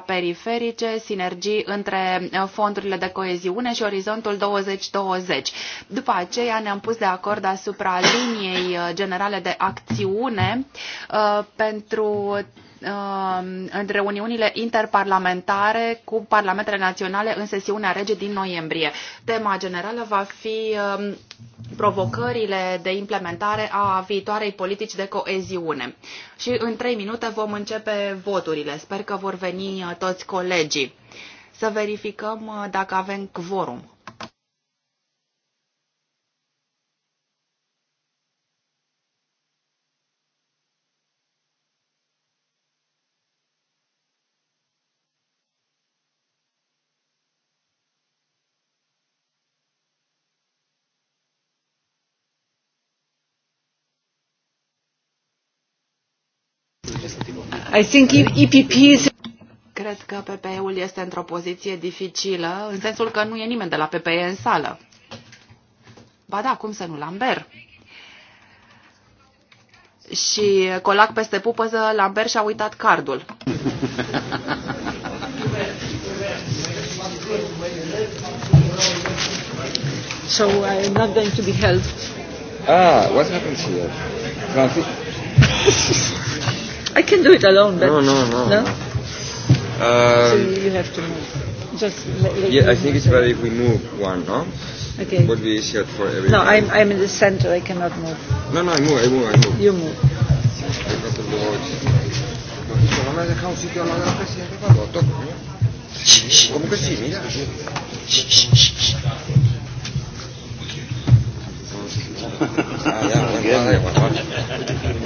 periferice, sinergii între uh, fondurile de coeziune și orizontul 2020. După aceea ne-am pus de acord asupra liniei uh, generale de acțiune uh, pentru Um, între reuniunile interparlamentare cu parlamentele naționale în sesiunea rege din noiembrie. Tema generală va fi um, provocările de implementare a viitoarei politici de coeziune. Și în trei minute vom începe voturile. Sper că vor veni uh, toți colegii. Să verificăm uh, dacă avem quorum. Cred că PPE-ul este într-o poziție dificilă, în sensul că nu e nimeni de la PPE în sală. Ba da, cum să nu, Lambert. Și colac peste pupăză, Lambert și-a uitat cardul. so I am not going to be helped. Ah, what happens here? Francis? I can do it alone, but no, no, no. no? Uh, so you have to move. Just let, let yeah, I think it's better if we move one, no? Okay. Would be easier for everyone. No, I'm, I'm in the center. I cannot move. No, no, I move, I move, I move. You move. No me has dejado Ah, ya, bueno, vale, vale.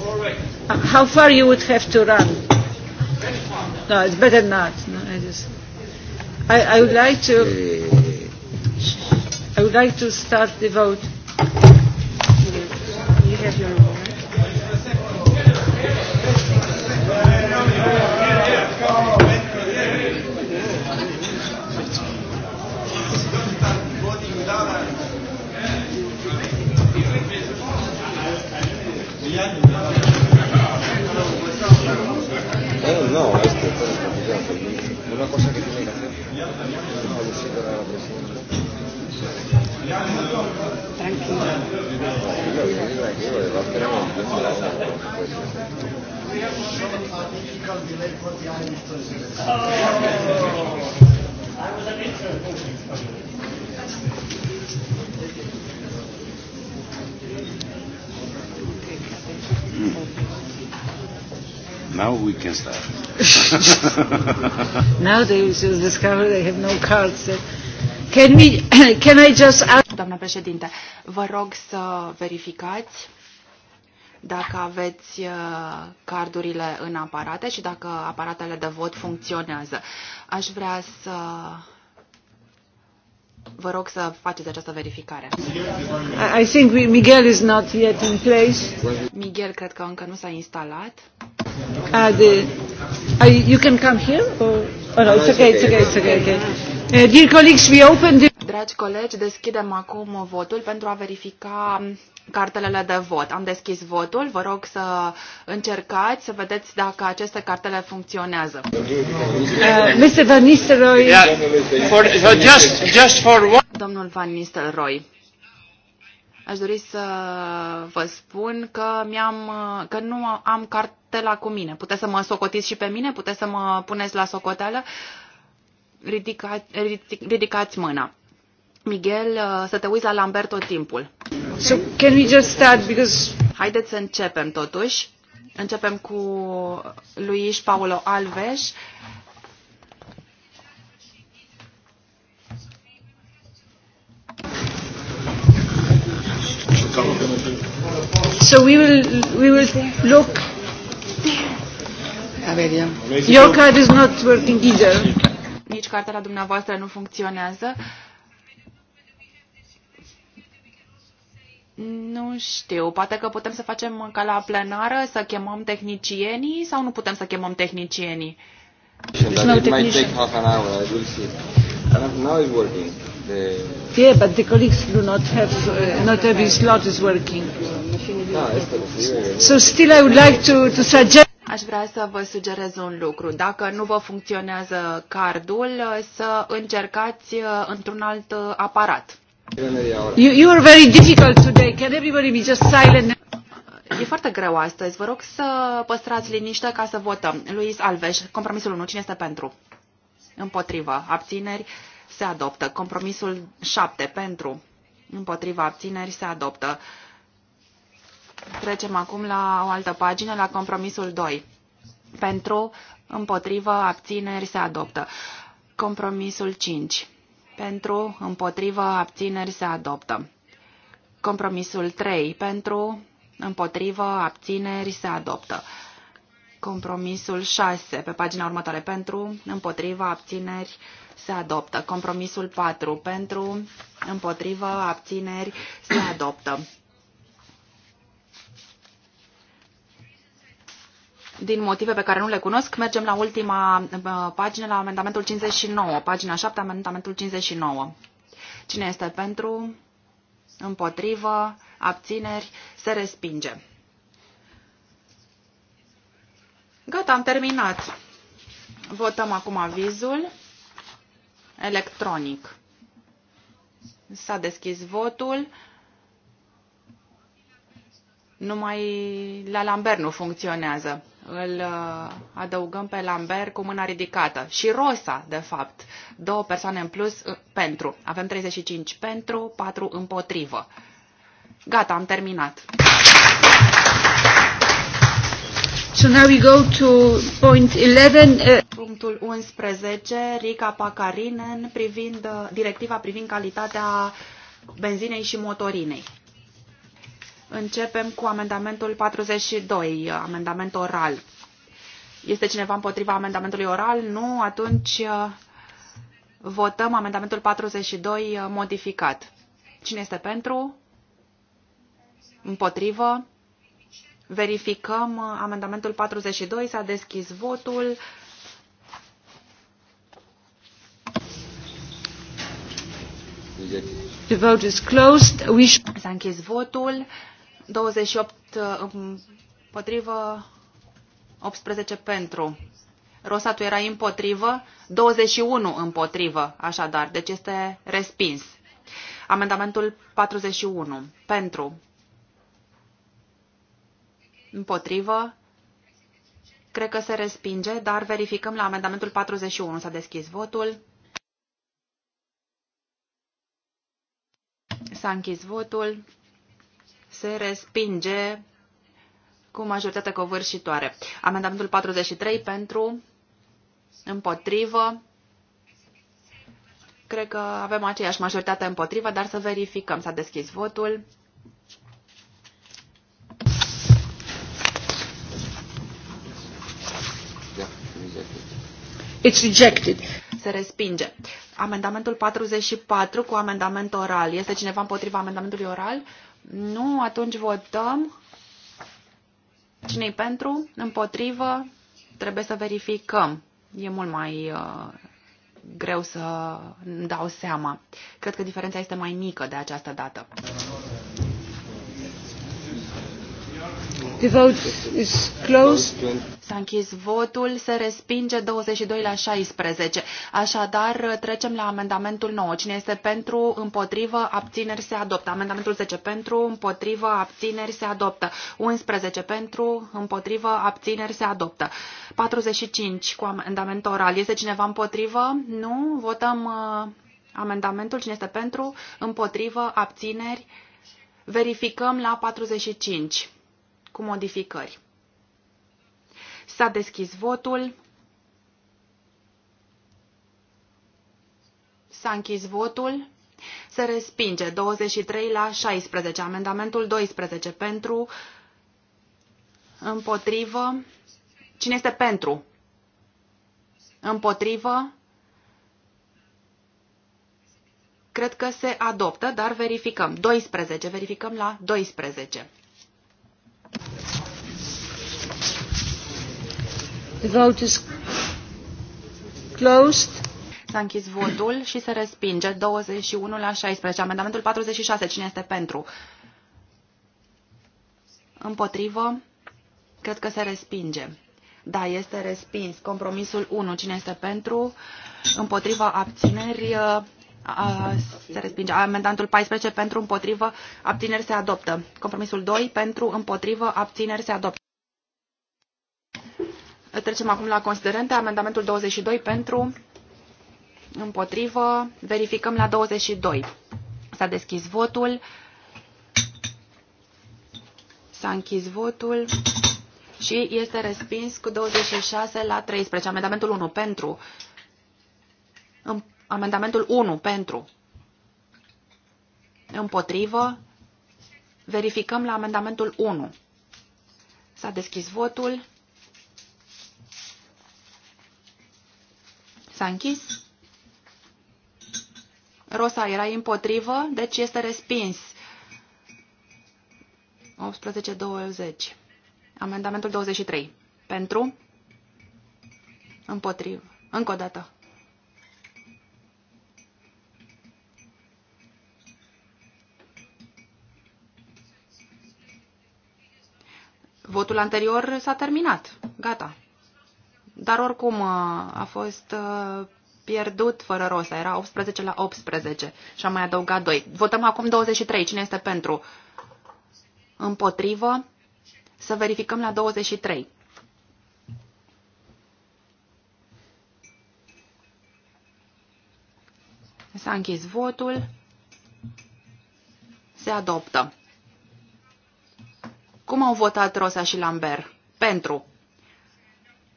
O'Reilly. How far you would have to run? No, it's better not. No, I just. I, I would like to. Eh. I would like to start the vote. You have your vote. Right? Eh, no, este es complicado. Una cosa que tiene que hacer. Tranquila. Oh, I was a bit Mm. Now we can start. Now they will discover they have no cards. Can we, can I just ask... Doamna președinte, vă rog să verificați dacă aveți uh, cardurile în aparate și dacă aparatele de vot funcționează. Aș vrea să Vă rog să faceți această verificare. I think Miguel is not yet in place. Miguel cred că încă nu s-a instalat. Uh, the, uh, you can come here? Or, oh, no, it's okay, it's okay, it's okay. okay. Uh, dear colleagues, we open the... Dragi colegi, deschidem acum votul pentru a verifica cartelele de vot. Am deschis votul, vă rog să încercați să vedeți dacă aceste cartele funcționează. Uh, Mr. Van Nistelrooy. Domnul Van Nistelrooy. Aș dori să vă spun că, mi-am, că nu am cartela cu mine. Puteți să mă socotiți și pe mine? Puteți să mă puneți la socoteală? Ridica, ridicați mâna. Miguel, uh, să te uiți la Lambert tot timpul. So, can we just start because... Haideți să începem totuși. Începem cu Luis Paulo Alves. So we will we will look. Your card is not working either. Nici cartela dumneavoastră nu funcționează. Uh, Nu știu, poate că putem să facem ca la plenară, să chemăm tehnicienii sau nu putem să chemăm tehnicienii? Deci yeah, but the colleagues do not have, uh, not every slot is working. Ah, so still I would like to, to suggest... Aș vrea să vă sugerez un lucru. Dacă nu vă funcționează cardul, să încercați uh, într-un alt uh, aparat. You, you are very difficult today. Can everybody be just silent? E foarte greu astăzi. Vă rog să păstrați liniște ca să votăm. Luis Alves, compromisul 1. Cine este pentru? Împotrivă. Abțineri? Se adoptă. Compromisul 7. Pentru? Împotriva abțineri se adoptă. Trecem acum la o altă pagină, la compromisul 2. Pentru, împotrivă, abțineri se adoptă. Compromisul 5 pentru, împotrivă, abțineri se adoptă. Compromisul 3 pentru, împotrivă, abțineri se adoptă. Compromisul 6 pe pagina următoare pentru, împotrivă abțineri se adoptă. Compromisul 4 pentru, împotrivă abțineri se adoptă. din motive pe care nu le cunosc, mergem la ultima uh, pagină, la amendamentul 59, pagina 7, amendamentul 59. Cine este pentru? Împotrivă? Abțineri? Se respinge. Gata, am terminat. Votăm acum avizul electronic. S-a deschis votul. Numai la Lambert nu funcționează îl uh, adăugăm pe Lambert cu mâna ridicată. Și Rosa, de fapt, două persoane în plus uh, pentru. Avem 35 pentru, 4 împotrivă. Gata, am terminat. So now we go to point 11. Uh, Punctul 11, Rica Pacarinen, privind directiva privind calitatea benzinei și motorinei. Începem cu amendamentul 42, amendament oral. Este cineva împotriva amendamentului oral? Nu? Atunci uh, votăm amendamentul 42 uh, modificat. Cine este pentru? Împotrivă? Verificăm uh, amendamentul 42. S-a deschis votul. The vote is closed. We... S-a închis votul. 28 uh, împotrivă, 18 pentru. Rosatul era împotrivă, 21 împotrivă, așadar, deci este respins. Amendamentul 41. Pentru. Împotrivă. Cred că se respinge, dar verificăm la amendamentul 41. S-a deschis votul. S-a închis votul se respinge cu majoritate covârșitoare. Amendamentul 43 pentru, împotrivă, cred că avem aceeași majoritate împotrivă, dar să verificăm. S-a deschis votul. It's rejected. Se respinge. Amendamentul 44 cu amendament oral. Este cineva împotriva amendamentului oral? Nu? Atunci votăm. cine pentru? Împotrivă? Trebuie să verificăm. E mult mai uh, greu să dau seama. Cred că diferența este mai mică de această dată. The vote is closed. S-a închis votul, se respinge 22 la 16. Așadar, trecem la amendamentul 9. Cine este pentru, împotrivă, abțineri se adoptă. Amendamentul 10 pentru, împotrivă, abțineri se adoptă. 11 pentru, împotrivă, abțineri se adoptă. 45 cu amendament oral. Este cineva împotrivă? Nu. Votăm uh, amendamentul. Cine este pentru, împotrivă, abțineri. Verificăm la 45 cu modificări. S-a deschis votul. S-a închis votul. Se respinge 23 la 16. Amendamentul 12 pentru, împotrivă. Cine este pentru? Împotrivă. Cred că se adoptă, dar verificăm. 12. Verificăm la 12. The vote is closed. S-a închis votul și se respinge 21 la 16. Amendamentul 46. Cine este pentru? Împotrivă? Cred că se respinge. Da, este respins. Compromisul 1. Cine este pentru? Împotrivă abțineri? A, se respinge. Amendamentul 14 pentru împotrivă abțineri se adoptă. Compromisul 2 pentru împotrivă abțineri se adoptă. Trecem acum la considerente. Amendamentul 22 pentru, împotrivă, verificăm la 22. S-a deschis votul. S-a închis votul și este respins cu 26 la 13. Amendamentul 1 pentru. Amendamentul 1 pentru. Împotrivă. Verificăm la amendamentul 1. S-a deschis votul. S-a închis. Rosa era împotrivă, deci este respins. 18-20. Amendamentul 23. Pentru? Împotrivă. Încă o dată. Votul anterior s-a terminat. Gata. Dar oricum uh, a fost uh, pierdut fără rost. Era 18 la 18 și am mai adăugat 2. Votăm acum 23. Cine este pentru? Împotrivă? Să verificăm la 23. S-a închis votul. Se adoptă. Cum au votat Rosa și Lambert? Pentru.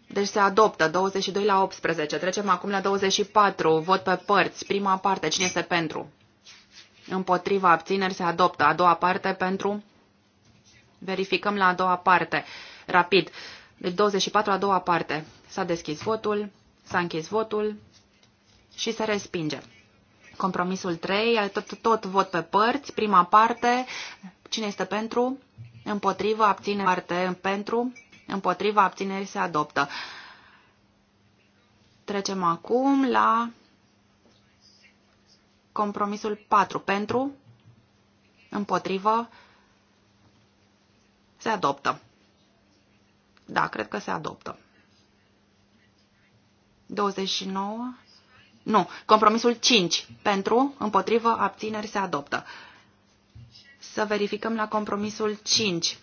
Deci se adoptă 22 la 18. Trecem acum la 24. Vot pe părți. Prima parte. Cine este pentru? Împotriva abțineri se adoptă. A doua parte pentru? Verificăm la a doua parte. Rapid. Deci 24 la a doua parte. S-a deschis votul, s-a închis votul și se respinge. Compromisul 3, tot, tot vot pe părți, prima parte, cine este pentru, Împotriva abține parte pentru, Împotriva abținerii se adoptă. Trecem acum la compromisul 4. Pentru, împotrivă, se adoptă. Da, cred că se adoptă. 29. Nu, compromisul 5. Pentru, împotrivă, abțineri se adoptă. Să verificăm la compromisul 5.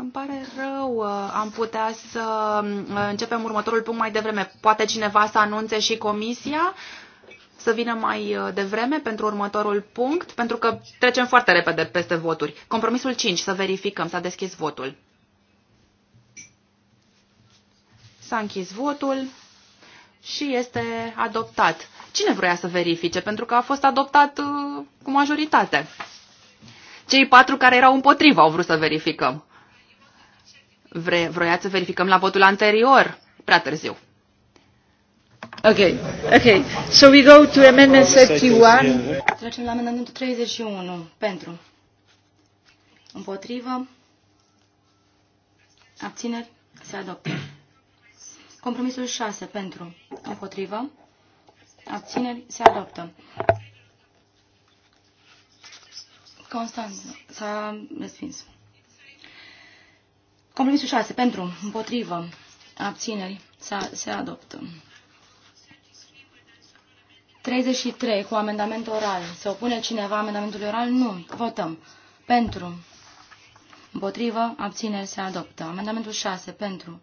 Îmi pare rău, uh, am putea să uh, începem următorul punct mai devreme. Poate cineva să anunțe și comisia să vină mai uh, devreme pentru următorul punct, pentru că trecem foarte repede peste voturi. Compromisul 5, să verificăm, s-a deschis votul. S-a închis votul și este adoptat. Cine vrea să verifice? Pentru că a fost adoptat cu majoritate. Cei patru care erau împotriva au vrut să verificăm. Vre, vroiați să verificăm la votul anterior, prea târziu. Ok, ok. So we go to amendment 31. Trecem la amendamentul 31. Pentru. Împotrivă. Abțineri. Se adoptă. Compromisul 6. Pentru. Împotrivă. Abțineri. Se adoptă. Constant. S-a respins. Compromisul 6. Pentru, împotrivă, abțineri, se adoptă. 33. Cu amendament oral. Se opune cineva amendamentului oral? Nu. Votăm. Pentru. Împotrivă, abțineri, se adoptă. Amendamentul 6. Pentru.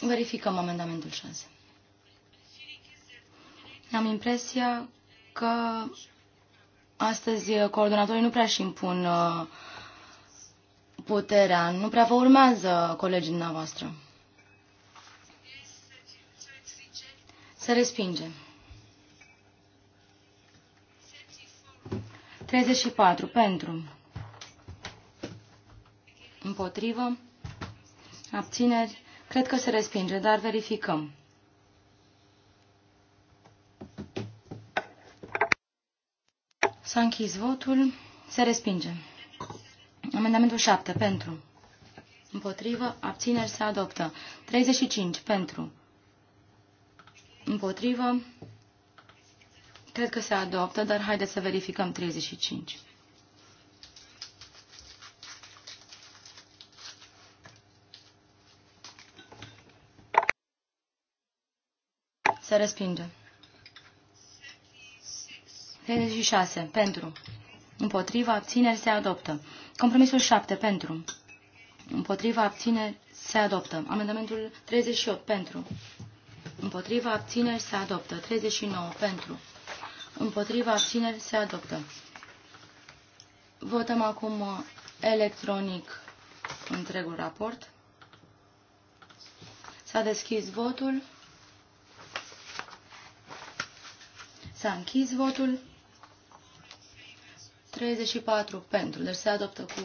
Verificăm amendamentul 6. Am impresia că astăzi uh, coordonatorii nu prea își impun uh, puterea, nu prea vă urmează colegii dumneavoastră. Să respingem. 34. Pentru. Împotrivă. Abțineri. Cred că se respinge, dar verificăm. S-a închis votul. Se respinge. Amendamentul 7. Pentru. Împotrivă. Abțineri. Se adoptă. 35. Pentru. Împotrivă. Cred că se adoptă, dar haideți să verificăm 35. Se respinge. 36. Pentru. Împotriva abțineri se adoptă. Compromisul 7. Pentru. Împotriva abțineri se adoptă. Amendamentul 38. Pentru. Împotriva abțineri se adoptă. 39. Pentru. Împotriva abțineri se adoptă. Votăm acum uh, electronic întregul raport. S-a deschis votul. S-a închis votul. 34 pentru, deci se adoptă cu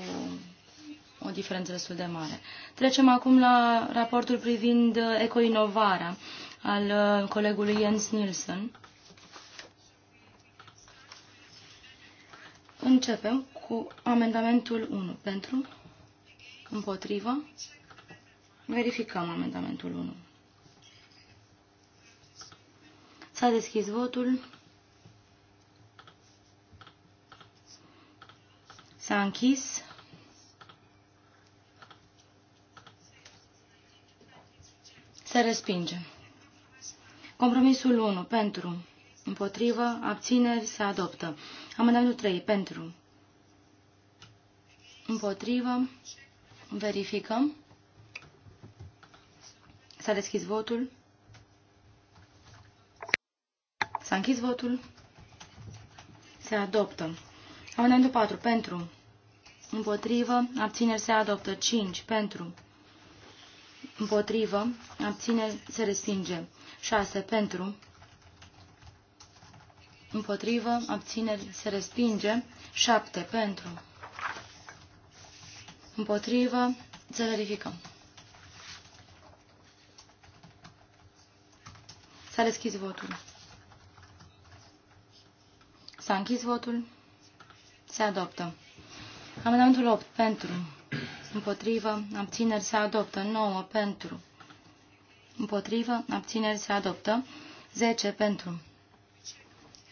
o diferență destul de mare. Trecem acum la raportul privind ecoinovarea al uh, colegului Jens Nielsen. Începem cu amendamentul 1 pentru, împotrivă, verificăm amendamentul 1. S-a deschis votul. S-a închis. Se respinge. Compromisul 1. Pentru. Împotrivă. Abțineri. Se adoptă. Amendamentul 3. Pentru. Împotrivă. Verificăm. S-a deschis votul. S-a închis votul. Se adoptă. Amendamentul 4. Pentru împotrivă, abțineri se adoptă. 5 pentru, împotrivă, abțineri se respinge. 6 pentru, împotrivă, abțineri se respinge. 7 pentru, împotrivă, să verificăm. S-a deschis votul. S-a închis votul. Se adoptă. Amendamentul 8 pentru. Împotrivă, abțineri se adoptă. 9 pentru. Împotrivă, abțineri se adoptă. 10 pentru.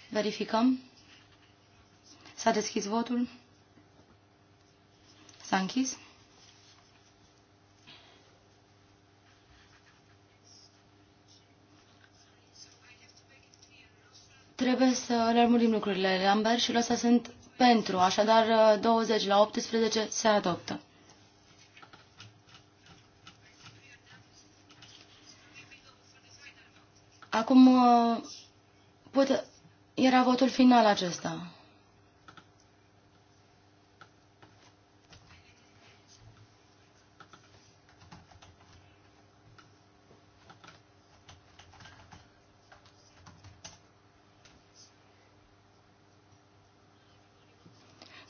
Verificăm. S-a deschis votul. S-a închis. Trebuie să le armurim lucrurile. Lambert și Losa sunt pentru, așadar 20 uh, la 18 se adoptă. Acum, uh, pute... era votul final acesta.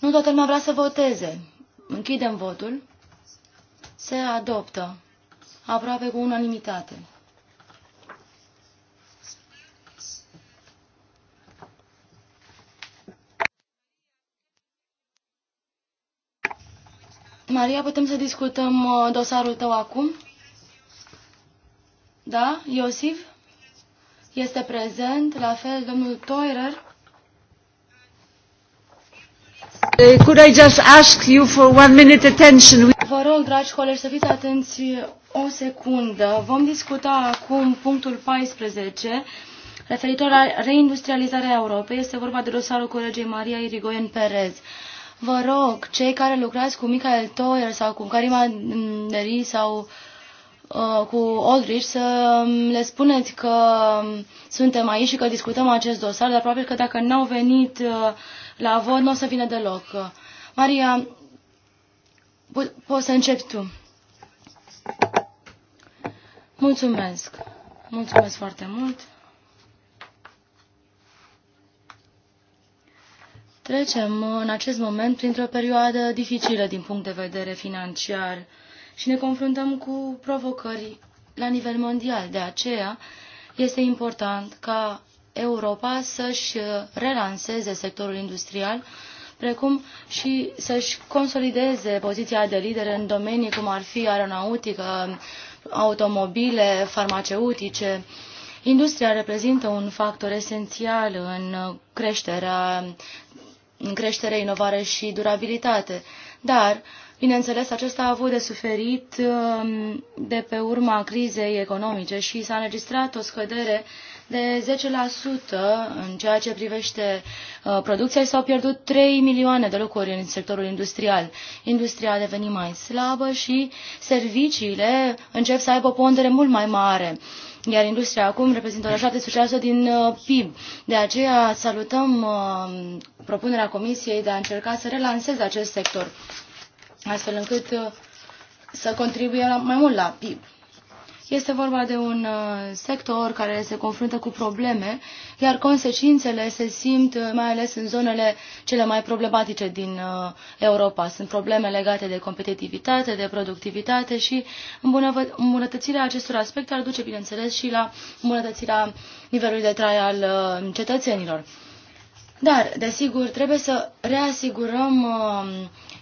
Nu toată lumea vrea să voteze. Închidem votul. Se adoptă aproape cu unanimitate. Maria, putem să discutăm uh, dosarul tău acum? Da? Iosif? Este prezent, la fel, domnul Toirer. Uh, could I just ask you for one minute attention? Vă rog, dragi colegi, să fiți atenți o secundă. Vom discuta acum punctul 14 referitor la reindustrializarea Europei. Este vorba de dosarul colegei Maria Irigoyen Perez. Vă rog, cei care lucrați cu Michael Toyer sau cu Karima Neri sau uh, cu Aldrich să um, le spuneți că um, suntem aici și că discutăm acest dosar, dar probabil că dacă n-au venit uh, la vot nu o să vină deloc. Maria, poți să începi tu. Mulțumesc. Mulțumesc foarte mult. Trecem în acest moment printr-o perioadă dificilă din punct de vedere financiar și ne confruntăm cu provocări la nivel mondial. De aceea este important ca Europa să-și relanseze sectorul industrial, precum și să-și consolideze poziția de lider în domenii cum ar fi aeronautică, automobile, farmaceutice. Industria reprezintă un factor esențial în creșterea, în creștere, inovare și durabilitate, dar Bineînțeles, acesta a avut de suferit um, de pe urma crizei economice și s-a înregistrat o scădere de 10% în ceea ce privește uh, producția și s-au pierdut 3 milioane de locuri în sectorul industrial. Industria a devenit mai slabă și serviciile încep să aibă o pondere mult mai mare iar industria acum reprezintă la 70% din uh, PIB. De aceea salutăm uh, propunerea Comisiei de a încerca să relanseze acest sector, astfel încât să contribuie mai mult la PIB. Este vorba de un uh, sector care se confruntă cu probleme, iar consecințele se simt uh, mai ales în zonele cele mai problematice din uh, Europa. Sunt probleme legate de competitivitate, de productivitate și îmbunătățirea acestor aspecte ar duce, bineînțeles, și la îmbunătățirea nivelului de trai al cetățenilor. Dar, desigur, trebuie să reasigurăm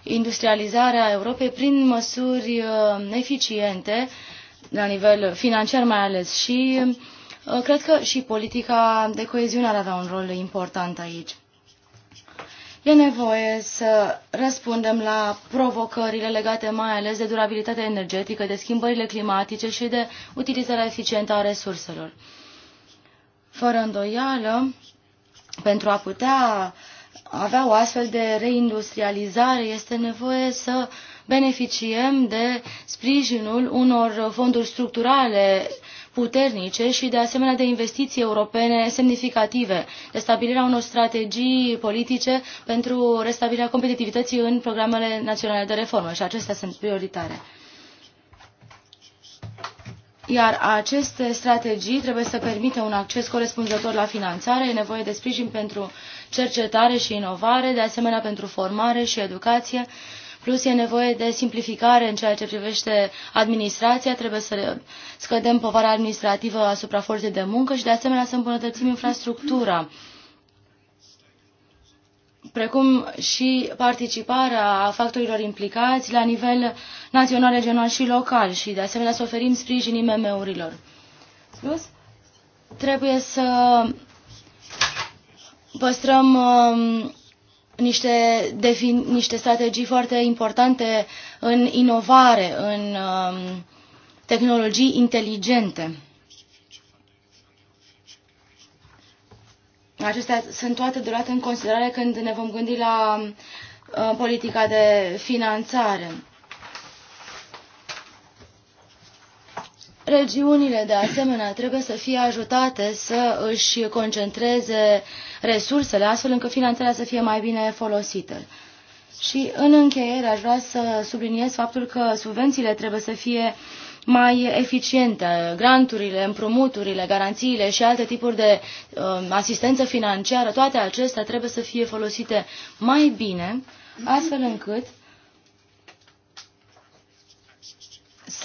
industrializarea Europei prin măsuri eficiente la nivel financiar mai ales și uh, cred că și politica de coeziune ar avea un rol important aici. E nevoie să răspundem la provocările legate mai ales de durabilitatea energetică, de schimbările climatice și de utilizarea eficientă a resurselor. Fără îndoială, pentru a putea avea o astfel de reindustrializare, este nevoie să uh, beneficiem de sprijinul unor fonduri structurale puternice și de asemenea de investiții europene semnificative, de stabilirea unor strategii politice pentru restabilirea competitivității în programele naționale de reformă și acestea sunt prioritare. Iar aceste strategii trebuie să permită un acces corespunzător la finanțare, e nevoie de sprijin pentru cercetare și inovare, de asemenea pentru formare și educație Plus, e nevoie de simplificare în ceea ce privește administrația, trebuie să scădem povara administrativă asupra forței de muncă și, de asemenea, să îmbunătățim infrastructura precum și participarea factorilor implicați la nivel național, regional și local și de asemenea să oferim sprijin IMM-urilor. Plus, trebuie să păstrăm um, niște, defin, niște strategii foarte importante în inovare, în um, tehnologii inteligente. Acestea sunt toate durate în considerare când ne vom gândi la uh, politica de finanțare. Regiunile, de asemenea, trebuie să fie ajutate să își concentreze resursele, astfel încât finanțarea să fie mai bine folosită. Și în încheiere aș vrea să subliniez faptul că subvențiile trebuie să fie mai eficiente, granturile, împrumuturile, garanțiile și alte tipuri de uh, asistență financiară, toate acestea trebuie să fie folosite mai bine, astfel încât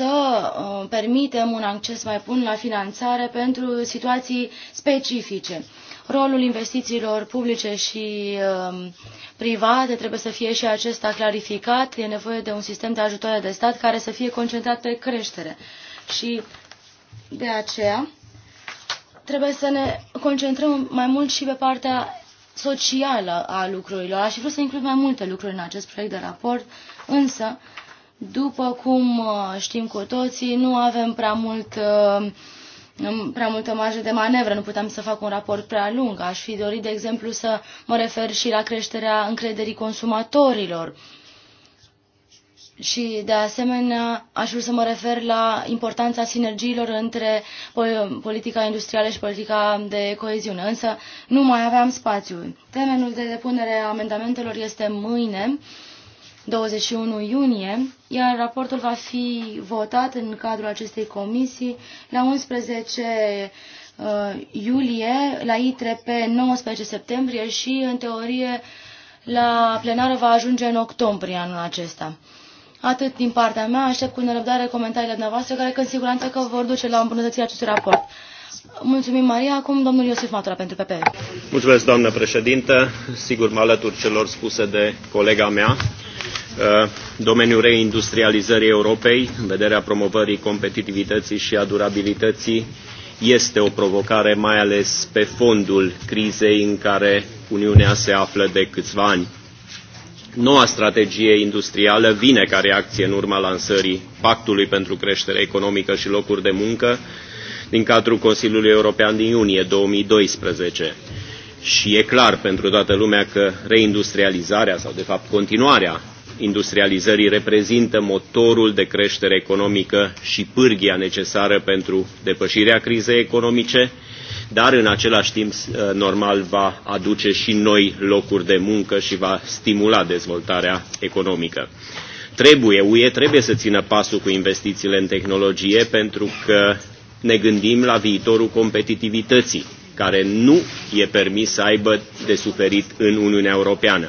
să uh, permitem un acces mai bun la finanțare pentru situații specifice. Rolul investițiilor publice și um, private trebuie să fie și acesta clarificat. E nevoie de un sistem de ajutoare de stat care să fie concentrat pe creștere. Și de aceea trebuie să ne concentrăm mai mult și pe partea socială a lucrurilor. Aș vrea să includ mai multe lucruri în acest proiect de raport, însă după cum uh, știm cu toții, nu avem prea mult uh, prea multă marjă de manevră, nu putem să fac un raport prea lung. Aș fi dorit, de exemplu, să mă refer și la creșterea încrederii consumatorilor. Și, de asemenea, aș vrea să mă refer la importanța sinergiilor între politica industrială și politica de coeziune. Însă nu mai aveam spațiu. Termenul de depunere a amendamentelor este mâine. 21 iunie, iar raportul va fi votat în cadrul acestei comisii la 11 uh, iulie, la ITRE pe 19 septembrie și, în teorie, la plenară va ajunge în octombrie anul acesta. Atât din partea mea, aștept cu nerăbdare comentariile dumneavoastră, care că în siguranță că vor duce la îmbunătățirea acestui raport. Mulțumim, Maria. Acum domnul Iosif Matura pentru PP. Mulțumesc, doamnă președintă. Sigur, mă alătur celor spuse de colega mea. Uh, domeniul reindustrializării Europei, în vederea promovării competitivității și a durabilității, este o provocare, mai ales pe fondul crizei în care Uniunea se află de câțiva ani. Noua strategie industrială vine ca reacție în urma lansării Pactului pentru Creștere Economică și Locuri de Muncă, din cadrul Consiliului European din iunie 2012. Și e clar pentru toată lumea că reindustrializarea sau de fapt continuarea industrializării reprezintă motorul de creștere economică și pârghia necesară pentru depășirea crizei economice, dar în același timp ă, normal va aduce și noi locuri de muncă și va stimula dezvoltarea economică. Trebuie, UE trebuie să țină pasul cu investițiile în tehnologie pentru că ne gândim la viitorul competitivității, care nu e permis să aibă de suferit în Uniunea Europeană.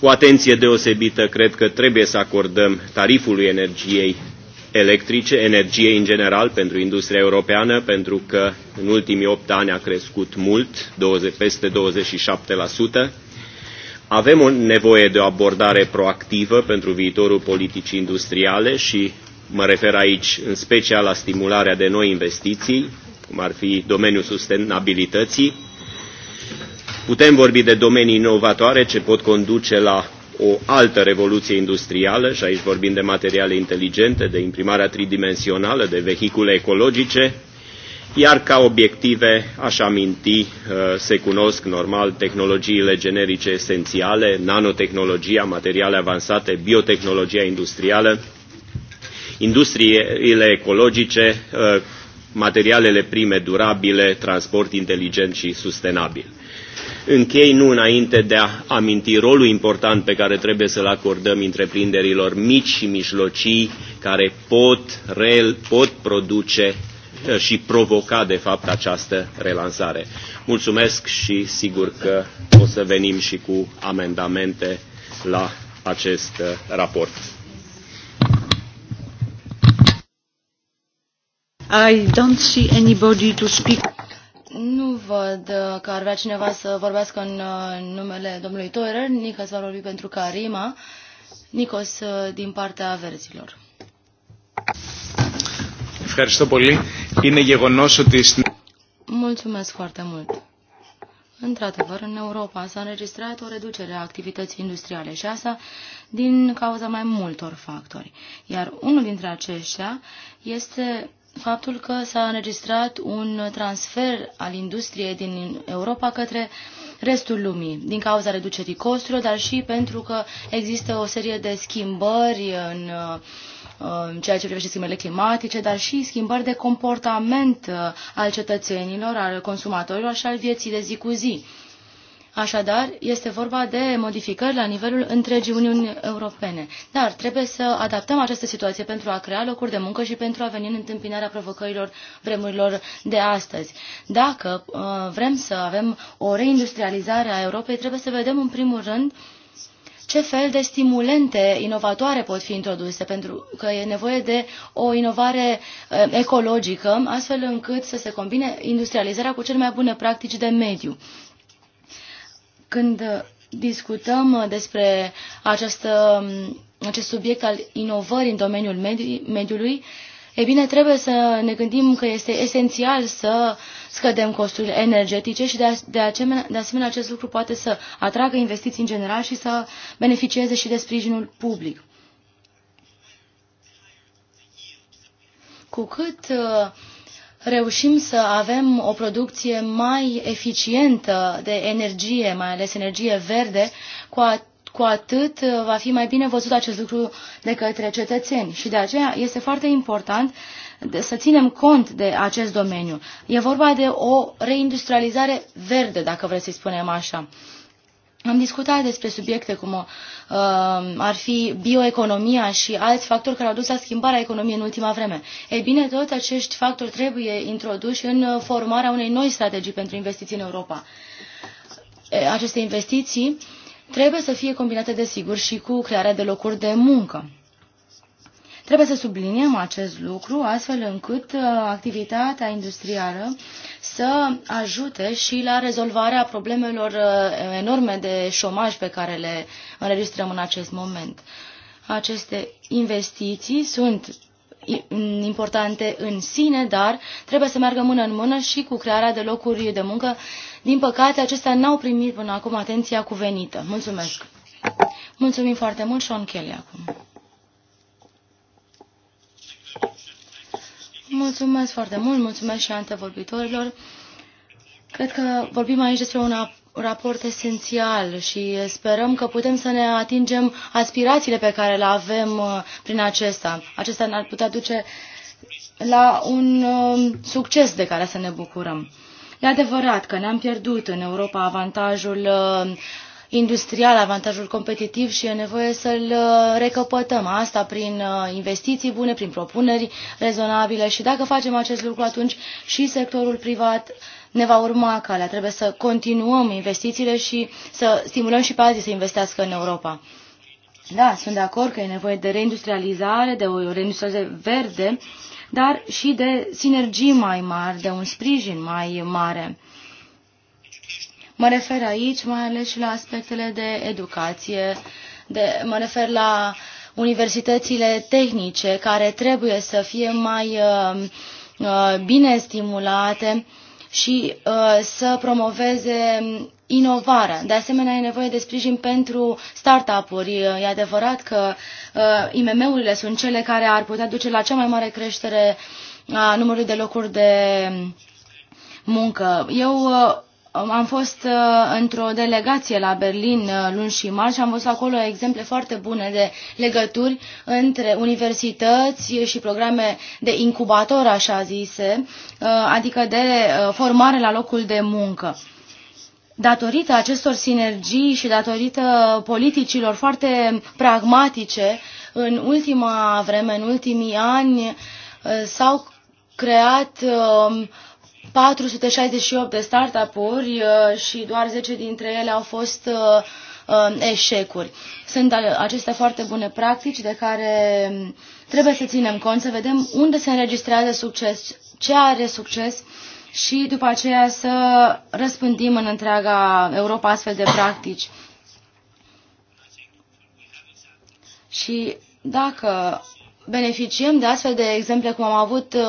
O atenție deosebită cred că trebuie să acordăm tarifului energiei electrice, energiei în general pentru industria europeană, pentru că în ultimii 8 ani a crescut mult, 20, peste 27%. Avem o nevoie de o abordare proactivă pentru viitorul politicii industriale și Mă refer aici în special la stimularea de noi investiții, cum ar fi domeniul sustenabilității. Putem vorbi de domenii inovatoare ce pot conduce la o altă revoluție industrială și aici vorbim de materiale inteligente, de imprimarea tridimensională, de vehicule ecologice, iar ca obiective, aș aminti, uh, se cunosc normal tehnologiile generice esențiale, nanotehnologia, materiale avansate, biotehnologia industrială, industriile ecologice, uh, materialele prime durabile, transport inteligent și sustenabil. Închei nu înainte de a aminti rolul important pe care trebuie să-l acordăm întreprinderilor mici și mijlocii care pot, rel, pot produce uh, și provoca, de fapt, această relansare. Mulțumesc și sigur că o să venim și cu amendamente la acest uh, raport. I don't see anybody to speak. Nu văd uh, că ar vrea cineva să vorbească în uh, numele domnului Toerer. nici să vorbi pentru Karima. Nicos uh, din partea verzilor. Ευχαριστώ πολύ. Είναι ότι... Mulțumesc foarte mult. Într-adevăr, în Europa s-a înregistrat o reducere a activității industriale și asta din cauza mai multor factori. Iar unul dintre aceștia este faptul că s-a înregistrat un transfer al industriei din Europa către restul lumii, din cauza reducerii costurilor, dar și pentru că există o serie de schimbări în ceea ce privește schimbările climatice, dar și schimbări de comportament uh, al cetățenilor, al consumatorilor și al vieții de zi cu zi. Așadar, este vorba de modificări la nivelul întregii Uniuni Europene. Dar trebuie să adaptăm această situație pentru a crea locuri de muncă și pentru a veni în întâmpinarea provocărilor vremurilor de astăzi. Dacă uh, vrem să avem o reindustrializare a Europei, trebuie să vedem în primul rând ce fel de stimulente inovatoare pot fi introduse, pentru că e nevoie de o inovare uh, ecologică, astfel încât să se combine industrializarea cu cele mai bune practici de mediu. Când discutăm despre această, acest subiect al inovării în domeniul medi mediului, e bine, trebuie să ne gândim că este esențial să scădem costurile energetice și de, de, asemenea, de asemenea acest lucru poate să atragă investiții în general și să beneficieze și de sprijinul public. Cu cât uh, reușim să avem o producție mai eficientă de energie, mai ales energie verde, cu, a, cu atât uh, va fi mai bine văzut acest lucru de către cetățeni. Și de aceea este foarte important să ținem cont de acest domeniu. E vorba de o reindustrializare verde, dacă vreți să-i spunem așa. Am discutat despre subiecte cum uh, ar fi bioeconomia și alți factori care au dus la schimbarea economiei în ultima vreme. Ei bine, toți acești factori trebuie introduși în uh, formarea unei noi strategii pentru investiții în Europa. Aceste investiții trebuie să fie combinate, desigur, și cu crearea de locuri de muncă. Trebuie să subliniem acest lucru astfel încât uh, activitatea industrială să ajute și la rezolvarea problemelor uh, enorme de șomaj pe care le înregistrăm în acest moment. Aceste investiții sunt mm, importante în sine, dar trebuie să meargă mână în mână și cu crearea de locuri de muncă. Din păcate, acestea n-au primit până acum atenția cuvenită. Mulțumesc! Mulțumim foarte mult, Sean Kelly, acum. Mulțumesc foarte mult, mulțumesc și antevorbitorilor. Cred că vorbim aici despre un raport esențial și sperăm că putem să ne atingem aspirațiile pe care le avem uh, prin acesta. Acesta ne-ar putea duce la un um, succes de care să ne bucurăm. E adevărat că ne-am pierdut în Europa avantajul uh, industrial avantajul competitiv și e nevoie să-l uh, recăpătăm. Asta prin uh, investiții bune, prin propuneri rezonabile și dacă facem acest lucru atunci și sectorul privat ne va urma calea. Trebuie să continuăm investițiile și să stimulăm și pe alții să investească în Europa. Da, sunt de acord că e nevoie de reindustrializare, de o reindustrializare verde, dar și de sinergii mai mari, de un sprijin mai mare Mă refer aici mai ales și la aspectele de educație, de, mă refer la universitățile tehnice care trebuie să fie mai uh, uh, bine stimulate și uh, să promoveze inovarea. De asemenea, e nevoie de sprijin pentru startup-uri. E adevărat că uh, IMM-urile sunt cele care ar putea duce la cea mai mare creștere a numărului de locuri de muncă. Eu uh, am fost uh, într-o delegație la Berlin uh, luni și marți și am văzut acolo exemple foarte bune de legături între universități și programe de incubator, așa zise, uh, adică de formare la locul de muncă datorită acestor sinergii și datorită politicilor foarte pragmatice, în ultima vreme, în ultimii ani, s-au creat 468 de startup-uri uh, și doar 10 dintre ele au fost uh, uh, eșecuri. Sunt acestea foarte bune practici de care um, trebuie să ținem cont, să vedem unde se înregistrează succes, ce are succes și după aceea să răspândim în întreaga Europa astfel de practici. Și dacă beneficiem de astfel de exemple, cum am avut uh,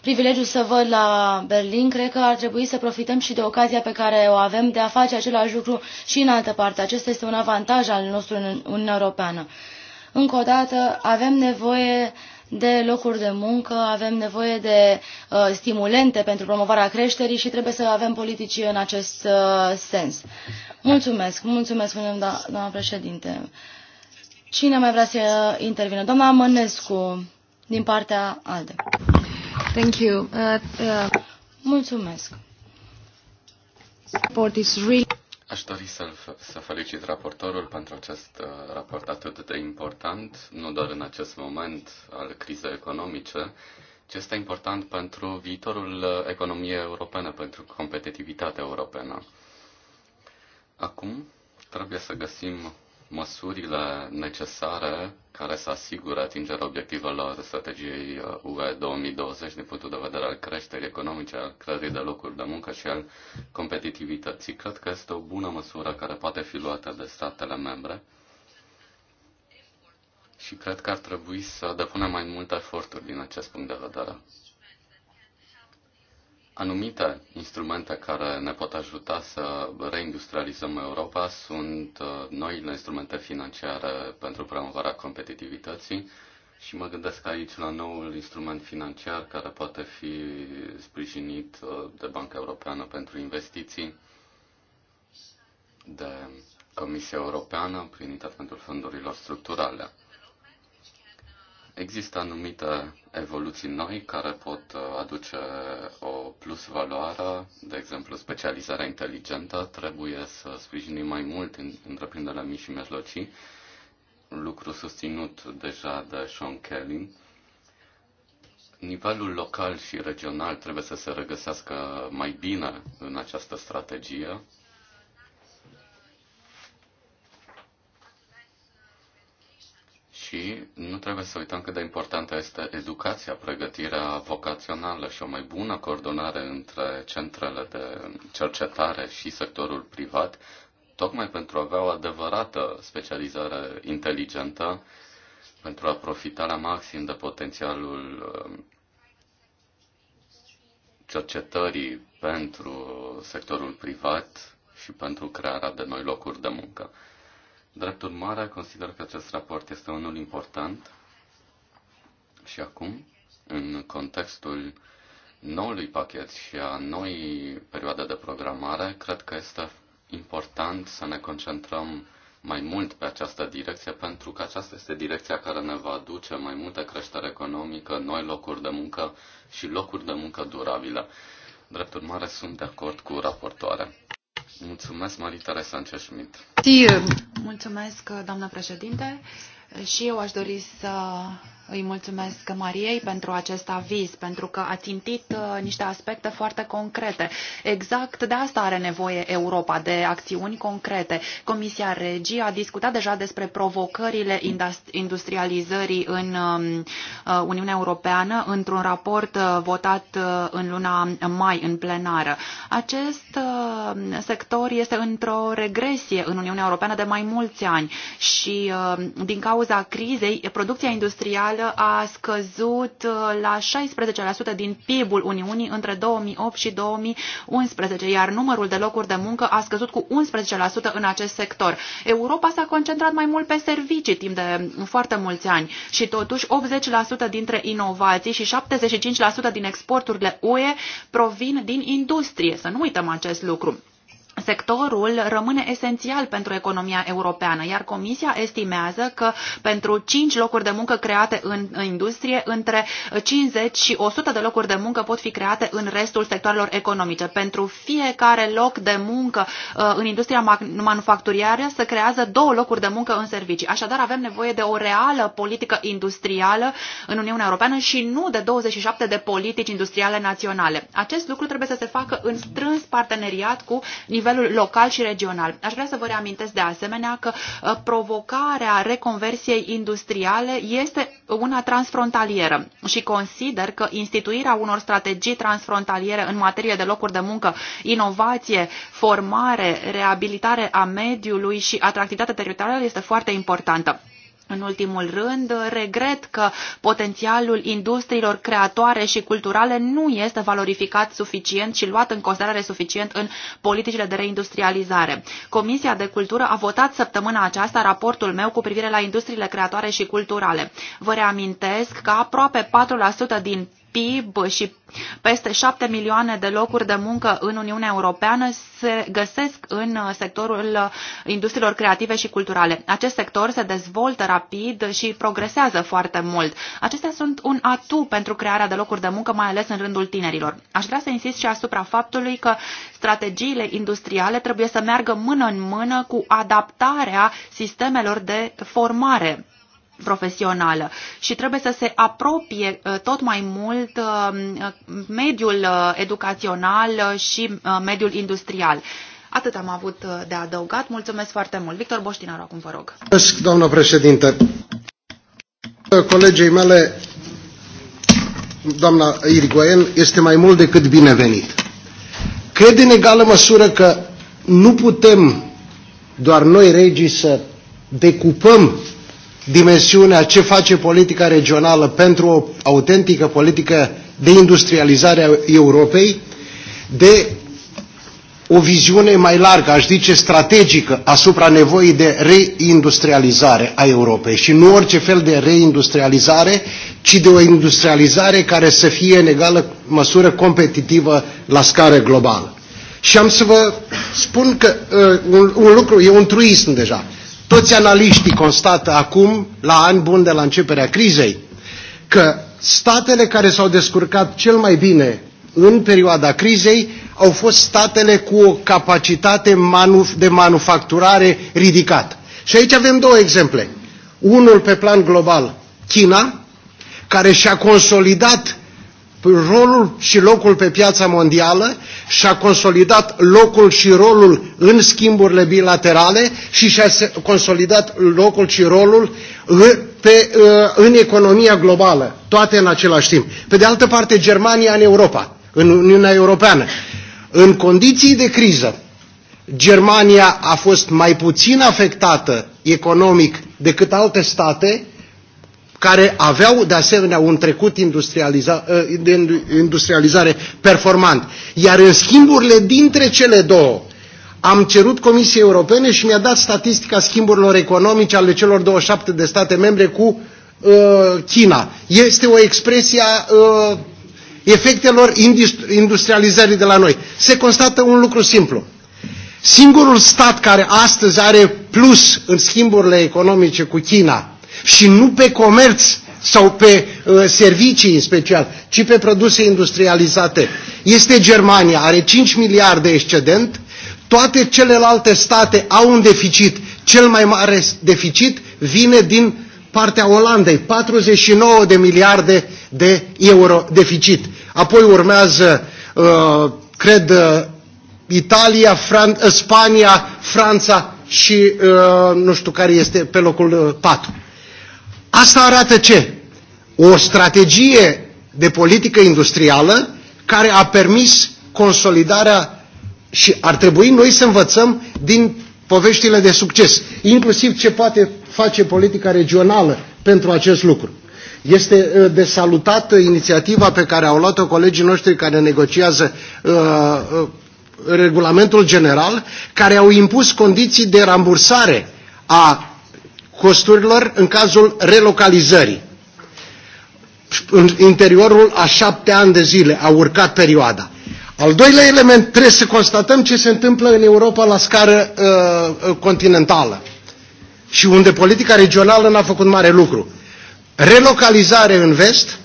privilegiul să văd la Berlin, cred că ar trebui să profităm și de ocazia pe care o avem de a face același lucru și în altă parte. Acesta este un avantaj al nostru în Uniunea Europeană. Încă o dată, avem nevoie de locuri de muncă, avem nevoie de uh, stimulente pentru promovarea creșterii și trebuie să avem politici în acest uh, sens. Mulțumesc, mulțumesc, doamna președinte. Cine mai vrea să intervină? Doamna Mănescu, din partea ALDE. Thank you. Uh, uh... Mulțumesc. Support is real. Aș dori să, să felicit raportorul pentru acest uh, raport atât de important, nu doar în acest moment al crizei economice, ci este important pentru viitorul uh, economiei europene, pentru competitivitatea europeană. Acum trebuie să găsim măsurile necesare care să asigure atingerea obiectivelor strategiei uh, UE 2020 din punctul de vedere al creșterii economice, al creării de locuri de muncă și al competitivității. Cred că este o bună măsură care poate fi luată de statele membre și cred că ar trebui să depunem mai multe eforturi din acest punct de vedere. Anumite instrumente care ne pot ajuta să reindustrializăm Europa sunt uh, noile instrumente financiare pentru promovarea competitivității și mă gândesc aici la noul instrument financiar care poate fi sprijinit uh, de Banca Europeană pentru Investiții, de Comisia Europeană prin intermediul fondurilor structurale. Există anumite evoluții noi care pot uh, aduce o plus valoare, de exemplu specializarea inteligentă, trebuie să sprijinim mai mult în întreprinderile mici și mijlocii, lucru susținut deja de Sean Kelly. Nivelul local și regional trebuie să se regăsească mai bine în această strategie, Și nu trebuie să uităm cât de importantă este educația, pregătirea vocațională și o mai bună coordonare între centrele de cercetare și sectorul privat, tocmai pentru a avea o adevărată specializare inteligentă, pentru a profita la maxim de potențialul um, cercetării pentru sectorul privat și pentru crearea de noi locuri de muncă. Drept urmare, consider că acest raport este unul important și acum, în contextul noului pachet și a noii perioade de programare, cred că este important să ne concentrăm mai mult pe această direcție, pentru că aceasta este direcția care ne va aduce mai multă creștere economică, noi locuri de muncă și locuri de muncă durabile. Drept urmare, sunt de acord cu raportoarea. Mulțumesc, Maritare Sanchez Schmidt. Mulțumesc, doamnă președinte. Și eu aș dori să îi mulțumesc Mariei pentru acest aviz, pentru că a țintit uh, niște aspecte foarte concrete. Exact de asta are nevoie Europa, de acțiuni concrete. Comisia Regi a discutat deja despre provocările industrializării în um, uh, Uniunea Europeană într-un raport uh, votat în luna mai în plenară. Acest sector este într-o regresie în Uniunea Europeană de mai mulți ani și din cauza crizei, producția industrială fiscală a scăzut uh, la 16% din PIB-ul Uniunii între 2008 și 2011, iar numărul de locuri de muncă a scăzut cu 11% în acest sector. Europa s-a concentrat mai mult pe servicii timp de foarte mulți ani și totuși 80% dintre inovații și 75% din exporturile UE provin din industrie. Să nu uităm acest lucru sectorul rămâne esențial pentru economia europeană, iar Comisia estimează că pentru 5 locuri de muncă create în industrie, între 50 și 100 de locuri de muncă pot fi create în restul sectoarelor economice. Pentru fiecare loc de muncă uh, în industria manufacturieră se creează două locuri de muncă în servicii. Așadar, avem nevoie de o reală politică industrială în Uniunea Europeană și nu de 27 de politici industriale naționale. Acest lucru trebuie să se facă în strâns parteneriat cu nivelul nivelul local și regional. Aș vrea să vă reamintesc de asemenea că uh, provocarea reconversiei industriale este una transfrontalieră și consider că instituirea unor strategii transfrontaliere în materie de locuri de muncă, inovație, formare, reabilitare a mediului și atractivitate teritorială este foarte importantă. În ultimul rând, regret că potențialul industriilor creatoare și culturale nu este valorificat suficient și luat în considerare suficient în politicile de reindustrializare. Comisia de Cultură a votat săptămâna aceasta raportul meu cu privire la industriile creatoare și culturale. Vă reamintesc că aproape 4% din PIB și peste 7 milioane de locuri de muncă în Uniunea Europeană se găsesc în sectorul industriilor creative și culturale. Acest sector se dezvoltă rapid și progresează foarte mult. Acestea sunt un atu pentru crearea de locuri de muncă, mai ales în rândul tinerilor. Aș vrea să insist și asupra faptului că strategiile industriale trebuie să meargă mână în mână cu adaptarea sistemelor de formare profesională și trebuie să se apropie uh, tot mai mult uh, mediul uh, educațional și mediul industrial. Atât am avut de adăugat. Mulțumesc foarte mult. Victor Boștinaru, acum vă rog. Mulțumesc, doamnă președinte. Colegii mele, doamna Irigoen, este mai mult decât binevenit. Cred în egală măsură că nu putem doar noi regii să decupăm dimensiunea ce face politica regională pentru o autentică politică de industrializare a Europei, de o viziune mai largă, aș zice strategică, asupra nevoii de reindustrializare a Europei și nu orice fel de reindustrializare, ci de o industrializare care să fie în egală măsură competitivă la scară globală. Și am să vă spun că uh, un, un lucru, e un truism deja, toți analiștii constată acum, la ani buni de la începerea crizei, că statele care s-au descurcat cel mai bine în perioada crizei au fost statele cu o capacitate manuf de manufacturare ridicată. Și aici avem două exemple. Unul pe plan global, China, care și-a consolidat rolul și locul pe piața mondială și a consolidat locul și rolul în schimburile bilaterale și și-a consolidat locul și rolul în, pe, uh, în economia globală, toate în același timp. Pe de altă parte, Germania în Europa, în Uniunea Europeană. În condiții de criză, Germania a fost mai puțin afectată economic decât alte state, care aveau de asemenea un trecut eh, de industrializare performant. Iar în schimburile dintre cele două, am cerut Comisiei Europene și mi-a dat statistica schimburilor economice ale celor 27 de state membre cu uh, China. Este o expresie a uh, efectelor industrializării de la noi. Se constată un lucru simplu. Singurul stat care astăzi are plus în schimburile economice cu China și nu pe comerț sau pe uh, servicii în special, ci pe produse industrializate. Este Germania, are 5 miliarde excedent, toate celelalte state au un deficit. Cel mai mare deficit vine din partea Olandei, 49 de miliarde de euro deficit. Apoi urmează, uh, cred, uh, Italia, Fran- uh, Spania, Franța și uh, nu știu care este pe locul uh, 4. Asta arată ce? O strategie de politică industrială care a permis consolidarea și ar trebui noi să învățăm din poveștile de succes, inclusiv ce poate face politica regională pentru acest lucru. Este uh, de salutat inițiativa pe care au luat-o colegii noștri care negociază uh, uh, regulamentul general, care au impus condiții de rambursare a costurilor în cazul relocalizării. În interiorul a șapte ani de zile a urcat perioada. Al doilea element, trebuie să constatăm ce se întâmplă în Europa la scară uh, continentală și unde politica regională n-a făcut mare lucru. Relocalizare în vest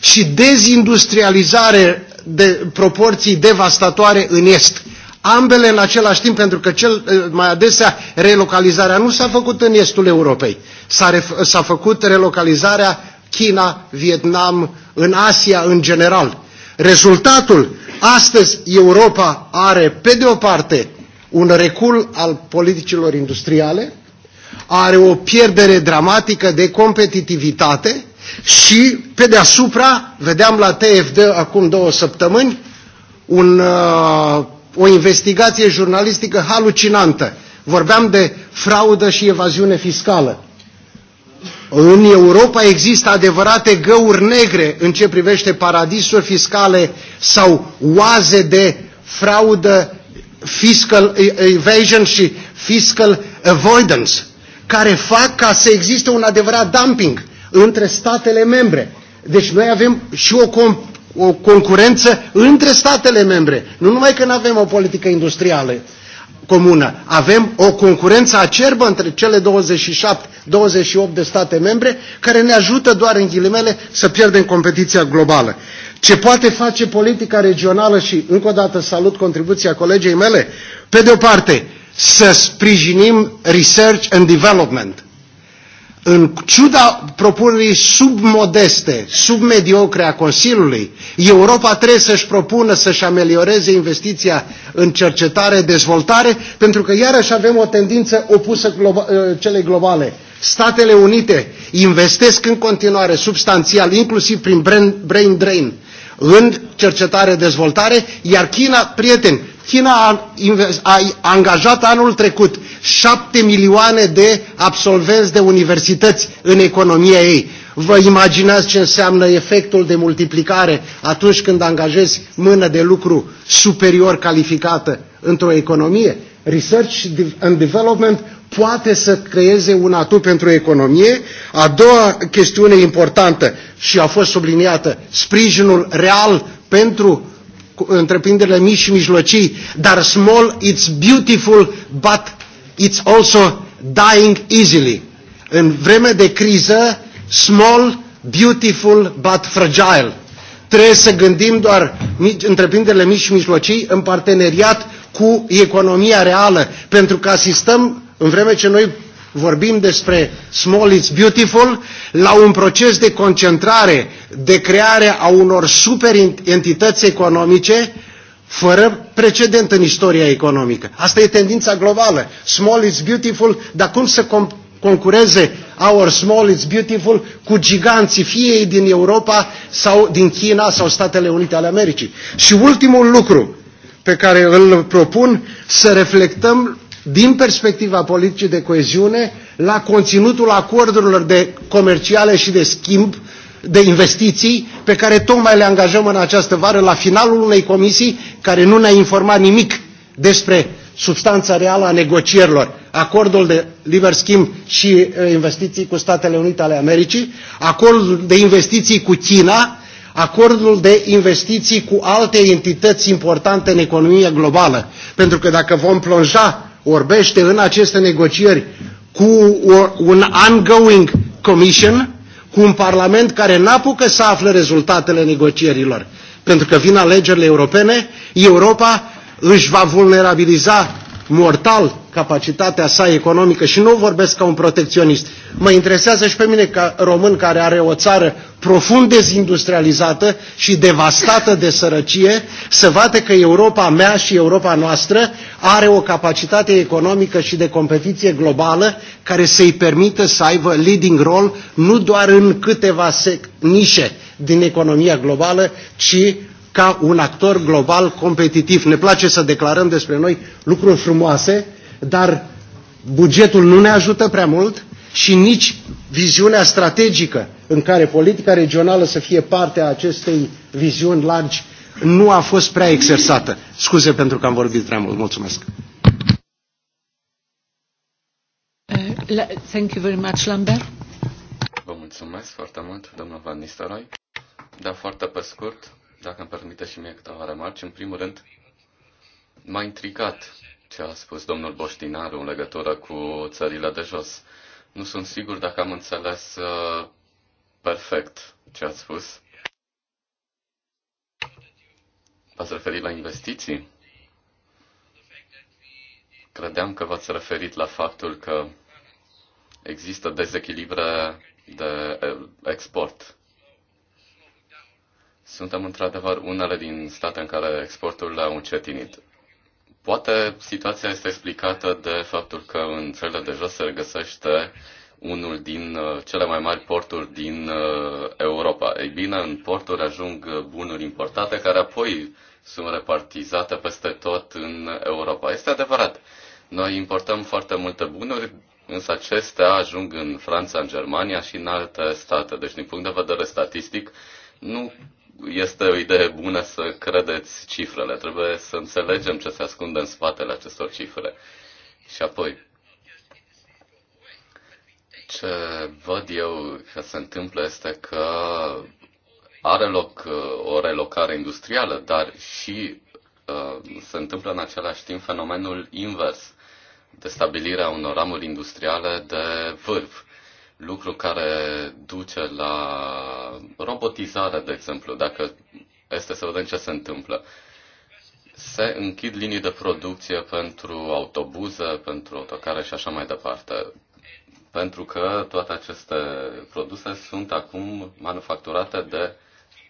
și dezindustrializare de proporții devastatoare în est ambele în același timp, pentru că cel eh, mai adesea relocalizarea nu s-a făcut în estul Europei, s-a, făcut relocalizarea China, Vietnam, în Asia în general. Rezultatul, astăzi Europa are pe de o parte un recul al politicilor industriale, are o pierdere dramatică de competitivitate și pe deasupra, vedeam la TFD acum două săptămâni, un uh, o investigație jurnalistică halucinantă. Vorbeam de fraudă și evaziune fiscală. În Europa există adevărate găuri negre în ce privește paradisuri fiscale sau oaze de fraudă fiscal evasion și fiscal avoidance, care fac ca să existe un adevărat dumping între statele membre. Deci noi avem și o, o concurență între statele membre. Nu numai că nu avem o politică industrială comună, avem o concurență acerbă între cele 27, 28 de state membre care ne ajută doar în ghilimele să pierdem competiția globală. Ce poate face politica regională și încă o dată salut contribuția colegei mele, pe de o parte să sprijinim research and development, în ciuda propunerii submodeste, submediocre a Consiliului, Europa trebuie să-și propună să-și amelioreze investiția în cercetare, dezvoltare, pentru că iarăși avem o tendință opusă globa ă, celei globale. Statele Unite investesc în continuare substanțial, inclusiv prin brain, brain drain, în cercetare, dezvoltare, iar China, prieteni, China a, a angajat anul trecut 7 milioane de absolvenți de universități în economia ei. Vă imaginați ce înseamnă efectul de multiplicare atunci când angajezi mână de lucru superior calificată într-o economie? Research and Development poate să creeze un atu pentru economie. A doua chestiune importantă și a fost subliniată, sprijinul real pentru întreprinderile mici și mijlocii, dar small, it's beautiful, but it's also dying easily. În vreme de criză, small, beautiful, but fragile. Trebuie să gândim doar mici, întreprinderile mici și mijlocii în parteneriat cu economia reală, pentru că asistăm, în vreme ce noi vorbim despre small it's beautiful, la un proces de concentrare, de creare a unor super entități economice fără precedent în istoria economică. Asta e tendința globală. Small is beautiful, dar cum să com- concureze our small is beautiful cu giganții, fie ei din Europa sau din China sau Statele Unite ale Americii. Și ultimul lucru pe care îl propun, să reflectăm din perspectiva politicii de coeziune la conținutul acordurilor de comerciale și de schimb de investiții pe care tocmai le angajăm în această vară la finalul unei comisii care nu ne-a informat nimic despre substanța reală a negocierilor, acordul de liber schimb și uh, investiții cu Statele Unite ale Americii, acordul de investiții cu China, acordul de investiții cu alte entități importante în economia globală. Pentru că dacă vom plonja orbește în aceste negocieri cu un ongoing commission, cu un parlament care n-apucă să afle rezultatele negocierilor. Pentru că vin alegerile europene, Europa își va vulnerabiliza mortal capacitatea sa economică și nu vorbesc ca un protecționist. Mă interesează și pe mine ca român care are o țară profund dezindustrializată și devastată de sărăcie să vadă că Europa mea și Europa noastră are o capacitate economică și de competiție globală care să-i permită să aibă leading role nu doar în câteva nișe din economia globală, ci ca un actor global competitiv. Ne place să declarăm despre noi lucruri frumoase, dar bugetul nu ne ajută prea mult și nici viziunea strategică în care politica regională să fie parte a acestei viziuni largi nu a fost prea exersată. Scuze pentru că am vorbit prea mult. Mulțumesc. Eh, thank you very much, Lambert. Vă mulțumesc foarte mult, domnul Van Nistelrooy. Da, foarte pe scurt, dacă îmi permite și mie câteva remarci. În primul rând, m-a intrigat ce a spus domnul Boștinaru în legătură cu țările de jos. Nu sunt sigur dacă am înțeles uh, perfect ce ați spus. V-ați referit la investiții? Credeam că v-ați referit la faptul că există dezechilibre de uh, export suntem într-adevăr unele din state în care exporturile au încetinit. Poate situația este explicată de faptul că în țările de jos se regăsește unul din uh, cele mai mari porturi din uh, Europa. Ei bine, în porturi ajung bunuri importate care apoi sunt repartizate peste tot în Europa. Este adevărat. Noi importăm foarte multe bunuri, însă acestea ajung în Franța, în Germania și în alte state. Deci, din punct de vedere statistic, nu este o idee bună să credeți cifrele. Trebuie să înțelegem ce se ascunde în spatele acestor cifre. Și apoi, ce văd eu că se întâmplă este că are loc uh, o relocare industrială, dar și uh, se întâmplă în același timp fenomenul invers, de stabilirea unor ramuri industriale de vârf lucru care duce la robotizare, de exemplu, dacă este să vedem ce se întâmplă. Se închid linii de producție pentru autobuze, pentru autocare și așa mai departe. Pentru că toate aceste produse sunt acum manufacturate de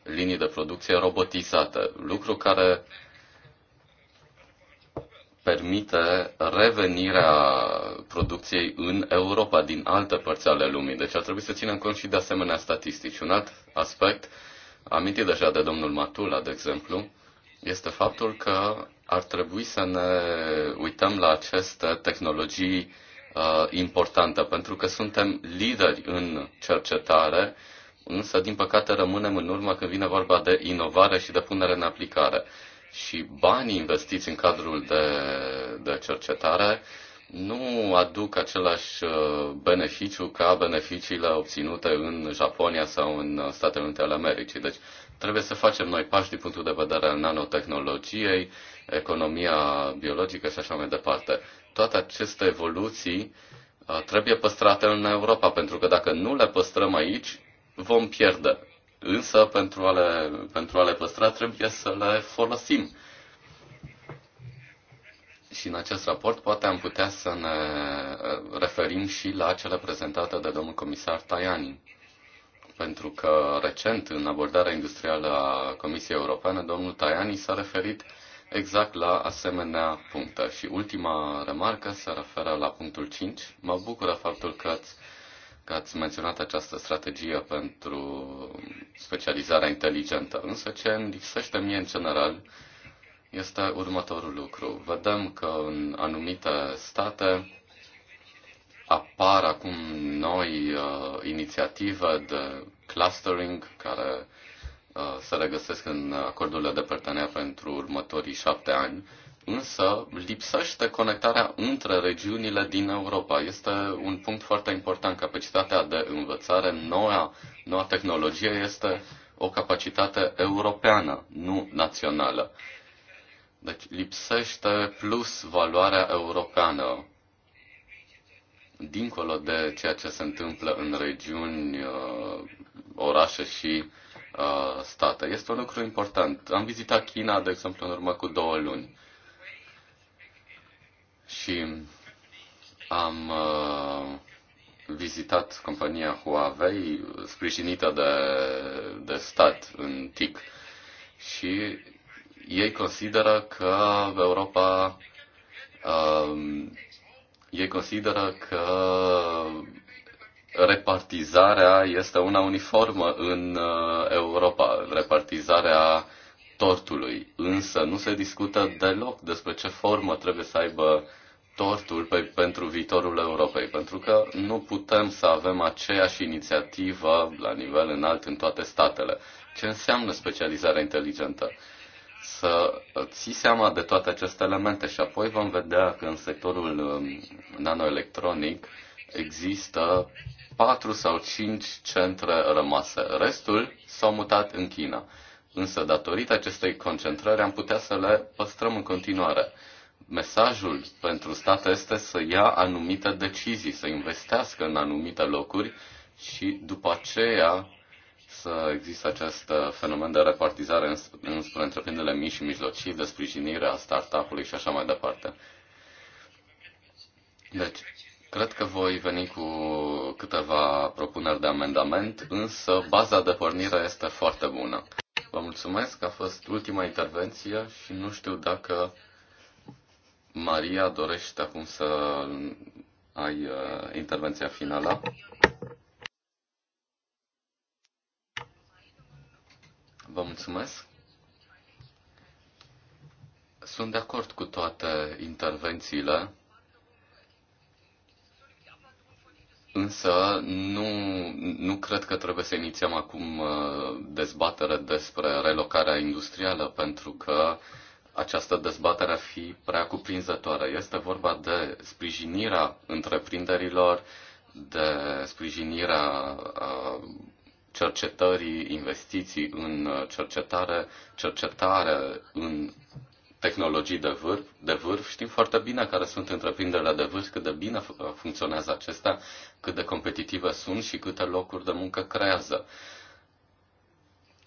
linii de producție robotizate, lucru care permite revenirea producției în Europa, din alte părți ale lumii. Deci ar trebui să ținem cont și de asemenea statistici. Un alt aspect, amintit deja de domnul Matula, de exemplu, este faptul că ar trebui să ne uităm la aceste tehnologii uh, importante, pentru că suntem lideri în cercetare, însă, din păcate, rămânem în urmă când vine vorba de inovare și de punere în aplicare și banii investiți în cadrul de, de cercetare nu aduc același uh, beneficiu ca beneficiile obținute în Japonia sau în Statele Unite ale Americii. Deci trebuie să facem noi pași din punctul de vedere al nanotehnologiei, economia biologică și așa mai departe. Toate aceste evoluții uh, trebuie păstrate în Europa, pentru că dacă nu le păstrăm aici, vom pierde însă pentru a le, pentru a le păstra trebuie să le folosim. Și în acest raport poate am putea să ne uh, referim și la cele prezentate de domnul comisar Tajani. Pentru că recent, în abordarea industrială a Comisiei Europene, domnul Tajani s-a referit exact la asemenea puncte. Și ultima remarcă se referă la punctul 5. Mă bucură faptul că ați că ați menționat această strategie pentru specializarea inteligentă. Însă ce îmi lipsește mie în general este următorul lucru. Vedem că în anumite state apar acum noi uh, inițiative de clustering care uh, se regăsesc în acordurile de parteneriat pentru următorii șapte ani. Uh, însă lipsește conectarea între regiunile din Europa. Este un punct foarte important. Capacitatea de învățare, noua, noua tehnologie este o capacitate europeană, nu națională. Deci lipsește plus valoarea europeană dincolo de ceea ce se întâmplă în regiuni, uh, orașe și uh, state. Este un lucru important. Am vizitat China, de exemplu, în urmă cu două luni și am uh, vizitat compania Huawei, sprijinită de, de stat în TIC. Și ei consideră că Europa Um, ei consideră că repartizarea este una uniformă în uh, Europa, repartizarea tortului, însă nu se discută deloc despre ce formă trebuie să aibă tortul pe, pentru viitorul Europei, pentru că nu putem să avem aceeași inițiativă la nivel înalt în toate statele. Ce înseamnă specializarea inteligentă? Să ții seama de toate aceste elemente și apoi vom vedea că în sectorul um, nanoelectronic există patru sau cinci centre rămase. Restul s-au mutat în China. Însă, datorită acestei concentrări, am putea să le păstrăm în continuare mesajul pentru stat este să ia anumite decizii, să investească în anumite locuri și după aceea să există acest fenomen de repartizare înspre întreprinderile mici și mijlocii, de sprijinire a startup-ului și așa mai departe. Deci, cred că voi veni cu câteva propuneri de amendament, însă baza de pornire este foarte bună. Vă mulțumesc, a fost ultima intervenție și nu știu dacă Maria, dorești acum să ai uh, intervenția finală? Vă mulțumesc. Sunt de acord cu toate intervențiile, însă nu, nu cred că trebuie să inițiem acum uh, dezbatere despre relocarea industrială, pentru că uh, această dezbatere ar fi prea cuprinzătoare. Este vorba de sprijinirea întreprinderilor, de sprijinirea cercetării, investiții în cercetare, cercetare în tehnologii de vârf, de vârf. Știm foarte bine care sunt întreprinderile de vârf, cât de bine funcționează acestea, cât de competitive sunt și câte locuri de muncă creează.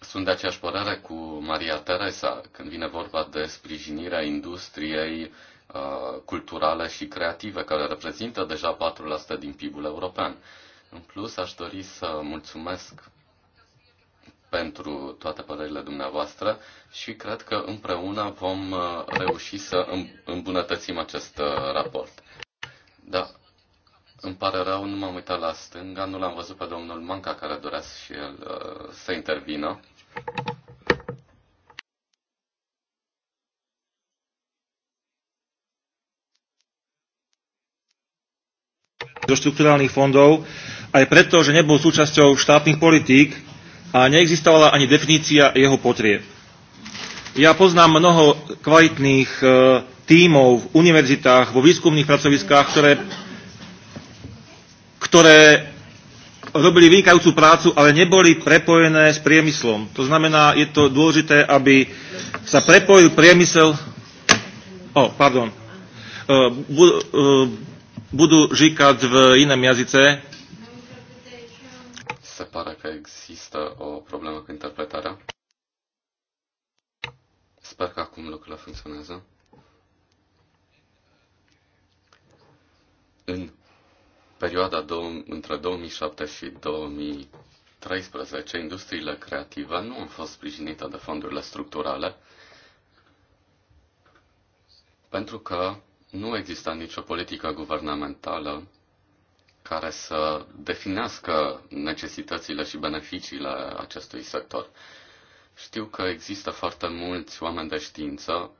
Sunt de aceeași părere cu Maria Teresa când vine vorba de sprijinirea industriei uh, culturale și creative, care reprezintă deja 4% din PIB-ul european. În plus, aș dori să mulțumesc pentru toate părerile dumneavoastră și cred că împreună vom uh, reuși să îmbunătățim acest uh, raport. Da, îmi pare rău, nu m-am uitat la stânga, nu l-am văzut pe domnul Manca care dorea și el uh, să intervină. do štrukturálnych fondov, aj preto, že nebol súčasťou štátnych politík a neexistovala ani definícia jeho potrieb. Ja poznám mnoho kvalitných uh, tímov v univerzitách, vo výskumných pracoviskách, ktoré ktoré robili vynikajúcu prácu, ale neboli prepojené s priemyslom. To znamená, je to dôležité, aby sa prepojil priemysel... O, oh, pardon. Budú, budú říkať v inom jazyce. Se pare că există o problemă cu interpretarea. Sper că acum lucrurile funcționează. În perioada dou- între 2007 și 2013, industriile creative nu au fost sprijinite de fondurile structurale pentru că nu exista nicio politică guvernamentală care să definească necesitățile și beneficiile acestui sector. Știu că există foarte mulți oameni de știință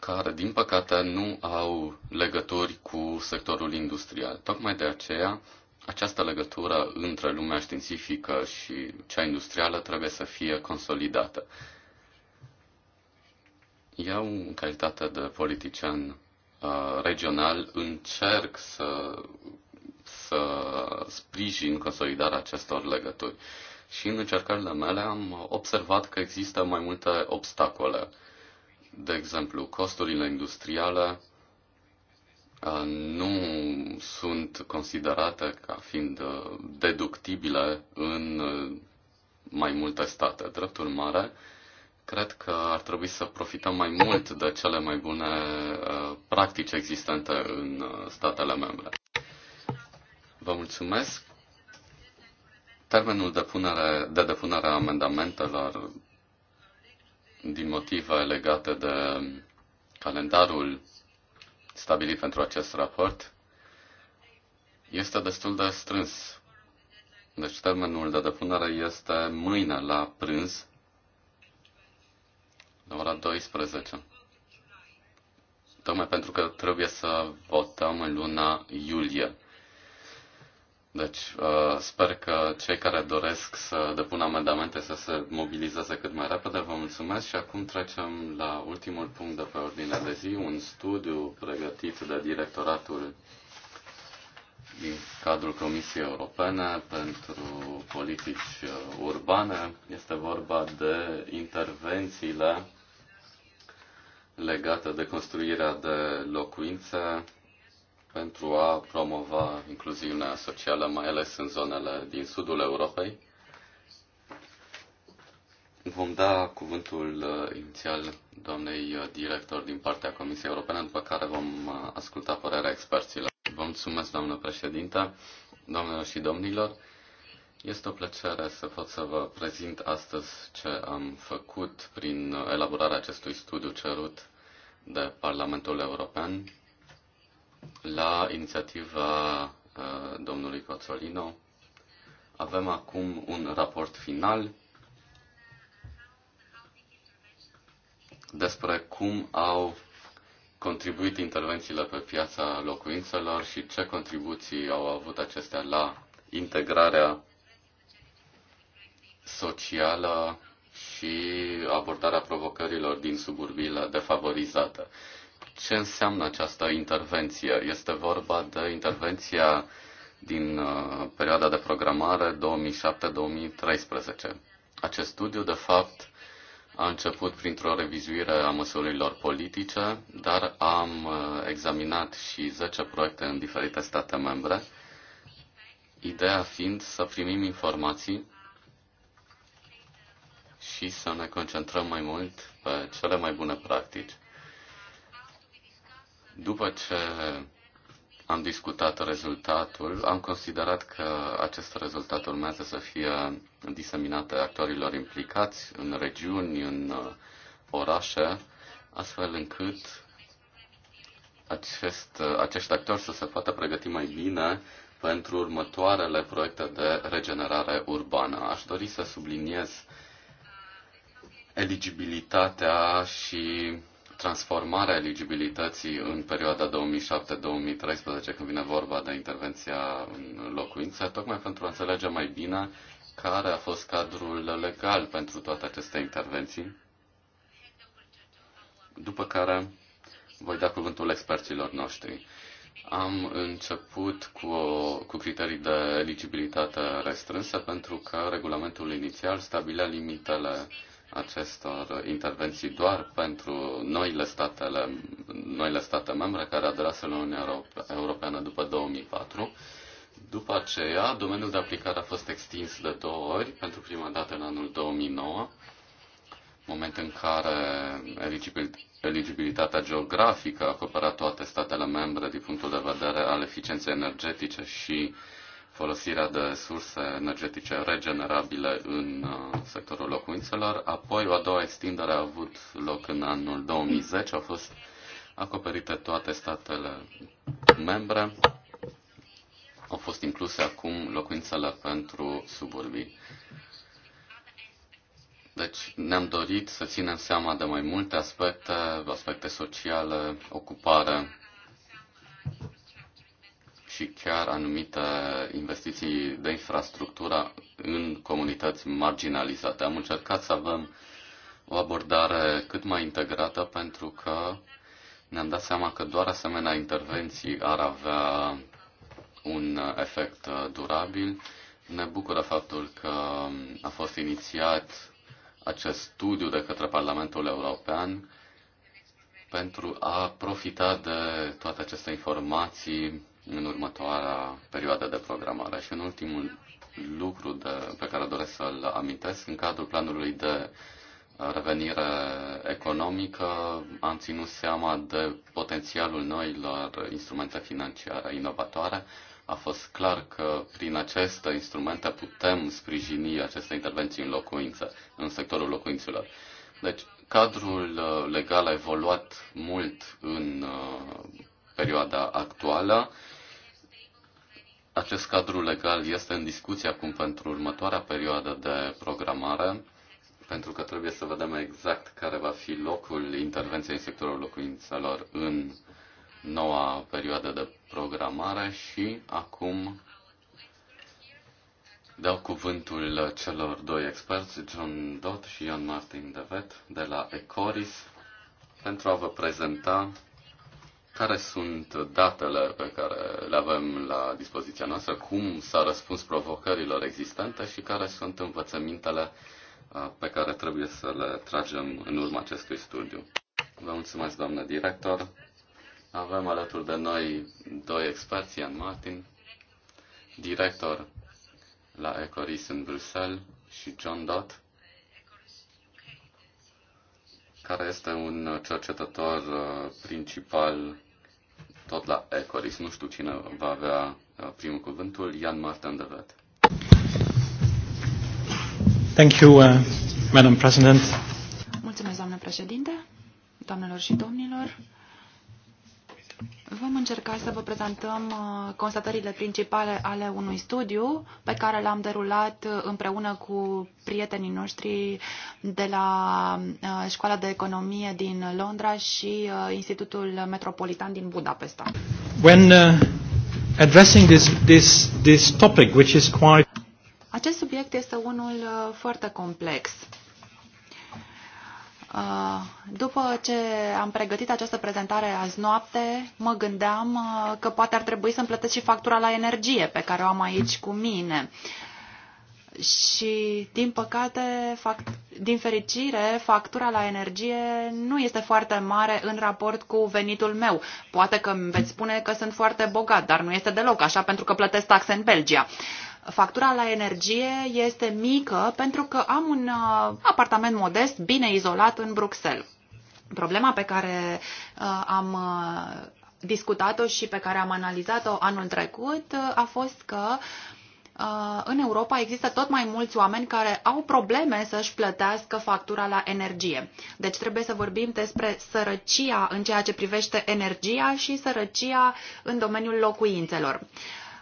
care, din păcate, nu au legături cu sectorul industrial. Tocmai de aceea, această legătură între lumea științifică și cea industrială trebuie să fie consolidată. Eu, în calitate de politician uh, regional, încerc să, să sprijin consolidarea acestor legături. Și în încercările mele am observat că există mai multe obstacole uh, de exemplu, costurile industriale nu sunt considerate ca fiind deductibile în mai multe state. Drept urmare, cred că ar trebui să profităm mai mult de cele mai bune practici existente în statele membre. Vă mulțumesc. Termenul de, punere, de depunere a amendamentelor din motive legate de calendarul stabilit pentru acest raport este destul de strâns. Deci termenul de depunere este mâine la prânz, la ora 12. Tocmai pentru că trebuie să votăm în luna iulie. Deci uh, sper că cei care doresc să depună amendamente să se mobilizeze cât mai repede. Vă mulțumesc și acum trecem la ultimul punct de pe ordinea de zi, un studiu pregătit de directoratul din cadrul Comisiei Europene pentru politici urbane. Este vorba de intervențiile legate de construirea de locuințe pentru a promova incluziunea socială, mai ales în zonele din sudul Europei. Vom da cuvântul uh, inițial doamnei uh, director din partea Comisiei Europene, după care vom uh, asculta părerea experților. Vă mulțumesc, doamnă președintă, doamnelor și domnilor. Este o plăcere să pot să vă prezint astăzi ce am făcut prin elaborarea acestui studiu cerut de Parlamentul European la inițiativa uh, domnului Cozzolino. Avem acum un raport final despre cum au contribuit intervențiile pe piața locuințelor și ce contribuții au avut acestea la integrarea socială și abordarea provocărilor din suburbiile defavorizate ce înseamnă această intervenție? Este vorba de intervenția din uh, perioada de programare 2007-2013. Acest studiu, de fapt, a început printr-o revizuire a măsurilor politice, dar am uh, examinat și 10 proiecte în diferite state membre, ideea fiind să primim informații și să ne concentrăm mai mult pe cele mai bune practici. După ce am discutat rezultatul, am considerat că acest rezultat urmează să fie diseminat actorilor implicați în regiuni, în uh, orașe, astfel încât acest, uh, acești actori să se poată pregăti mai bine pentru următoarele proiecte de regenerare urbană. Aș dori să subliniez eligibilitatea și transformarea eligibilității în perioada 2007-2013, când vine vorba de intervenția în locuință, tocmai pentru a înțelege mai bine care a fost cadrul legal pentru toate aceste intervenții, după care voi da cuvântul experților noștri. Am început cu, o, cu criterii de eligibilitate restrânsă pentru că regulamentul inițial stabilea limitele uh, acestor intervenții doar pentru noile, statele, noile state membre care aderase la Uniunea Europeană după 2004. După aceea, domeniul de aplicare a fost extins de două ori, pentru prima dată în anul 2009, moment în care eligibilitatea geografică acopera toate statele membre din punctul de vedere al eficienței energetice și uh, folosirea de surse energetice regenerabile în uh, sectorul locuințelor. Apoi, o a doua extindere a avut loc în anul 2010, au fost acoperite toate statele membre. Au fost incluse acum locuințele pentru suburbii. Deci ne-am dorit să ținem seama de mai multe aspecte, aspecte sociale, ocupare și chiar anumite investiții de infrastructură în comunități marginalizate. Am încercat să avem o abordare cât mai integrată pentru că ne-am dat seama că doar asemenea intervenții ar avea un efect durabil. Ne bucură faptul că a fost inițiat acest studiu de către Parlamentul European pentru a profita de toate aceste informații în următoarea perioadă de programare. Și un ultimul lucru de, pe care doresc să-l amintesc, în cadrul planului de revenire economică, am ținut seama de potențialul noilor instrumente financiare inovatoare. A fost clar că prin aceste instrumente putem sprijini aceste intervenții în locuință, în sectorul locuințelor. Deci, cadrul legal a evoluat mult în perioada actuală. Acest cadru legal este în discuție acum pentru următoarea perioadă de programare, pentru că trebuie să vedem exact care va fi locul intervenției în sectorul locuințelor în noua perioadă de programare și acum dau cuvântul celor doi experți, John Dot și Ian Martin Devet, de la Ecoris, pentru a vă prezenta care sunt datele pe care le avem la dispoziția noastră, cum s-a răspuns provocărilor existente și care sunt învățămintele uh, pe care trebuie să le tragem în urma acestui studiu. Vă mulțumesc, doamnă director. Avem alături de noi doi experți, Ian Martin, director la Ecoris în Bruxelles și John Dot, care este un cercetător uh, principal tot la Ecoris. Nu știu cine va avea uh, primul cuvântul. Ian Martin de Vet. Thank you, uh, Madam President. Mulțumesc, doamnă președinte, doamnelor și domnilor. Vom încerca să vă prezentăm uh, constatările principale ale unui studiu pe care l-am derulat uh, împreună cu prietenii noștri de la uh, Școala de Economie din Londra și Institutul Metropolitan din Budapesta. When uh, addressing this, this, this topic, which is quite... Acest subiect este unul foarte complex Uh, după ce am pregătit această prezentare azi noapte, mă gândeam uh, că poate ar trebui să-mi plătesc și factura la energie pe care o am aici cu mine. Și, din păcate, fac, din fericire, factura la energie nu este foarte mare în raport cu venitul meu. Poate că îmi veți spune că sunt foarte bogat, dar nu este deloc așa pentru că plătesc taxe în Belgia. Uh, factura la energie este mică pentru că am un uh, apartament modest, bine izolat în Bruxelles. Problema pe care uh, am uh, discutat-o și pe care am analizat-o anul trecut a fost că în Europa există tot mai mulți oameni care au probleme să-și plătească factura la energie. Deci trebuie să vorbim despre sărăcia în ceea ce privește energia și sărăcia în domeniul locuințelor.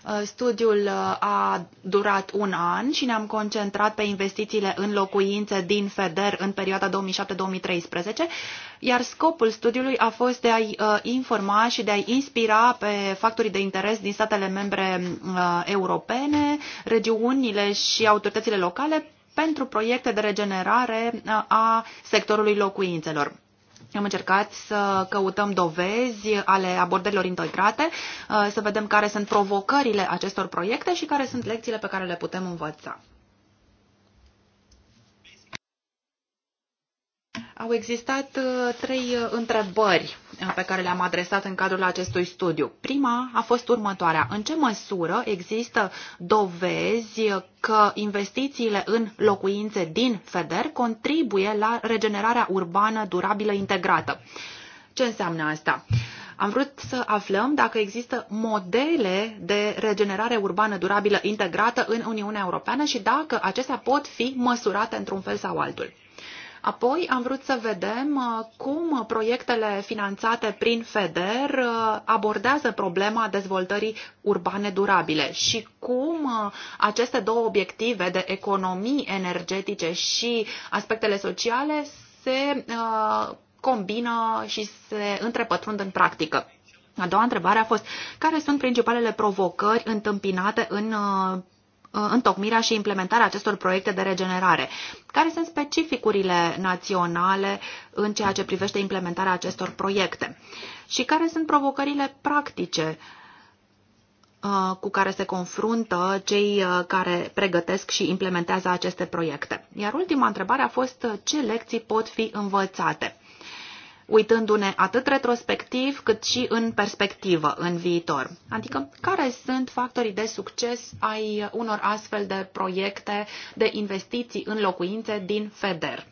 Uh, studiul uh, a durat un an și ne-am concentrat pe investițiile în locuințe din FEDER în perioada 2007-2013, iar scopul studiului a fost de a-i uh, informa și de a-i inspira pe factorii de interes din statele membre europene, regiunile și autoritățile locale pentru proiecte de regenerare a sectorului locuințelor. Am încercat să căutăm dovezi ale abordărilor integrate, uh, să vedem care sunt provocările acestor proiecte și care sunt lecțiile pe care le putem învăța. Au existat uh, trei uh, întrebări uh, pe care le-am adresat în cadrul acestui studiu. Prima a fost următoarea. În ce măsură există dovezi că investițiile în locuințe din FEDER contribuie la regenerarea urbană durabilă integrată? Ce înseamnă asta? Am vrut să aflăm dacă există modele de regenerare urbană durabilă integrată în Uniunea Europeană și dacă acestea pot fi măsurate într-un fel sau altul. Apoi am vrut să vedem uh, cum proiectele finanțate prin FEDER uh, abordează problema dezvoltării urbane durabile și cum uh, aceste două obiective de economii energetice și aspectele sociale se combină și se întrepătrund în practică. A doua întrebare a fost care sunt principalele provocări întâmpinate în Uh, întocmirea și implementarea acestor proiecte de regenerare. Care sunt specificurile naționale în ceea ce privește implementarea acestor proiecte? Și care sunt provocările practice uh, cu care se confruntă cei uh, care pregătesc și implementează aceste proiecte. Iar ultima întrebare a fost ce lecții pot fi învățate uitându-ne atât retrospectiv cât și în perspectivă, în viitor. Adică, care sunt factorii de succes ai unor astfel de proiecte de investiții în locuințe din FEDER?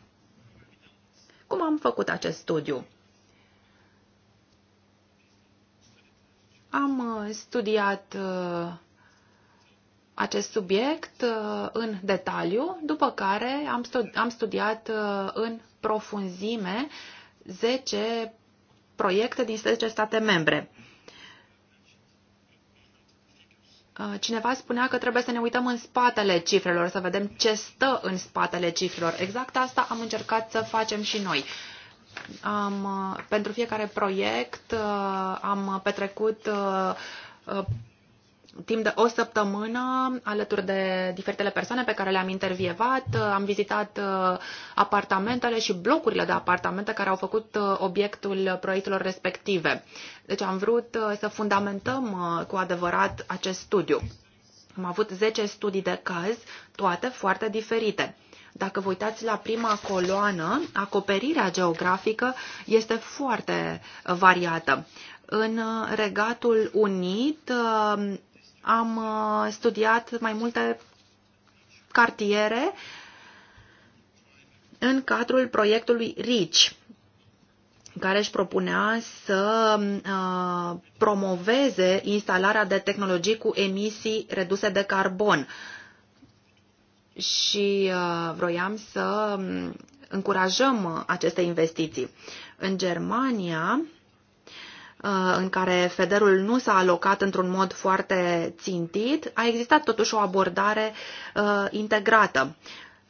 Cum am făcut acest studiu? Am uh, studiat uh, acest subiect uh, în detaliu, după care am studiat în profunzime 10 proiecte din 10 state membre. Uh, cineva spunea că trebuie să ne uităm în spatele cifrelor, să vedem ce stă în spatele cifrelor. Exact asta am încercat să facem și noi. Am, uh, pentru fiecare proiect uh, am petrecut timp de o săptămână alături de diferitele persoane pe care le-am intervievat. Uh, am vizitat uh, apartamentele și blocurile de apartamente care au făcut uh, obiectul proiectelor respective. Deci am vrut să fundamentăm cu adevărat acest studiu. Am avut 10 studii de caz, toate foarte diferite. Dacă vă uitați la prima coloană, acoperirea geografică este foarte variată. În Regatul Unit am uh, studiat mai multe cartiere în cadrul proiectului RICI, care își propunea să uh, promoveze instalarea de tehnologii cu emisii reduse de carbon. Și uh, vroiam să um, încurajăm aceste investiții. În Germania, Uh, în care federul nu s-a alocat într-un mod foarte țintit, a existat totuși o abordare uh, integrată.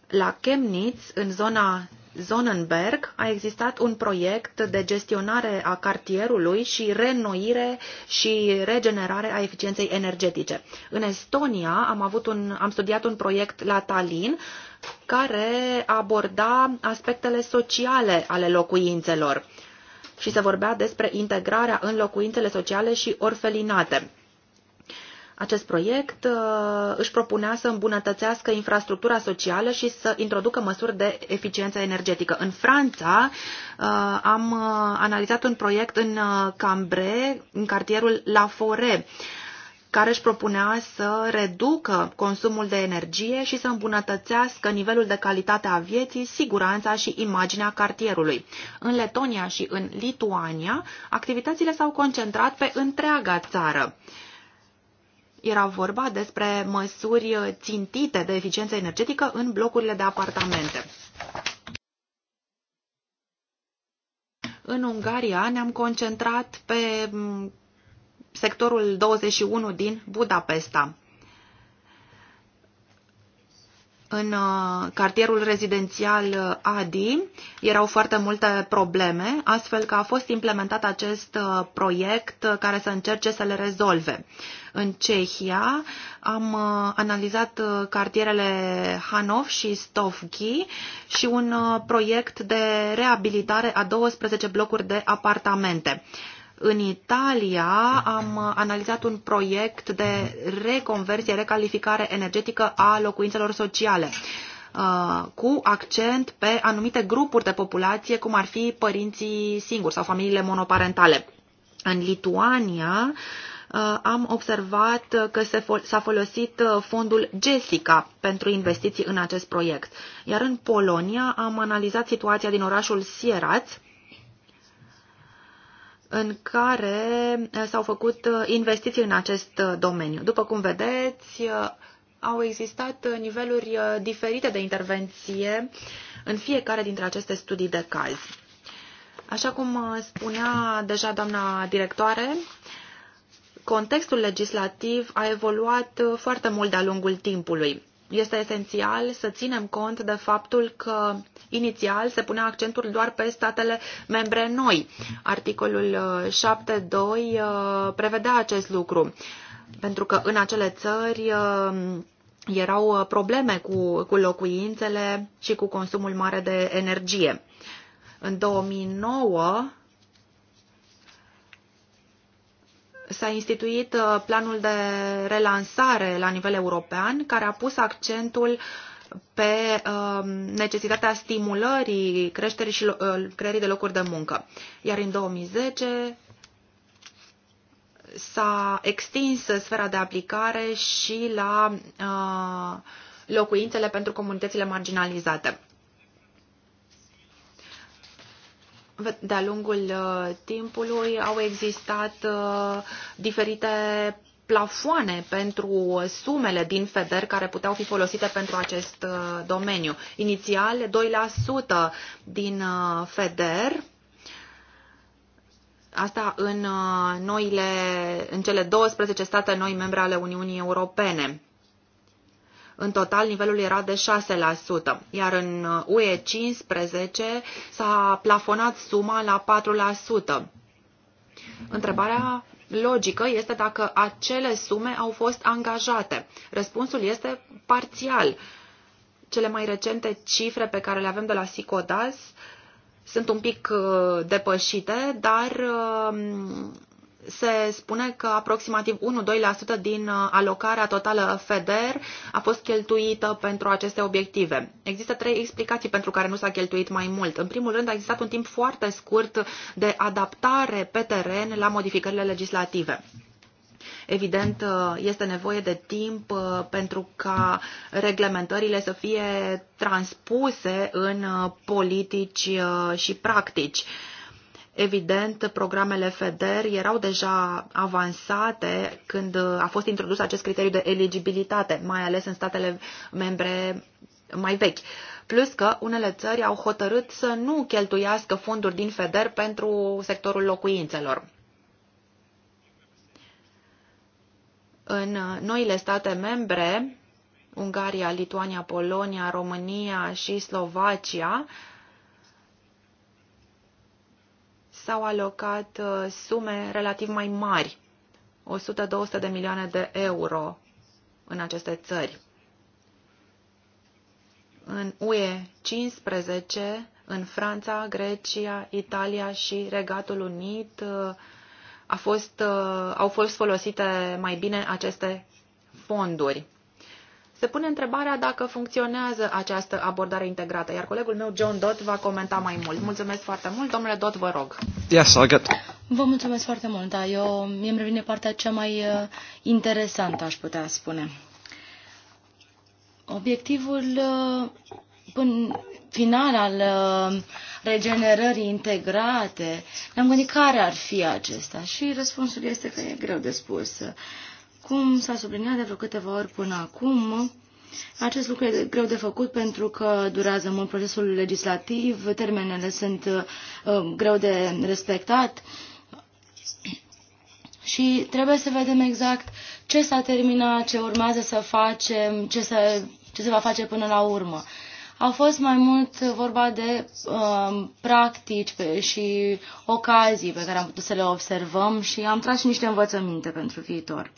La Chemnitz, în zona Zonenberg, a existat un proiect de gestionare a cartierului și reînnoire și regenerare a eficienței energetice. În Estonia am, avut un, am studiat un proiect la Tallinn care aborda aspectele sociale ale locuințelor și se vorbea despre integrarea în locuințele sociale și orfelinate. Acest proiect uh, își propunea să îmbunătățească infrastructura socială și să introducă măsuri de eficiență energetică. În Franța uh, am uh, analizat un proiect în Cambre, în cartierul La Forêt care își propunea să reducă consumul de energie și să îmbunătățească nivelul de calitate a vieții, siguranța și imaginea cartierului. În Letonia și în Lituania, activitățile s-au concentrat pe întreaga țară. Era vorba despre măsuri țintite de eficiență energetică în blocurile de apartamente. În Ungaria ne-am concentrat pe sectorul 21 din Budapesta. În uh, cartierul rezidențial uh, ADI erau foarte multe probleme, astfel că a fost implementat acest uh, proiect care să încerce să le rezolve. În Cehia am analizat cartierele Hanov și Stovki și un proiect de reabilitare a 12 blocuri de apartamente. În Italia am analizat un proiect de reconversie, recalificare energetică a locuințelor sociale uh, cu accent pe anumite grupuri de populație, cum ar fi părinții singuri sau familiile monoparentale. În Lituania uh, am observat că s-a folosit uh, fondul Jessica pentru investiții în acest proiect. Iar în Polonia am analizat situația din orașul Sieraț, în care eh, s-au făcut eh, investiții în acest eh, domeniu. După cum vedeți, au existat niveluri diferite de intervenție în fiecare dintre aceste studii de caz. Așa cum spunea deja doamna directoare, contextul legislativ a evoluat foarte mult de-a lungul timpului este esențial să ținem cont de faptul că inițial se punea accentul doar pe statele membre noi. Articolul 7.2 uh, uh, prevedea acest lucru, pentru că în acele țări uh, erau probleme cu, cu locuințele și cu consumul mare de energie. În 2009 s-a instituit uh, planul de relansare la nivel european, care a pus accentul pe um, necesitatea stimulării creșterii și uh, creării de locuri de muncă. Iar în 2010 s-a extins sfera de aplicare și la uh, locuințele pentru comunitățile marginalizate. de-a lungul uh, timpului au existat uh, diferite plafoane pentru sumele din FEDER care puteau fi folosite pentru acest uh, domeniu. Inițial, 2% din FEDER, asta în, noile, în cele 12 state noi membre ale Uniunii Europene. În total, nivelul era de 6%, iar în UE uh, 15 s-a plafonat suma la 4%. Întrebarea logică este dacă acele sume au fost angajate. Răspunsul este parțial. Cele mai recente cifre pe care le avem de la SICODAS sunt un pic uh, depășite, dar uh, se spune că aproximativ 1-2% din uh, alocarea totală FEDER a fost cheltuită pentru aceste obiective. Există trei explicații pentru care nu s-a cheltuit mai mult. În primul rând, a existat un timp foarte scurt de adaptare pe teren la modificările legislative. Evident, uh, este nevoie de timp uh, pentru ca reglementările să fie transpuse în politici și practici. Evident, programele FEDER erau deja avansate când a fost introdus acest criteriu de eligibilitate, mai ales în statele membre mai vechi. Plus că unele țări au hotărât să nu cheltuiască fonduri din FEDER pentru sectorul locuințelor. În noile state membre, Ungaria, Lituania, Polonia, România și Slovacia, s-au alocat uh, sume relativ mai mari, 100-200 de milioane de euro în aceste țări. În UE 15, în Franța, Grecia, Italia și Regatul Unit uh, a fost, uh, au fost folosite mai bine aceste fonduri. Se pune întrebarea dacă funcționează această abordare integrată, iar colegul meu, John Dot, va comenta mai mult. Mulțumesc foarte mult. Domnule Dot, vă rog. Yes, I get... Vă mulțumesc foarte mult. Da, eu, mie îmi revine partea cea mai uh, interesantă, aș putea spune. Obiectivul uh, până final al uh, regenerării integrate, ne-am gândit care ar fi acesta și răspunsul este că e greu de spus cum s-a subliniat de vreo câteva ori până acum, acest lucru e greu de făcut pentru că durează mult procesul legislativ, termenele sunt uh, greu de respectat și trebuie să vedem exact ce s-a terminat, ce urmează să facem, ce se, ce se va face până la urmă. A fost mai mult vorba de uh, practici pe, și ocazii pe care am putut să le observăm și am tras și niște învățăminte pentru viitor.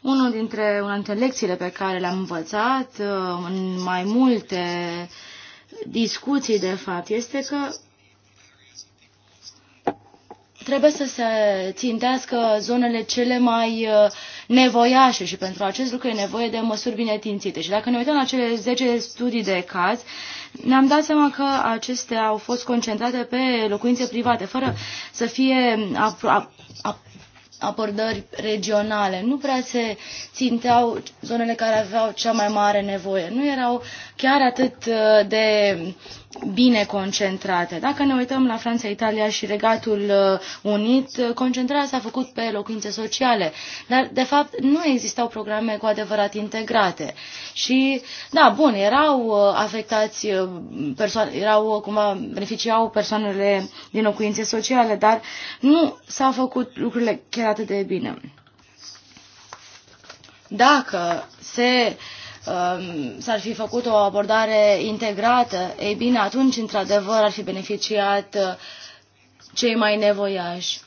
Unul dintre, una dintre lecțiile pe care le-am învățat uh, în mai multe discuții, de fapt, este că trebuie să se țintească zonele cele mai uh, nevoiașe și pentru acest lucru e nevoie de măsuri bine tințite. Și dacă ne uităm la cele 10 studii de caz, ne-am dat seama că acestea au fost concentrate pe locuințe private, fără să fie abordări regionale. Nu prea se ținteau zonele care aveau cea mai mare nevoie. Nu erau chiar atât uh, de bine concentrate. Dacă ne uităm la Franța, Italia și Regatul uh, Unit, uh, concentrarea s-a făcut pe locuințe sociale, dar de fapt nu existau programe cu adevărat integrate. Și da, bun, erau uh, afectați persoane, erau cumva beneficiau persoanele din locuințe sociale, dar nu s-au făcut lucrurile chiar atât de bine. Dacă se uh, Um, s-ar fi făcut o abordare integrată, ei bine, atunci, într-adevăr, ar fi beneficiat uh, cei mai nevoiași.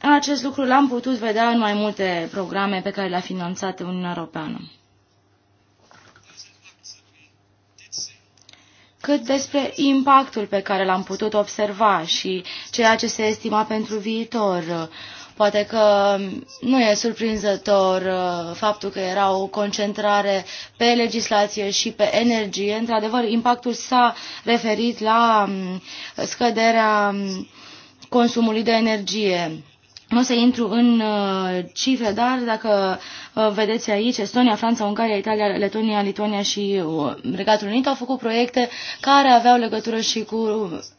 Acest lucru l-am putut vedea în mai multe programe pe care le-a finanțat Uniunea Europeană. cât despre impactul pe care l-am putut observa și ceea ce se estima pentru viitor. Poate că nu e surprinzător uh, faptul că era o concentrare pe legislație și pe energie. Într-adevăr, impactul s-a referit la um, scăderea um, consumului de energie. Nu o să intru în uh, cifre, dar dacă uh, vedeți aici, Estonia, Franța, Ungaria, Italia, Letonia, Lituania și uh, Regatul Unit au făcut proiecte care aveau legătură și cu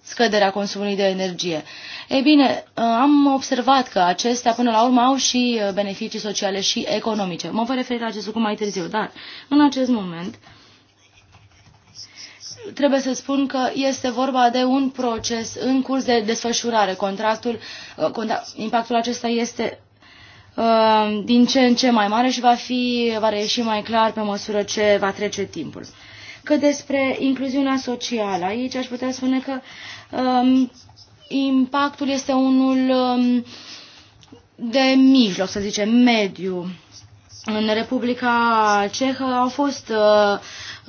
scăderea consumului de energie. Ei bine, am observat că acestea până la urmă au și beneficii sociale și economice. Mă voi referi la acest lucru mai târziu, dar în acest moment trebuie să spun că este vorba de un proces în curs de desfășurare. Contractul, uh, impactul acesta este uh, din ce în ce mai mare și va, fi, va reieși mai clar pe măsură ce va trece timpul. Că despre incluziunea socială, aici aș putea spune că um, impactul este unul um, de mijloc, să zicem, mediu. În Republica Cehă au fost uh,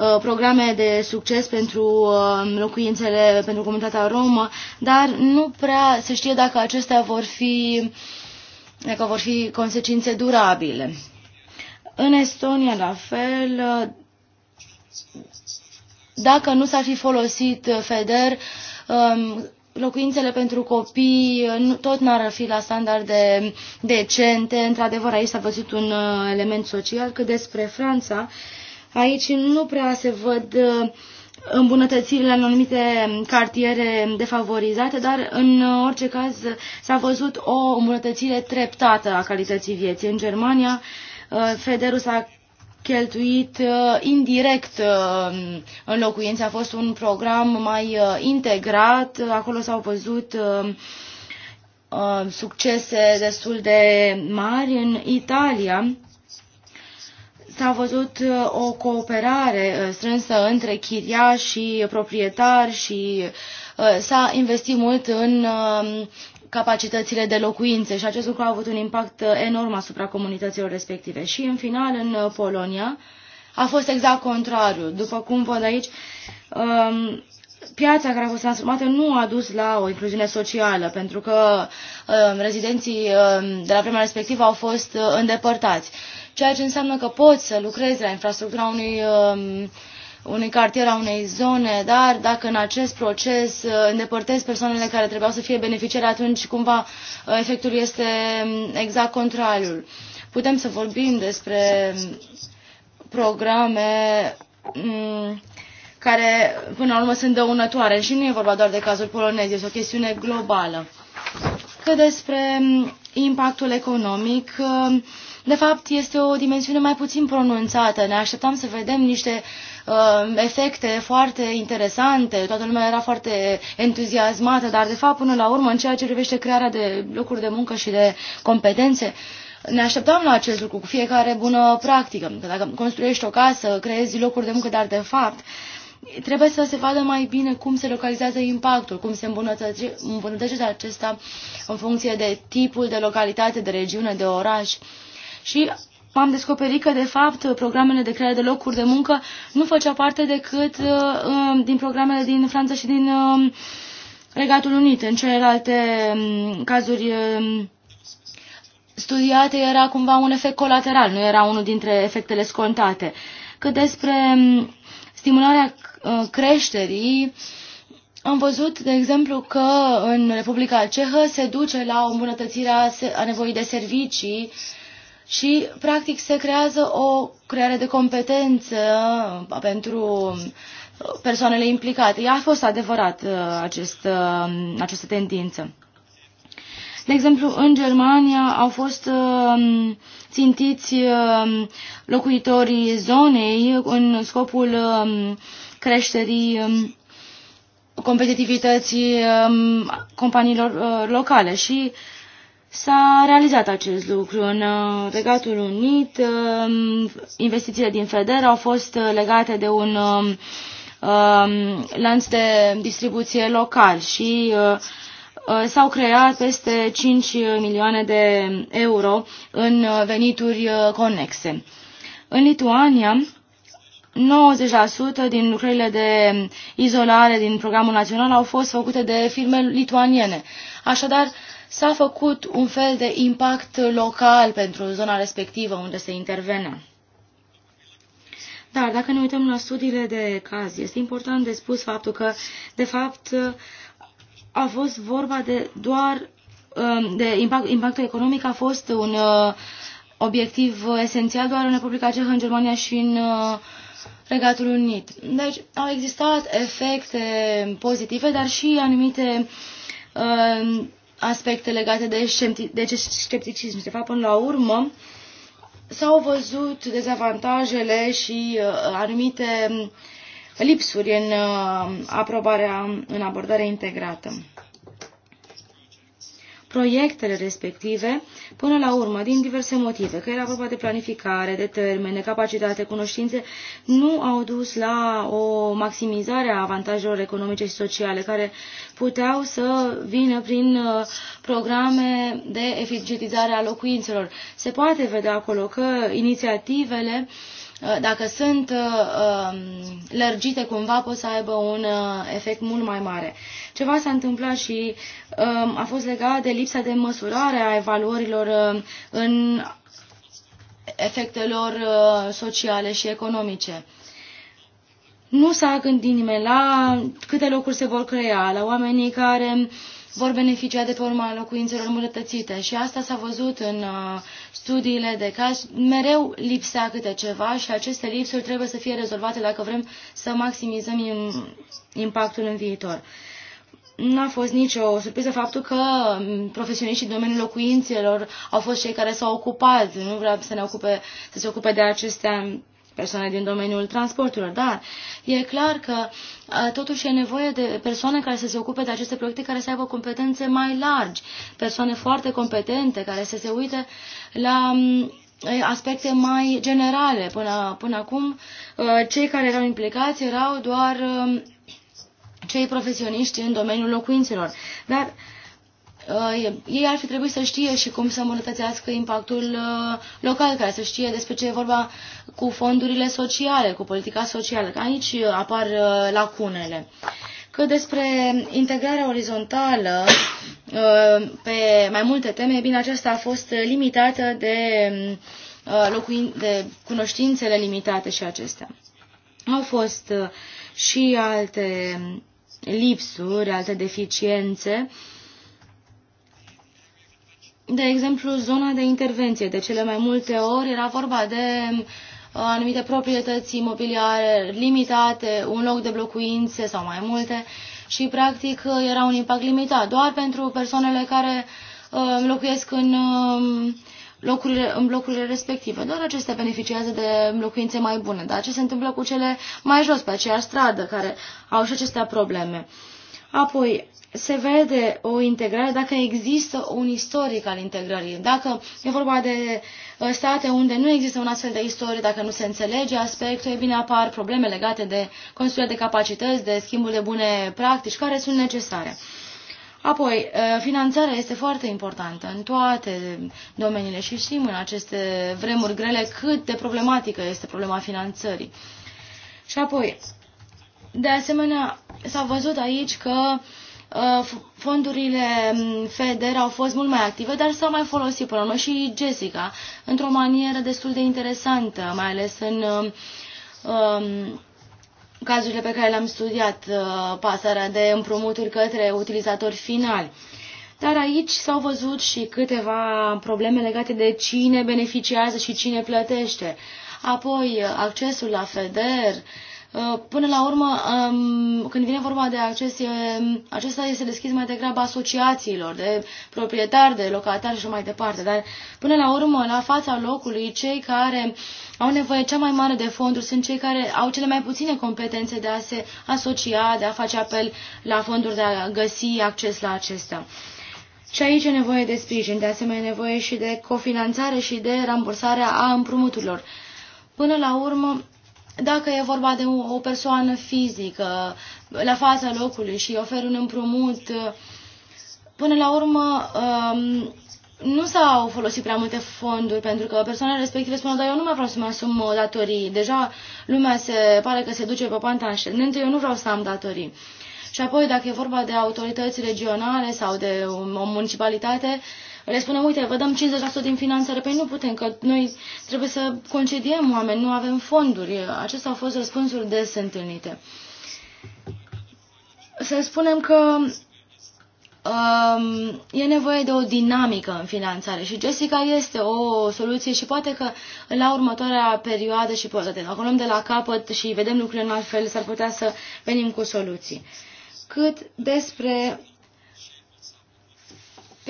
Uh, programe de succes pentru uh, locuințele pentru comunitatea romă, dar nu prea se știe dacă acestea vor fi, dacă vor fi consecințe durabile. În Estonia, la fel, uh, dacă nu s-ar fi folosit FEDER, um, locuințele pentru copii tot n-ar fi la standarde decente. Într-adevăr, aici s-a văzut un element social. că despre Franța, Aici nu prea se văd uh, îmbunătățirile în anumite cartiere defavorizate, dar în orice caz s-a văzut o îmbunătățire treptată a calității vieții. În Germania, uh, Federus a cheltuit uh, indirect în locuințe. A fost un program mai integrat. Acolo s-au văzut succese destul de mari. În Italia, S-a văzut uh, o cooperare uh, strânsă între chiria și proprietari și uh, s-a investit mult în um, capacitățile de locuințe și acest lucru a avut un impact enorm asupra comunităților respective. Și în final, în Polonia, a fost exact contrariu. După cum văd aici, um, piața care a fost transformată nu a dus la o incluziune socială, pentru că um, rezidenții de la prima respectivă au fost îndepărtați ceea ce înseamnă că poți să lucrezi la infrastructura unui, um, unui cartier, a unei zone, dar dacă în acest proces uh, îndepărtezi persoanele care trebuiau să fie beneficiare, atunci cumva uh, efectul este um, exact contrariul. Putem să vorbim despre um, programe care până la urmă sunt dăunătoare și nu e vorba doar de cazul polonez, este o chestiune globală. Că despre impactul economic, de fapt este o dimensiune mai puțin pronunțată. Ne așteptam să vedem niște uh, efecte foarte interesante, toată lumea era foarte entuziasmată, dar de fapt până la urmă în ceea ce privește crearea de locuri de muncă și de competențe, ne așteptam la acest lucru cu fiecare bună practică. Că dacă construiești o casă, creezi locuri de muncă, dar de fapt trebuie să se vadă mai bine cum se localizează impactul, cum se îmbunătățește, îmbunătățește acesta în funcție de tipul de localitate, de regiune, de oraș și am descoperit că, de fapt, programele de creare de locuri de muncă nu făceau parte decât uh, um, din programele din Franța și din uh, Regatul Unit. În celelalte um, cazuri uh, studiate era cumva un efect colateral, nu era unul dintre efectele scontate. Cât despre um, stimularea uh, creșterii, am văzut, de exemplu, că în Republica Cehă se duce la o îmbunătățire a nevoii de servicii uh, și, practic, se creează o creare de competență pentru persoanele implicate. A fost adevărat uh, acest, um, această tendință. De exemplu, în Germania au fost um, țintiți um, locuitorii zonei în scopul creșterii competitivității companiilor uh, locale și S-a realizat acest lucru. În uh, Regatul Unit, uh, investițiile din FEDER au fost uh, legate de un um, um, lanț de distribuție local și s-au creat peste 5 milioane de euro în venituri conexe. În Lituania, 90% din lucrările de izolare din programul național au fost făcute de firme lituaniene. Așadar, s-a făcut un fel de impact local pentru zona respectivă unde se intervene. Dar dacă ne uităm la studiile de caz, este important de spus faptul că, de fapt, a fost vorba de doar um, de impact, impactul economic a fost un uh, obiectiv esențial doar în Republica Cehă, în Germania și în uh, Regatul Unit. Deci au existat efecte pozitive, dar și anumite uh, aspecte legate de, șemti, de scepticism. De fapt, până la urmă, s-au văzut dezavantajele și uh, anumite mm, lipsuri în uh, aprobarea, în abordarea integrată proiectele respective până la urmă, din diverse motive, că era vorba de planificare, de termene, capacitate, cunoștințe, nu au dus la o maximizare a avantajelor economice și sociale care puteau să vină prin uh, programe de eficientizare a locuințelor. Se poate vedea acolo că inițiativele uh, Uh, dacă sunt uh, um, lărgite cumva, pot să aibă un uh, efect mult mai mare. Ceva s-a întâmplat și um, a fost legat de lipsa de măsurare a evaluărilor în efectelor sociale și economice. Nu s-a gândit nimeni la câte locuri se vor crea, la oamenii care uh, vor beneficia de pe urma locuințelor îmbunătățite. Și asta s-a văzut în uh, studiile de caz. Mereu lipsea câte ceva și aceste lipsuri trebuie să fie rezolvate dacă vrem să maximizăm impactul în viitor nu a fost nicio surpriză faptul că mm, profesioniștii din domeniul locuințelor au fost cei care s-au ocupat, nu vreau să ne ocupe, să se ocupe de acestea persoane din domeniul transporturilor, dar e clar că totuși e nevoie de persoane care să se ocupe de aceste proiecte, care să aibă competențe mai largi, persoane foarte competente, care să se uite la aspecte mai generale. Până, până acum, cei care erau implicați erau doar cei profesioniști în domeniul locuințelor. Dar Uh, ei ar fi trebuit să știe și cum să îmbunătățească impactul uh, local, care să știe despre ce e vorba cu fondurile sociale, cu politica socială. Aici uh, apar lacunele. Că despre integrarea orizontală pe mai multe teme, bine, aceasta a fost limitată de, locuin, de cunoștințele limitate și acestea. Au fost și alte um, lipsuri, alte deficiențe de exemplu, zona de intervenție. De cele mai multe ori era vorba de uh, anumite proprietăți imobiliare limitate, un loc de blocuințe sau mai multe și, practic, era un impact limitat doar pentru persoanele care uh, locuiesc în um, locurile, în blocurile respective. Doar acestea beneficiază de locuințe mai bune, dar ce se întâmplă cu cele mai jos, pe aceeași stradă, care au și acestea probleme? Apoi, se vede o integrare dacă există un istoric al integrării. Dacă e vorba de uh, state unde nu există un astfel de istorie, dacă nu se înțelege aspectul, e bine apar probleme legate de construirea de capacități, de schimbul de bune practici, care sunt necesare. Apoi, uh, finanțarea este foarte importantă în toate domeniile și știm în aceste vremuri grele cât de problematică este problema finanțării. Și apoi, de asemenea, s-a văzut aici că uh, Uh, fondurile mm, FEDER au fost mult mai active, dar s-au mai folosit până la urmă și Jessica într-o manieră destul de interesantă, mai ales în um, um cazurile pe care le-am studiat, uh, pasarea de împrumuturi către utilizatori finali. Dar aici s-au văzut și câteva probleme legate de cine beneficiază și cine plătește. Apoi, accesul la FEDER, uh, Uh, până la urmă, um, când vine vorba de acces, um, acesta este deschis mai degrabă asociațiilor, de proprietari, de locatari și mai departe. Dar până la urmă, la fața locului, cei care au nevoie cea mai mare de fonduri sunt cei care au cele mai puține competențe de a se asocia, de a face apel la fonduri, de a găsi acces la acestea. Și aici e nevoie de sprijin, de asemenea nevoie și de cofinanțare și de rambursarea a împrumuturilor. Până la urmă, dacă e vorba de o persoană fizică la fața locului și oferă un împrumut, până la urmă um, nu s-au folosit prea multe fonduri pentru că persoanele respective spun, dar eu nu mai vreau să-mi asum uh, datorii. Deja lumea se pare că se duce pe panta ascendentă, eu nu vreau să am datorii. Și apoi, dacă e vorba de autorități regionale sau de um, o municipalitate, uh, le spunem, uite, vă dăm 50% din finanțare. pe Păi nu putem, că noi trebuie să concediem oameni, nu avem fonduri. Acestea au fost răspunsuri des întâlnite. Să spunem că um, e nevoie de o dinamică în finanțare și Jessica este o soluție și poate că la următoarea perioadă și poate dacă luăm de la capăt și vedem lucrurile în alt fel, s-ar putea să venim cu soluții. Cât despre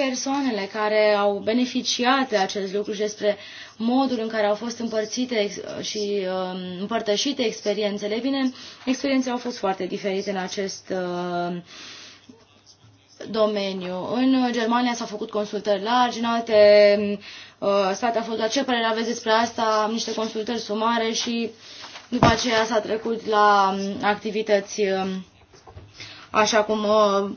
persoanele care au beneficiat de acest lucru și despre modul în care au fost împărțite și um, împărtășite experiențele. bine, experiențele au fost foarte diferite în acest um, domeniu. În Germania s-au făcut consultări largi, în alte uh, state a fost la ce părere aveți despre asta, niște consultări sumare și după aceea s-a trecut la um, activități așa cum uh,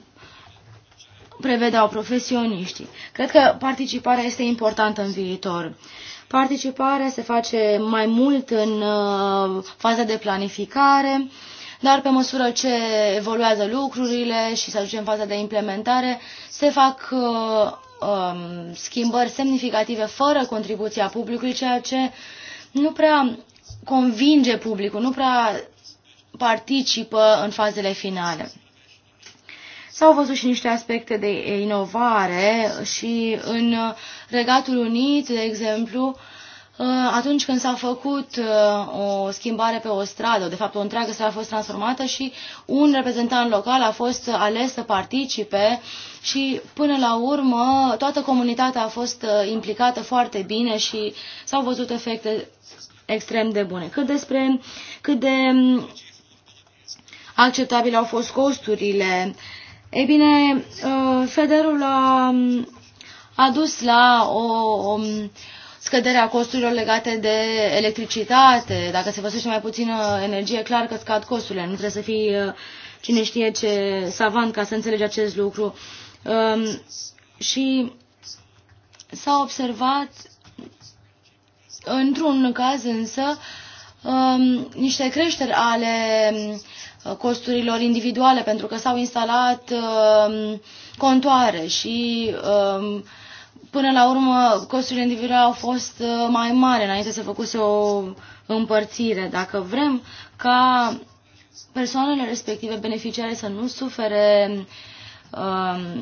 prevedeau profesioniștii. Cred că participarea este importantă în viitor. Participarea se face mai mult în uh, faza de planificare, dar pe măsură ce evoluează lucrurile și se ajunge în faza de implementare, se fac uh, um, schimbări semnificative fără contribuția publicului, ceea ce nu prea convinge publicul, nu prea participă în fazele finale. S-au văzut și niște aspecte de inovare și în Regatul Unit, de exemplu, uh, atunci când s-a făcut uh, o schimbare pe o stradă, de fapt o întreagă stradă a fost transformată și un reprezentant local a fost ales să participe și până la urmă toată comunitatea a fost uh, implicată foarte bine și s-au văzut efecte extrem de bune. Cât despre cât de acceptabile au fost costurile ei bine, uh, Federul a um, adus la o, um, scădere a costurilor legate de electricitate. Dacă se folosește mai puțină energie, clar că scad costurile. Nu trebuie să fii uh, cine știe ce savant ca să înțelegi acest lucru. Um, și s-a observat într-un caz însă niște creșteri ale Uh, costurilor individuale, pentru că s-au instalat uh, contoare și uh, până la urmă costurile individuale au fost mai mari înainte să făcuse o împărțire. Dacă vrem ca persoanele respective beneficiare să nu sufere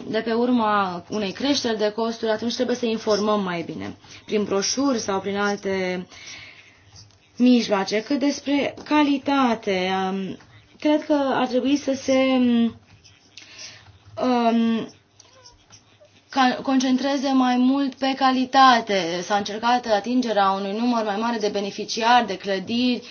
de pe urma unei creșteri de costuri, atunci trebuie să informăm mai bine, prin broșuri sau prin alte mijloace, cât despre calitate um, Cred că ar trebui să se um, concentreze mai mult pe calitate. S-a încercat atingerea unui număr mai mare de beneficiari, de clădiri,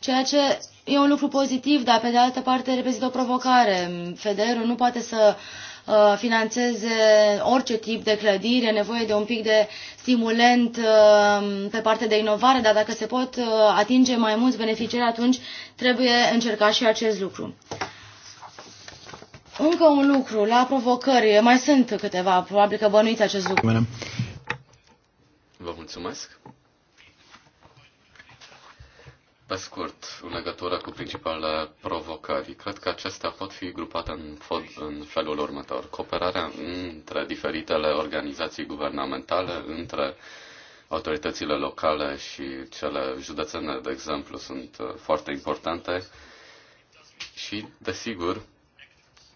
ceea ce e un lucru pozitiv, dar pe de altă parte reprezintă o provocare. Federul nu poate să uh, Uh, finanțeze orice tip de clădire, nevoie de un pic de stimulent uh, pe partea de inovare, dar dacă se pot uh, atinge mai mulți beneficiari, atunci trebuie încercat și acest lucru. Încă un lucru, la provocări, mai sunt câteva, probabil că bănuiți acest lucru. Vă mulțumesc. Pe scurt, în legătură cu principalele provocări, cred că acestea pot fi grupate în, în felul următor. Cooperarea între diferitele organizații guvernamentale, între autoritățile locale și cele județene, de exemplu, sunt uh, foarte importante și, desigur,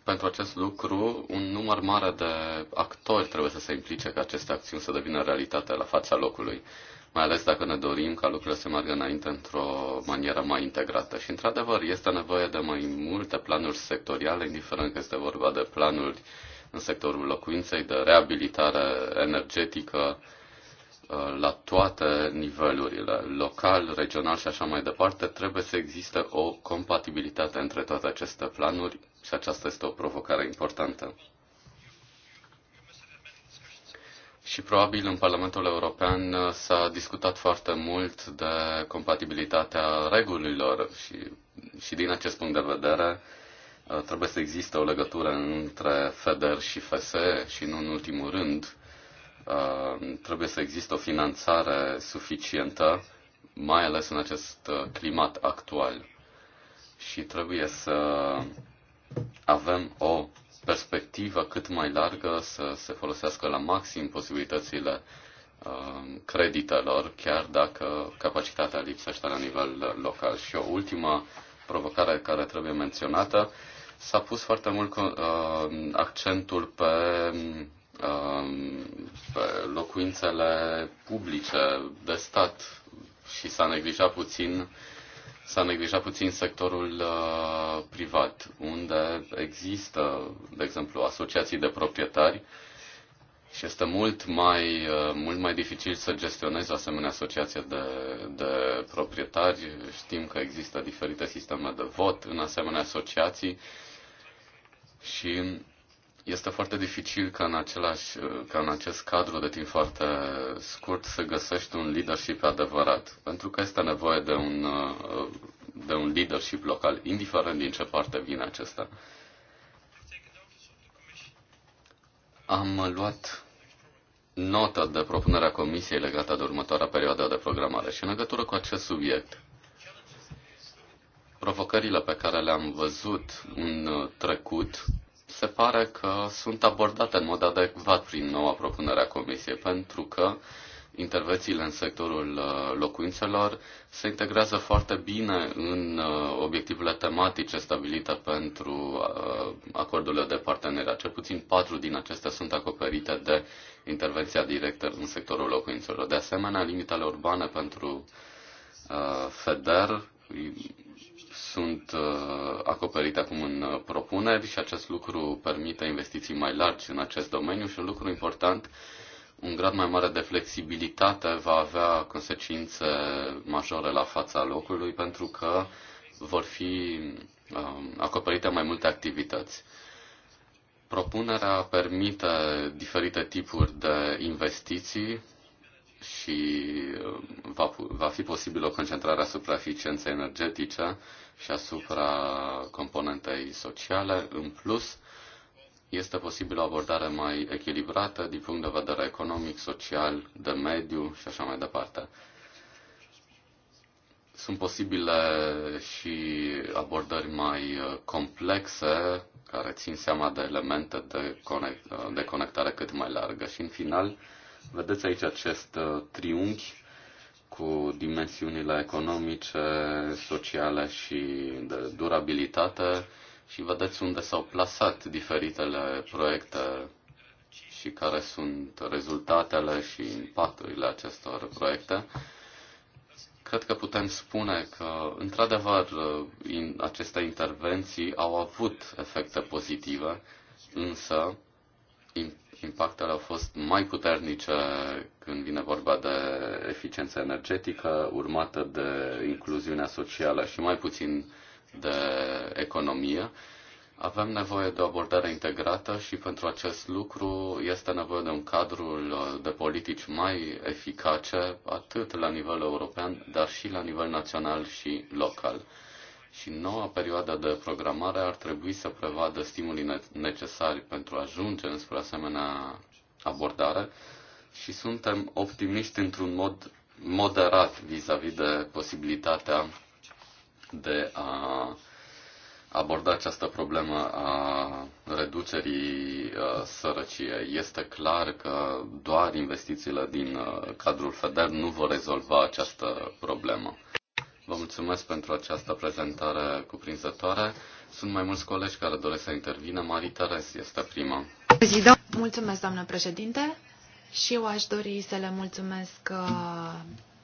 pentru acest lucru, un număr mare de actori trebuie să se implice ca aceste acțiuni să devină realitate la fața locului mai ales dacă ne dorim ca lucrurile să meargă înainte într-o manieră mai integrată. Și, într-adevăr, este nevoie de mai multe planuri sectoriale, indiferent că este vorba de planuri în sectorul locuinței, de reabilitare energetică uh, la toate nivelurile, local, regional și așa mai departe, trebuie să existe o compatibilitate între toate aceste planuri și aceasta este o provocare importantă. Și probabil în Parlamentul European uh, s-a discutat foarte mult de compatibilitatea regulilor și, și din acest punct de vedere uh, trebuie să existe o legătură între FEDER și FSE și nu în ultimul rând uh, trebuie să existe o finanțare suficientă, mai ales în acest climat actual. Și trebuie să avem o perspectivă cât mai largă, să se folosească la maxim posibilitățile um, creditelor, chiar dacă capacitatea lipsește la nivel local. Și o ultimă provocare care trebuie menționată, s-a pus foarte mult uh, accentul pe, um, pe locuințele publice de stat și s-a neglijat puțin s-a neglijat puțin sectorul uh, privat, unde există, de exemplu, asociații de proprietari și este mult mai, uh, mult mai dificil să gestionezi o asemenea asociație de, de proprietari. Știm că există diferite sisteme de vot în asemenea asociații și este foarte dificil ca în, același, ca în acest cadru de timp foarte scurt să găsești un leadership adevărat, pentru că este nevoie de un, de un leadership local, indiferent din ce parte vine acesta. Am luat notă de propunerea Comisiei legată de următoarea perioadă de programare și în legătură cu acest subiect, provocările pe care le-am văzut în trecut se pare că sunt abordate în mod adecvat prin noua propunere a Comisiei, pentru că intervențiile în sectorul uh, locuințelor se integrează foarte bine în uh, obiectivele tematice stabilite pentru uh, acordurile de parteneriat. Cel puțin patru din acestea sunt acoperite de intervenția directă în sectorul locuințelor. De asemenea, limitele urbane pentru FEDER sunt uh, acoperite acum în uh, propuneri și acest lucru permite investiții mai largi în acest domeniu și un lucru important, un grad mai mare de flexibilitate va avea consecințe majore la fața locului pentru că vor fi um, acoperite mai multe activități. Propunerea permite diferite tipuri de investiții, și um, va, va fi posibil o concentrare asupra eficienței energetice și asupra componentei sociale. În plus, este posibil o abordare mai echilibrată din punct de vedere economic, social, de mediu și așa mai departe. Sunt posibile și abordări mai uh, complexe care țin seama de elemente de, conect, uh, de conectare cât mai largă. Și în final, Vedeți aici acest uh, triunghi cu dimensiunile economice, sociale și de durabilitate și vedeți unde s-au plasat diferitele proiecte și care sunt rezultatele și impacturile acestor proiecte. Cred că putem spune că, într-adevăr, uh, aceste intervenții au avut efecte pozitive, însă impactele au fost mai puternice când vine vorba de eficiență energetică, urmată de incluziunea socială și mai puțin de economie. Avem nevoie de o abordare integrată și pentru acest lucru este nevoie de un cadru de politici mai eficace, atât la nivel european, dar și la nivel național și local și noua perioadă de programare ar trebui să prevadă stimulii necesari pentru a ajunge înspre asemenea abordare și suntem optimiști într-un mod moderat vis-a-vis -vis de posibilitatea de a aborda această problemă a reducerii sărăciei. Este clar că doar investițiile din cadrul FEDER nu vor rezolva această problemă. Vă mulțumesc pentru această prezentare cuprinzătoare. Sunt mai mulți colegi care doresc să intervină. Marie Teres este prima. Mulțumesc, doamnă președinte. Și eu aș dori să le mulțumesc uh,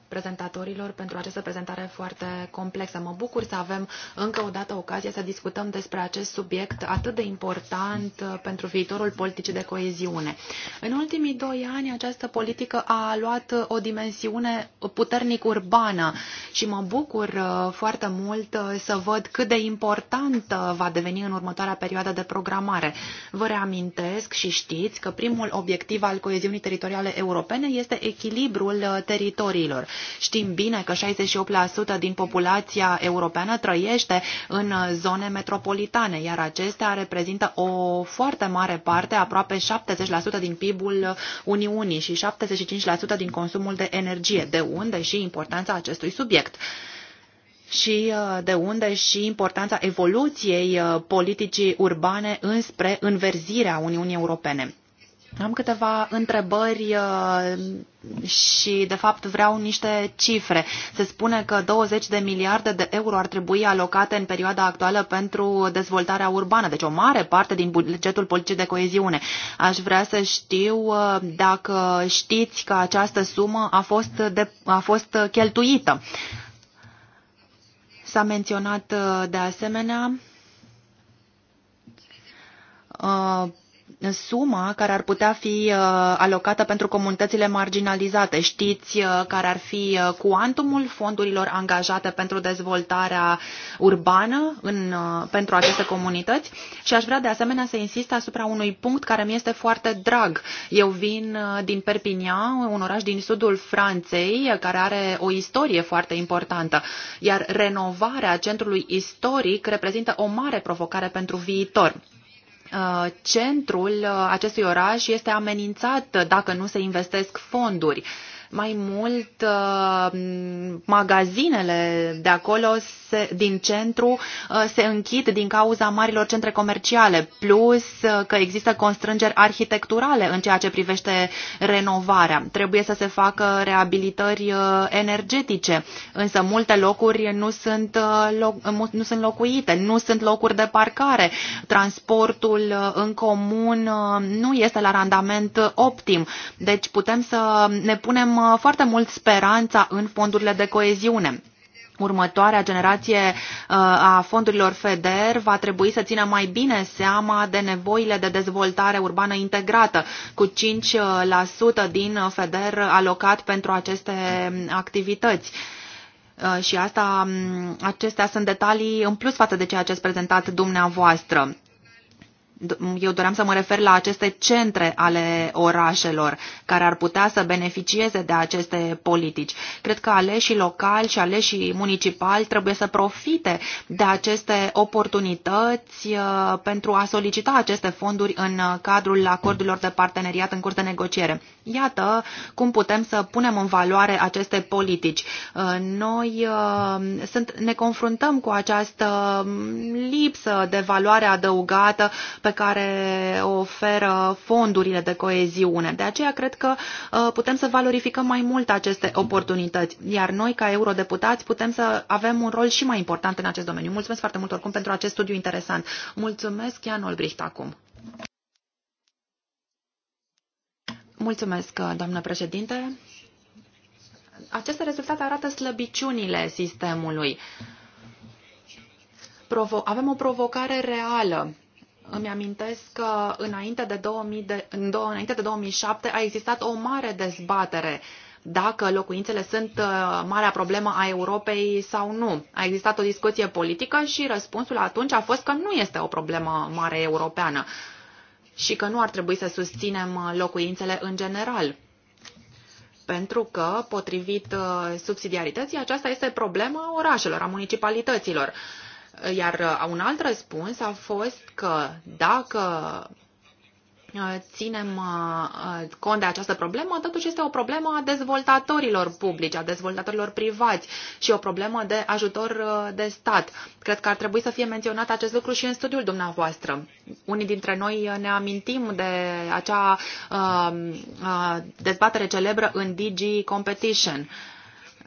prezentatorilor pentru această prezentare foarte complexă. Mă bucur să avem încă o dată ocazia să discutăm despre acest subiect atât de important uh, pentru viitorul politicii de coeziune. În ultimii doi ani, această politică a luat uh, o dimensiune puternic urbană și mă bucur uh, foarte mult să văd cât de importantă va deveni în următoarea perioadă de programare. Vă reamintesc și știți că primul obiectiv al coeziunii teritoriale europene este echilibrul teritoriilor Știm bine că 68% din populația europeană trăiește în zone metropolitane, iar acestea reprezintă o foarte mare parte, aproape 70% din PIB-ul Uniunii și 75% din consumul de energie, de unde și importanța acestui subiect și uh, de unde și importanța evoluției uh, politicii urbane înspre înverzirea Uniunii Europene. Am câteva întrebări uh, și, de fapt, vreau niște cifre. Se spune că 20 de miliarde de euro ar trebui alocate în perioada actuală pentru dezvoltarea urbană, deci o mare parte din bugetul politicii de coeziune. Aș vrea să știu uh, dacă știți că această sumă a fost, de, a fost cheltuită. S-a menționat, uh, de asemenea, uh, suma care ar putea fi uh, alocată pentru comunitățile marginalizate. Știți uh, care ar fi uh, cuantumul fondurilor angajate pentru dezvoltarea urbană în, pentru aceste comunități și aș vrea de asemenea să insist asupra unui punct care mi este foarte drag. Eu vin din Perpignan, un oraș din sudul Franței care are o istorie foarte importantă, iar renovarea centrului istoric reprezintă o mare provocare pentru viitor. Uh, centrul uh, acestui oraș este amenințat dacă nu se investesc fonduri. Mai mult, uh, magazinele de acolo, se, din centru, uh, se închid din cauza marilor centre comerciale, plus uh, că există constrângeri arhitecturale în ceea ce privește renovarea. Trebuie să se facă reabilitări energetice, însă multe locuri nu sunt, nu sunt locuite, nu sunt locuri de parcare, transportul în comun nu este la randament optim. Deci putem să ne punem Uh, foarte mult speranța în fondurile de coeziune. Următoarea generație uh, a fondurilor FEDER va trebui să țină mai bine seama de nevoile de dezvoltare urbană integrată, cu 5% uh, din FEDER alocat pentru aceste um, activități. Și asta, um, acestea sunt detalii în plus față de ceea ce ați prezentat dumneavoastră eu doream să mă refer la aceste centre ale orașelor care ar putea să beneficieze de aceste politici. Cred că aleșii locali și aleșii municipali trebuie să profite de aceste oportunități uh, pentru a solicita aceste fonduri în uh, cadrul acordurilor de parteneriat în curs de negociere. Iată cum putem să punem în valoare aceste politici. Uh, noi sunt, ne confruntăm cu această lipsă de valoare adăugată pe care o oferă fondurile de coeziune. De aceea cred că uh, putem să valorificăm mai mult aceste oportunități, iar noi ca eurodeputați putem să avem un rol și mai important în acest domeniu. Mulțumesc foarte mult oricum pentru acest studiu interesant. Mulțumesc, Ian Olbricht, acum. Mulțumesc, doamnă președinte. Aceste rezultate arată slăbiciunile sistemului. Provo avem o provocare reală îmi amintesc că înainte de, 2000 de, în, înainte de 2007 a existat o mare dezbatere dacă locuințele sunt uh, marea problemă a Europei sau nu. A existat o discuție politică și răspunsul atunci a fost că nu este o problemă mare europeană și că nu ar trebui să susținem uh, locuințele în general. Pentru că, potrivit uh, subsidiarității, aceasta este problema orașelor, a municipalităților. Iar uh, un alt răspuns a fost că dacă uh, ținem uh, cont de această problemă, totuși este o problemă a dezvoltatorilor publici, a dezvoltatorilor privați și o problemă de ajutor de stat. Cred că ar trebui să fie menționat acest lucru și în studiul dumneavoastră. Unii dintre noi ne amintim de acea uh, uh, dezbatere celebră în DG Competition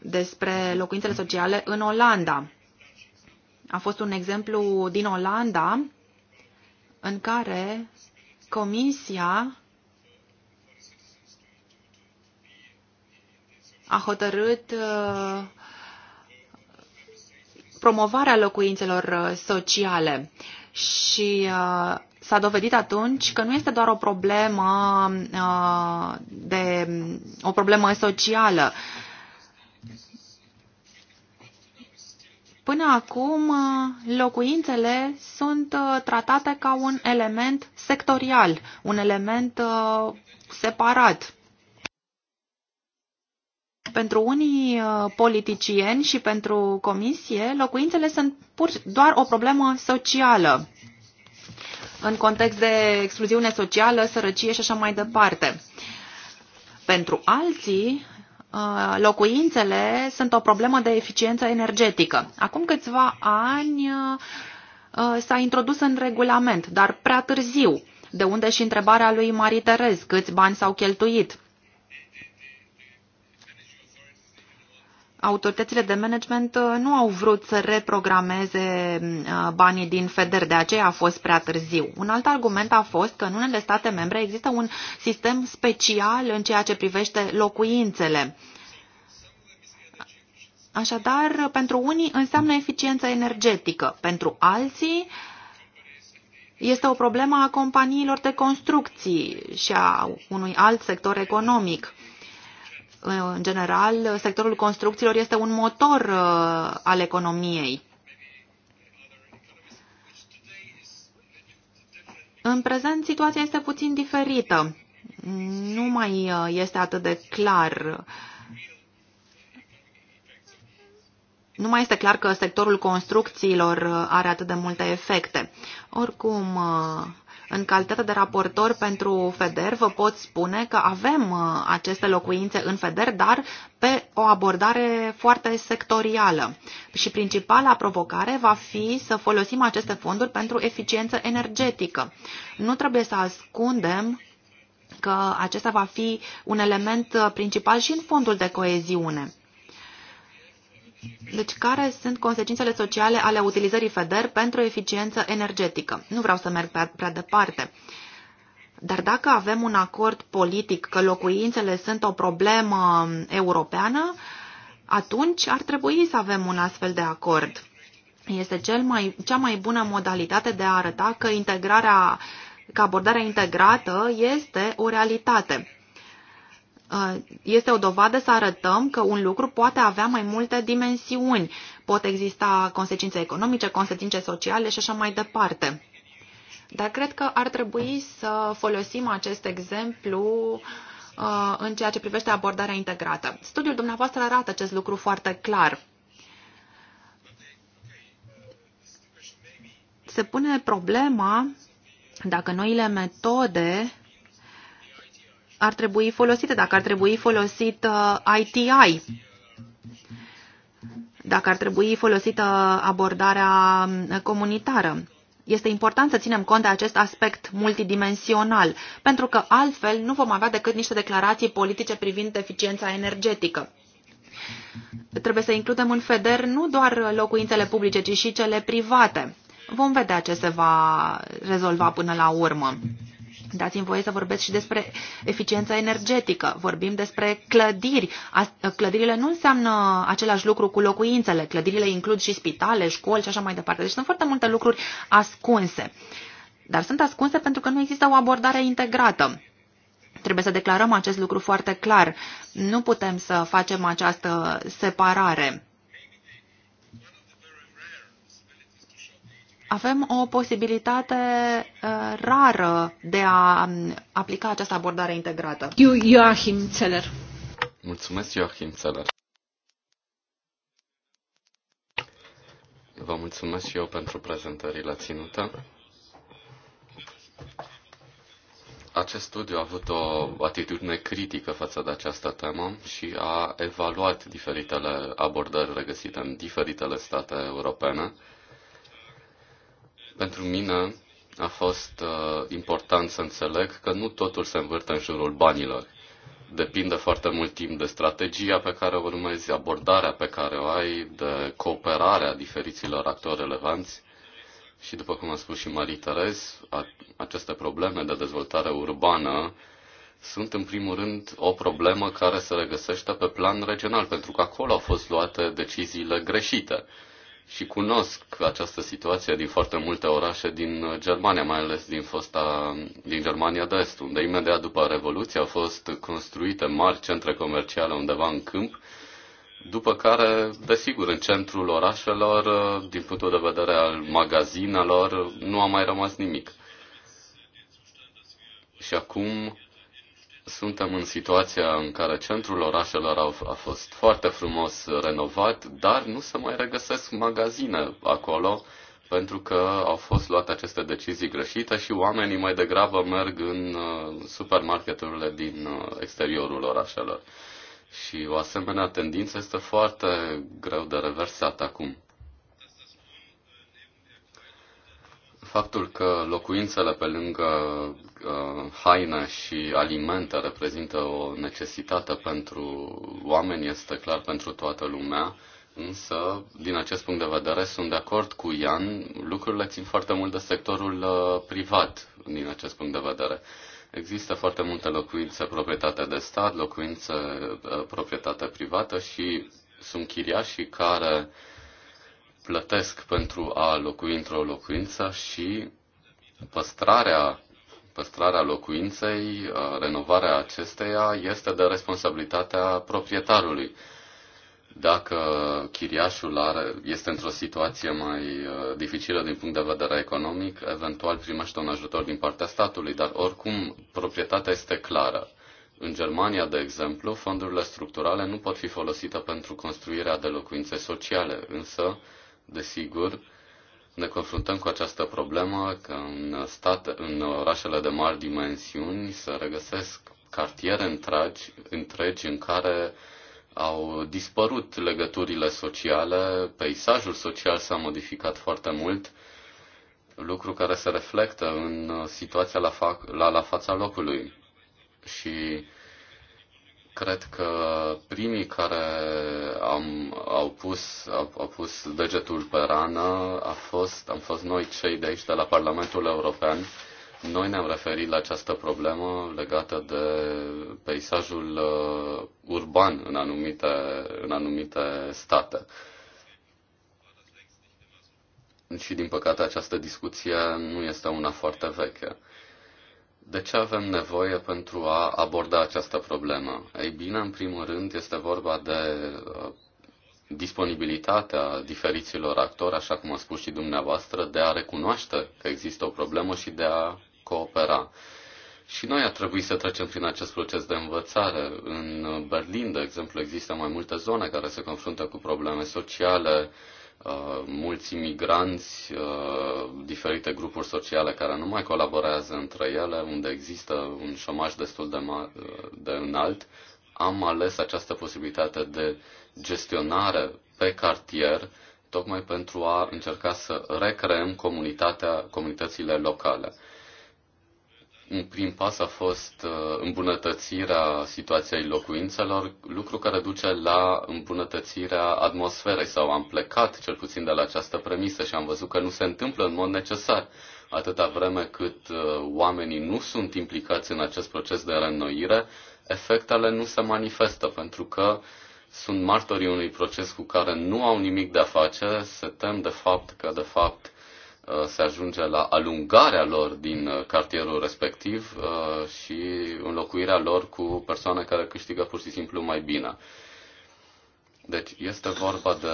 despre locuințele sociale în Olanda a fost un exemplu din Olanda în care Comisia a hotărât uh, promovarea locuințelor uh, sociale și uh, s-a dovedit atunci că nu este doar o problemă de o problemă socială, Până acum, uh, locuințele sunt uh, tratate ca un element sectorial, un element uh, separat. Pentru unii politicieni și pentru comisie, locuințele sunt pur doar o problemă socială, în context de excluziune socială, sărăcie și așa mai departe. Pentru alții, locuințele sunt o problemă de eficiență energetică. Acum câțiva ani s-a introdus în regulament, dar prea târziu, de unde și întrebarea lui Marie Terez, câți bani s-au cheltuit autoritățile de management uh, nu au vrut să reprogrameze mm, uh, banii din FEDER, de aceea a fost prea târziu. Un alt argument a fost că în unele state membre există un sistem special în ceea ce privește locuințele. Așadar, pentru unii înseamnă eficiență energetică, pentru alții este o problemă a companiilor de construcții și a unui alt sector economic în general, sectorul construcțiilor este un motor uh, al economiei. În prezent, situația este puțin diferită. Nu mai uh, este atât de clar uh, Nu mai este clar că sectorul construcțiilor uh, are atât de multe efecte. Oricum, uh, în calitate de raportor pentru FEDER, vă pot spune că avem uh, aceste locuințe în FEDER, dar pe o abordare foarte sectorială. Și principala provocare va fi să folosim aceste fonduri pentru eficiență energetică. Nu trebuie să ascundem că acesta va fi un element principal și în fondul de coeziune. Deci, care sunt consecințele sociale ale utilizării FEDER pentru eficiență energetică? Nu vreau să merg prea, prea departe. Dar dacă avem un acord politic că locuințele sunt o problemă europeană, atunci ar trebui să avem un astfel de acord. Este cel mai, cea mai bună modalitate de a arăta că integrarea, că abordarea integrată este o realitate. Uh, este o dovadă să arătăm că un lucru poate avea mai multe dimensiuni. Pot exista consecințe economice, consecințe sociale și așa mai departe. Dar cred că ar trebui să folosim acest exemplu uh, în ceea ce privește abordarea integrată. Studiul dumneavoastră arată acest lucru foarte clar. Se pune problema dacă noile metode ar trebui folosite, dacă ar trebui folosit ITI, uh, dacă ar trebui folosită abordarea um, comunitară. Este important să ținem cont de acest aspect multidimensional, pentru că altfel nu vom avea decât niște declarații politice privind eficiența energetică. Trebuie să includem în FEDER nu doar locuințele publice, ci și cele private. Vom vedea ce se va rezolva până la urmă. Dați-mi voie să vorbesc și despre eficiența energetică. Vorbim despre clădiri. Clădirile nu înseamnă același lucru cu locuințele. Clădirile includ și spitale, școli și așa mai departe. Deci sunt foarte multe lucruri ascunse. Dar sunt ascunse pentru că nu există o abordare integrată. Trebuie să declarăm acest lucru foarte clar. Nu putem să facem această separare. avem o posibilitate uh, rară de a um, aplica această abordare integrată. Eu, Joachim Zeller. Mulțumesc, Joachim Zeller. Vă mulțumesc și eu pentru prezentările ținute. Acest studiu a avut o atitudine critică față de această temă și a evaluat diferitele abordări regăsite în diferitele state europene pentru mine a fost uh, important să înțeleg că nu totul se învârte în jurul banilor. Depinde foarte mult timp de strategia pe care o urmezi, abordarea pe care o ai, de cooperarea diferiților actori relevanți și, după cum a spus și Marie Terez, aceste probleme de dezvoltare urbană sunt, în primul rând, o problemă care se regăsește pe plan regional, pentru că acolo au fost luate deciziile greșite și cunosc această situație din foarte multe orașe din Germania, mai ales din fosta din Germania de Est, unde imediat după Revoluție au fost construite mari centre comerciale undeva în câmp, după care, desigur, în centrul orașelor, din punctul de vedere al magazinelor, nu a mai rămas nimic. Și acum suntem în situația în care centrul orașelor a, a fost foarte frumos renovat, dar nu se mai regăsesc magazine acolo pentru că au fost luate aceste decizii greșite și oamenii mai degrabă merg în uh, supermarketurile din uh, exteriorul orașelor. Și o asemenea tendință este foarte greu de reversat acum. Faptul că locuințele pe lângă uh, haine și alimente reprezintă o necesitate pentru oameni este clar pentru toată lumea, însă, din acest punct de vedere, sunt de acord cu Ian, lucrurile țin foarte mult de sectorul uh, privat, din acest punct de vedere. Există foarte multe locuințe proprietate de stat, locuințe uh, proprietate privată și sunt chiriașii care uh, plătesc pentru a locui într-o locuință și păstrarea, păstrarea locuinței, renovarea acesteia este de responsabilitatea proprietarului. Dacă chiriașul are, este într-o situație mai dificilă din punct de vedere economic, eventual primește un ajutor din partea statului, dar oricum proprietatea este clară. În Germania, de exemplu, fondurile structurale nu pot fi folosite pentru construirea de locuințe sociale, însă Desigur, ne confruntăm cu această problemă că în, state, în orașele de mari dimensiuni se regăsesc cartiere întregi, întregi în care au dispărut legăturile sociale, peisajul social s-a modificat foarte mult, lucru care se reflectă în situația la, fa- la, la fața locului. Și Cred că primii care am, au, pus, au, au pus degetul pe rană a fost, am fost noi cei de aici, de la Parlamentul European. Noi ne-am referit la această problemă legată de peisajul uh, urban în anumite, în anumite state. Și, din păcate, această discuție nu este una foarte veche. De ce avem nevoie pentru a aborda această problemă? Ei bine, în primul rând, este vorba de uh, disponibilitatea diferiților actori, așa cum a spus și dumneavoastră, de a recunoaște că există o problemă și de a coopera. Și noi ar trebui să trecem prin acest proces de învățare. În Berlin, de exemplu, există mai multe zone care se confruntă cu probleme sociale, Uh, mulți imigranți, uh, diferite grupuri sociale care nu mai colaborează între ele, unde există un șomaj destul de, ma- uh, de înalt, am ales această posibilitate de gestionare pe cartier tocmai pentru a încerca să recreăm comunitatea, comunitățile locale un prim pas a fost uh, îmbunătățirea situației locuințelor, lucru care duce la îmbunătățirea atmosferei sau am plecat cel puțin de la această premisă și am văzut că nu se întâmplă în mod necesar atâta vreme cât uh, oamenii nu sunt implicați în acest proces de reînnoire, efectele nu se manifestă pentru că sunt martorii unui proces cu care nu au nimic de a face, se tem de fapt că de fapt Uh, se ajunge la alungarea lor din uh, cartierul respectiv uh, și înlocuirea lor cu persoane care câștigă pur și simplu mai bine. Deci este vorba de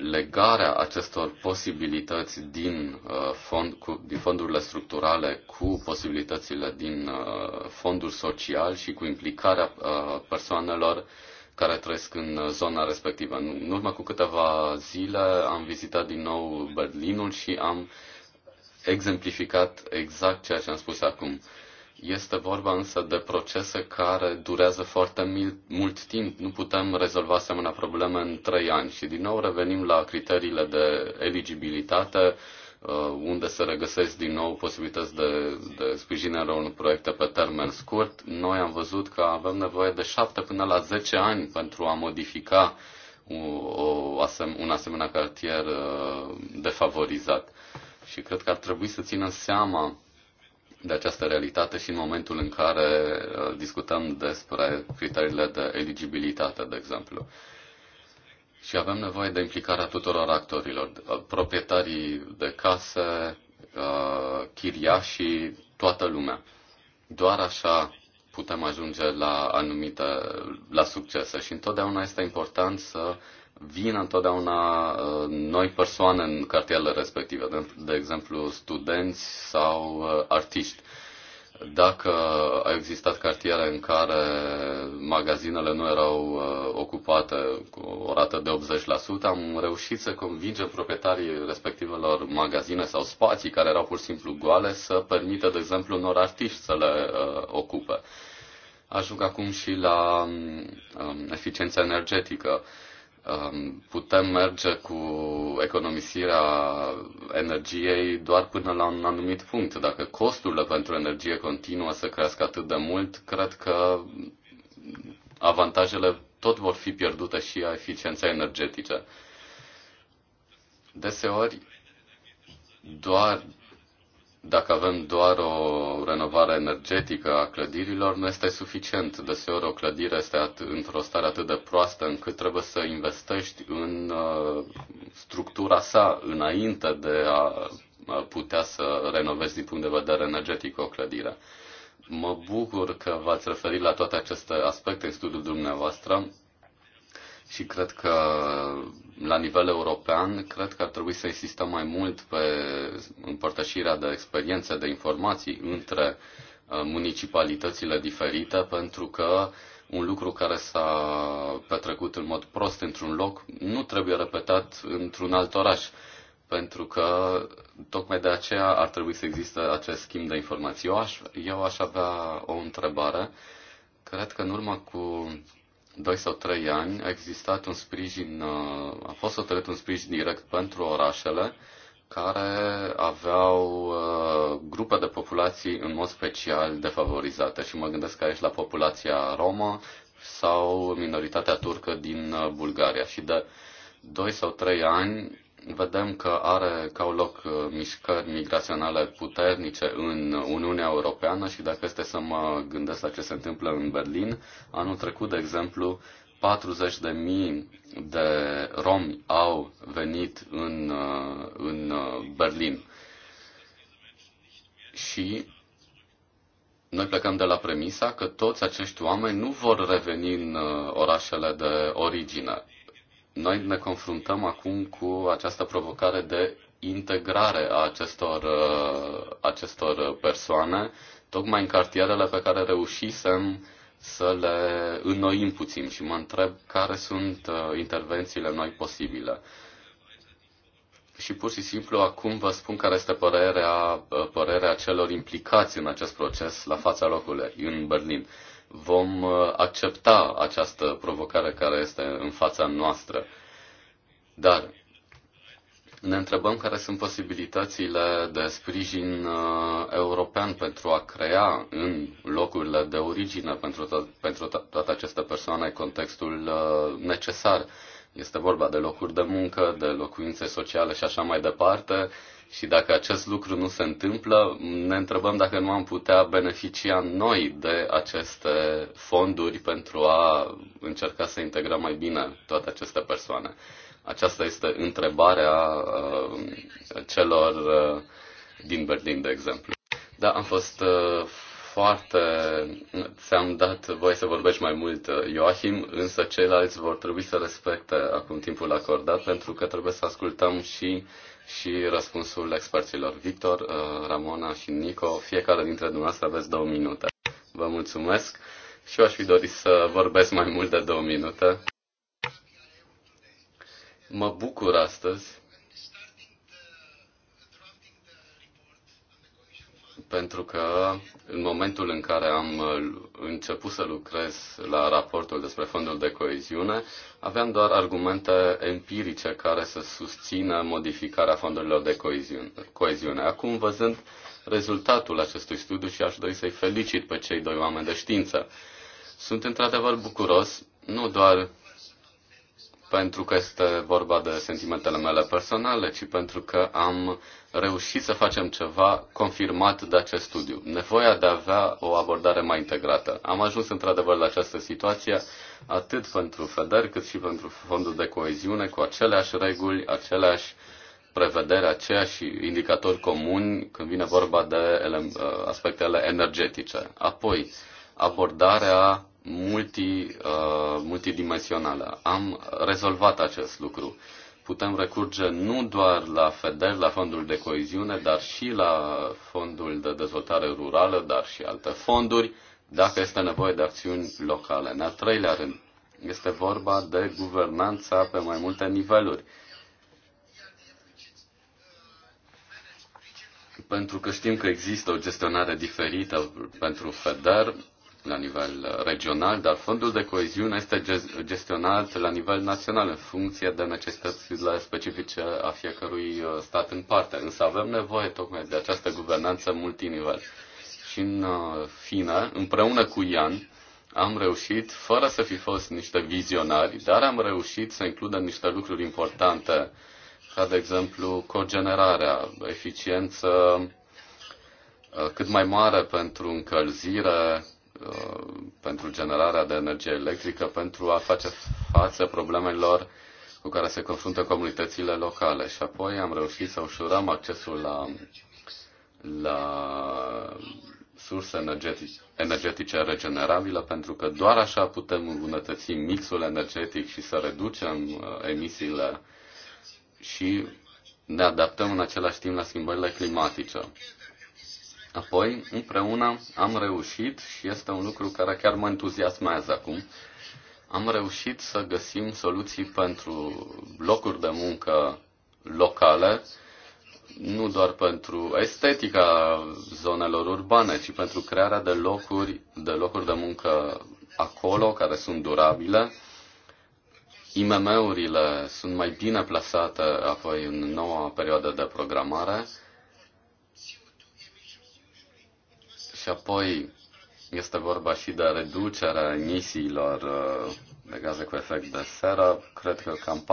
legarea acestor posibilități din, fond, cu, din fondurile structurale cu posibilitățile din fondul social și cu implicarea persoanelor care trăiesc în uh, zona respectivă. În urmă cu câteva zile am vizitat din nou Berlinul și am exemplificat exact ceea ce am spus acum. Este vorba însă de procese care durează foarte mil, mult timp. Nu putem rezolva asemenea probleme în trei ani. Și din nou revenim la criteriile de eligibilitate, Uh, unde să regăsesc din nou posibilități de, de sprijinire unor proiecte pe termen scurt. Noi am văzut că avem nevoie de 7 până la 10 ani pentru a modifica o, asem, un asemenea cartier uh, defavorizat. Și cred că ar trebui să ținem seama de această realitate și în momentul în care uh, discutăm despre criteriile de eligibilitate, de exemplu și avem nevoie de implicarea tuturor actorilor, uh, proprietarii de case, uh, chiriașii, toată lumea. Doar așa putem ajunge la anumite, la succese și întotdeauna este important să vină întotdeauna uh, noi persoane în cartierele respective, de, de exemplu studenți sau artiști dacă a existat cartiere în care magazinele nu erau uh, ocupate cu o rată de 80%, am reușit să convingem proprietarii respectivelor magazine sau spații care erau pur și simplu goale să permită, de exemplu, unor artiști să le uh, ocupe. Ajung acum și la um, eficiența energetică. Uh, Um, putem merge cu economisirea energiei doar până la un anumit punct. Dacă costurile pentru energie continuă să crească atât de mult, cred că avantajele tot vor fi pierdute și a eficienței energetice. Deseori, doar dacă avem doar o renovare energetică a clădirilor, nu este suficient. Deseori o clădire este într-o stare atât de proastă încât trebuie să investești în uh, structura sa înainte de a putea să renovezi din punct de vedere energetic o clădire. Mă bucur că v-ați referit la toate aceste aspecte în studiul dumneavoastră și cred că la nivel european, cred că ar trebui să insistăm mai mult pe împărtășirea de experiențe, de informații între uh, municipalitățile diferite, pentru că un lucru care s-a petrecut în mod prost într-un loc nu trebuie repetat într-un alt oraș, pentru că tocmai de aceea ar trebui să existe acest schimb de informații. Eu aș, eu aș avea o întrebare. Cred că în urmă cu 2 sau 3 ani a existat un sprijin, uh, a fost hotărât un sprijin direct pentru orașele care aveau uh, grupe de populații în mod special defavorizate și mă gândesc aici la populația romă sau minoritatea turcă din uh, Bulgaria și de 2 sau 3 ani vedem că are ca un loc uh, mișcări migraționale puternice în Uniunea Europeană și dacă este să mă gândesc la ce se întâmplă în Berlin, anul trecut, de exemplu, 40.000 de romi au venit în, uh, în uh, Berlin. Și noi plecăm de la premisa că toți acești oameni nu vor reveni în orașele de origine noi ne confruntăm acum cu această provocare de integrare a acestor, uh, acestor persoane, tocmai în cartierele pe care reușisem să le înnoim puțin și mă întreb care sunt uh, intervențiile noi posibile. Și pur și simplu acum vă spun care este părerea, uh, părerea celor implicați în acest proces la fața locului în Berlin vom uh, accepta această provocare care este în fața noastră. Dar ne întrebăm care sunt posibilitățile de sprijin uh, european pentru a crea în locurile de origine pentru, to- pentru to- toate aceste persoane contextul uh, necesar. Este vorba de locuri de muncă, de locuințe sociale și așa mai departe. Și dacă acest lucru nu se întâmplă, ne întrebăm dacă nu am putea beneficia noi de aceste fonduri pentru a încerca să integrăm mai bine toate aceste persoane. Aceasta este întrebarea uh, celor uh, din Berlin, de exemplu. Da, am fost uh, foarte... Ți-am dat voie să vorbești mai mult, uh, Joachim, însă ceilalți vor trebui să respecte acum timpul acordat, pentru că trebuie să ascultăm și, și răspunsul experților. Victor, uh, Ramona și Nico, fiecare dintre dumneavoastră aveți două minute. Vă mulțumesc și eu aș fi dorit să vorbesc mai mult de două minute. Mă bucur astăzi pentru că în momentul în care am uh, început să lucrez la raportul despre fondul de coeziune, aveam doar argumente empirice care să susțină modificarea fondurilor de coeziune. Acum, văzând rezultatul acestui studiu și aș dori să-i felicit pe cei doi oameni de știință, sunt într-adevăr bucuros nu doar pentru că este vorba de sentimentele mele personale, ci pentru că am reușit să facem ceva confirmat de acest studiu. Nevoia de a avea o abordare mai integrată. Am ajuns într-adevăr la această situație atât pentru FEDER cât și pentru fondul de coeziune cu aceleași reguli, aceleași prevedere, aceeași indicatori comuni când vine vorba de aspectele energetice. Apoi, abordarea multi, uh, multidimensională. Am rezolvat acest lucru. Putem recurge nu doar la FEDER, la fondul de coeziune, dar și la fondul de dezvoltare rurală, dar și alte fonduri, dacă este nevoie de acțiuni locale. În al treilea rând, este vorba de guvernanța pe mai multe niveluri. pentru că știm că există o gestionare diferită pentru FEDER, la nivel regional, dar fondul de coeziune este gestionat la nivel național în funcție de necesitățile specifice a fiecărui uh, stat în parte. Însă avem nevoie tocmai de această guvernanță multinivel. Și în uh, fine, împreună cu Ian, am reușit, fără să fi fost niște vizionari, dar am reușit să includem niște lucruri importante, ca de exemplu cogenerarea, eficiență uh, cât mai mare pentru încălzire, Uh, pentru generarea de energie electrică pentru a face față problemelor cu care se confruntă comunitățile locale. Și apoi am reușit să ușurăm accesul la, la surse energetice, energetice regenerabile, pentru că doar așa putem îmbunătăți mixul energetic și să reducem uh, emisiile și ne adaptăm în același timp la schimbările climatice. Apoi, împreună am reușit și este un lucru care chiar mă entuziasmează acum. Am reușit să găsim soluții pentru locuri de muncă locale, nu doar pentru estetica zonelor urbane, ci pentru crearea de locuri de, locuri de muncă acolo care sunt durabile. IMM-urile sunt mai bine plasate apoi în noua perioadă de programare Și apoi este vorba și de reducerea emisiilor uh, de gaze cu efect de seră. Cred că cam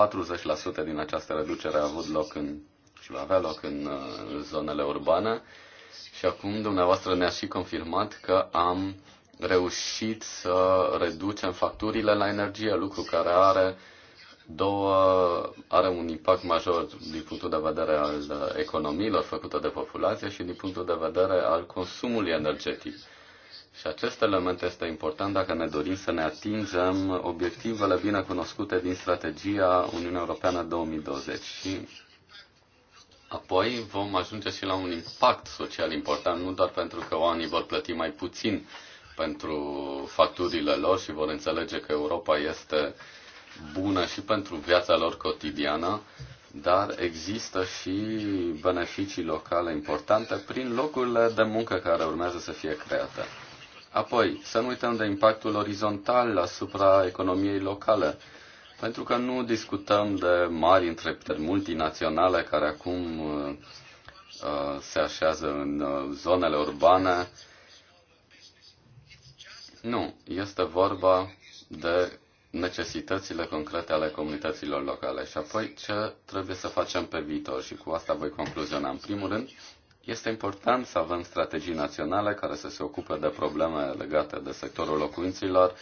40% din această reducere a avut loc în, și va avea loc în uh, zonele urbane. Și acum dumneavoastră ne-a și confirmat că am reușit să reducem facturile la energie, lucru care are uh, Două, are un impact major din punctul de vedere al uh, economiilor făcute de populație și din punctul de vedere al consumului energetic. Și acest element este important dacă ne dorim să ne atingem obiectivele bine cunoscute din strategia Uniunii Europeană 2020. Și apoi vom ajunge și la un impact social important, nu doar pentru că oamenii vor plăti mai puțin pentru facturile lor și vor înțelege că Europa este uh, bună și pentru viața lor cotidiană, dar există și beneficii locale importante prin locurile de muncă care urmează să fie create. Apoi, să nu uităm de impactul orizontal asupra economiei locale, pentru că nu discutăm de mari întreprinderi multinaționale care acum uh, se așează în uh, zonele urbane. Nu, este vorba de necesitățile concrete ale comunităților locale și apoi ce trebuie să facem pe viitor și cu asta voi concluziona. În primul rând, este important să avem strategii naționale care să se ocupe de probleme legate de sectorul locuinților,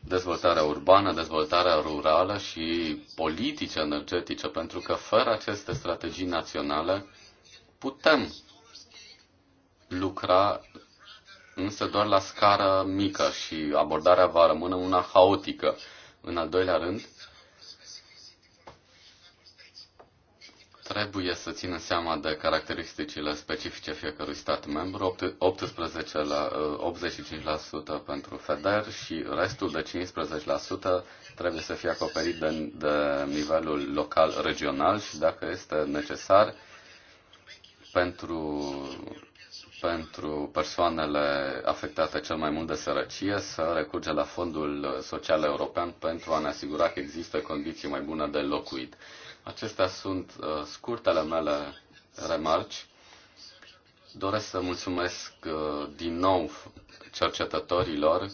dezvoltarea urbană, dezvoltarea rurală și politici energetice, pentru că fără aceste strategii naționale putem lucra însă doar la scară mică și abordarea va rămâne una haotică. În al doilea rând, trebuie să țină seama de caracteristicile specifice fiecărui stat membru, 18 la, 85% uh, pentru FEDER și restul de 15% trebuie să fie acoperit de, de nivelul local-regional și dacă este necesar pentru pentru persoanele afectate cel mai mult de sărăcie să recurge la Fondul Social European pentru a ne asigura că există condiții mai bune de locuit. Acestea sunt uh, scurtele mele remarci. Doresc să mulțumesc uh, din nou cercetătorilor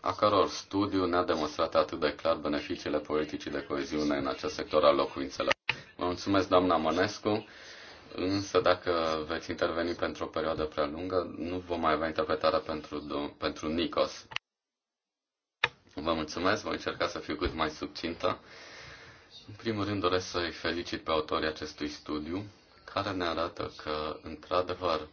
a căror studiu ne-a demonstrat atât de clar beneficiile politicii de coeziune în acest sector al locuințelor. Vă mulțumesc, doamna Mănescu. Însă dacă veți interveni pentru o perioadă prea lungă, nu vom mai avea interpretarea pentru, pentru Nikos. Vă mulțumesc, voi încerca să fiu cât mai subțintă. În primul rând doresc să-i felicit pe autorii acestui studiu, care ne arată că, într-adevăr,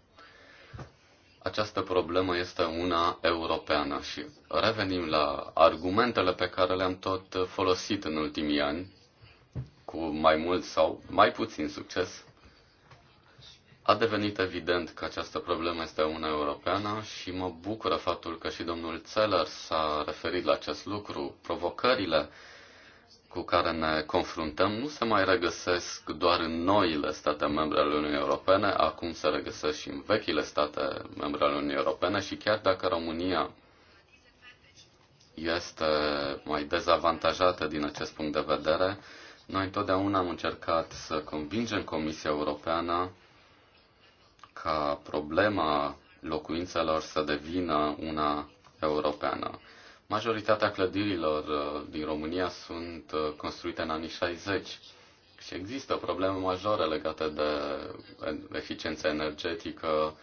această problemă este una europeană și revenim la argumentele pe care le-am tot folosit în ultimii ani, cu mai mult sau mai puțin succes, a devenit evident că această problemă este una europeană și mă bucură faptul că și domnul Zeller s-a referit la acest lucru. Provocările cu care ne confruntăm nu se mai regăsesc doar în noile state membre ale Uniunii Europene, acum se regăsesc și în vechile state membre ale Uniunii Europene și chiar dacă România este mai dezavantajată din acest punct de vedere, noi întotdeauna am încercat să convingem Comisia Europeană ca problema locuințelor să devină una europeană. Majoritatea clădirilor uh, din România sunt uh, construite în anii 60 și există probleme majore legate de eficiență energetică,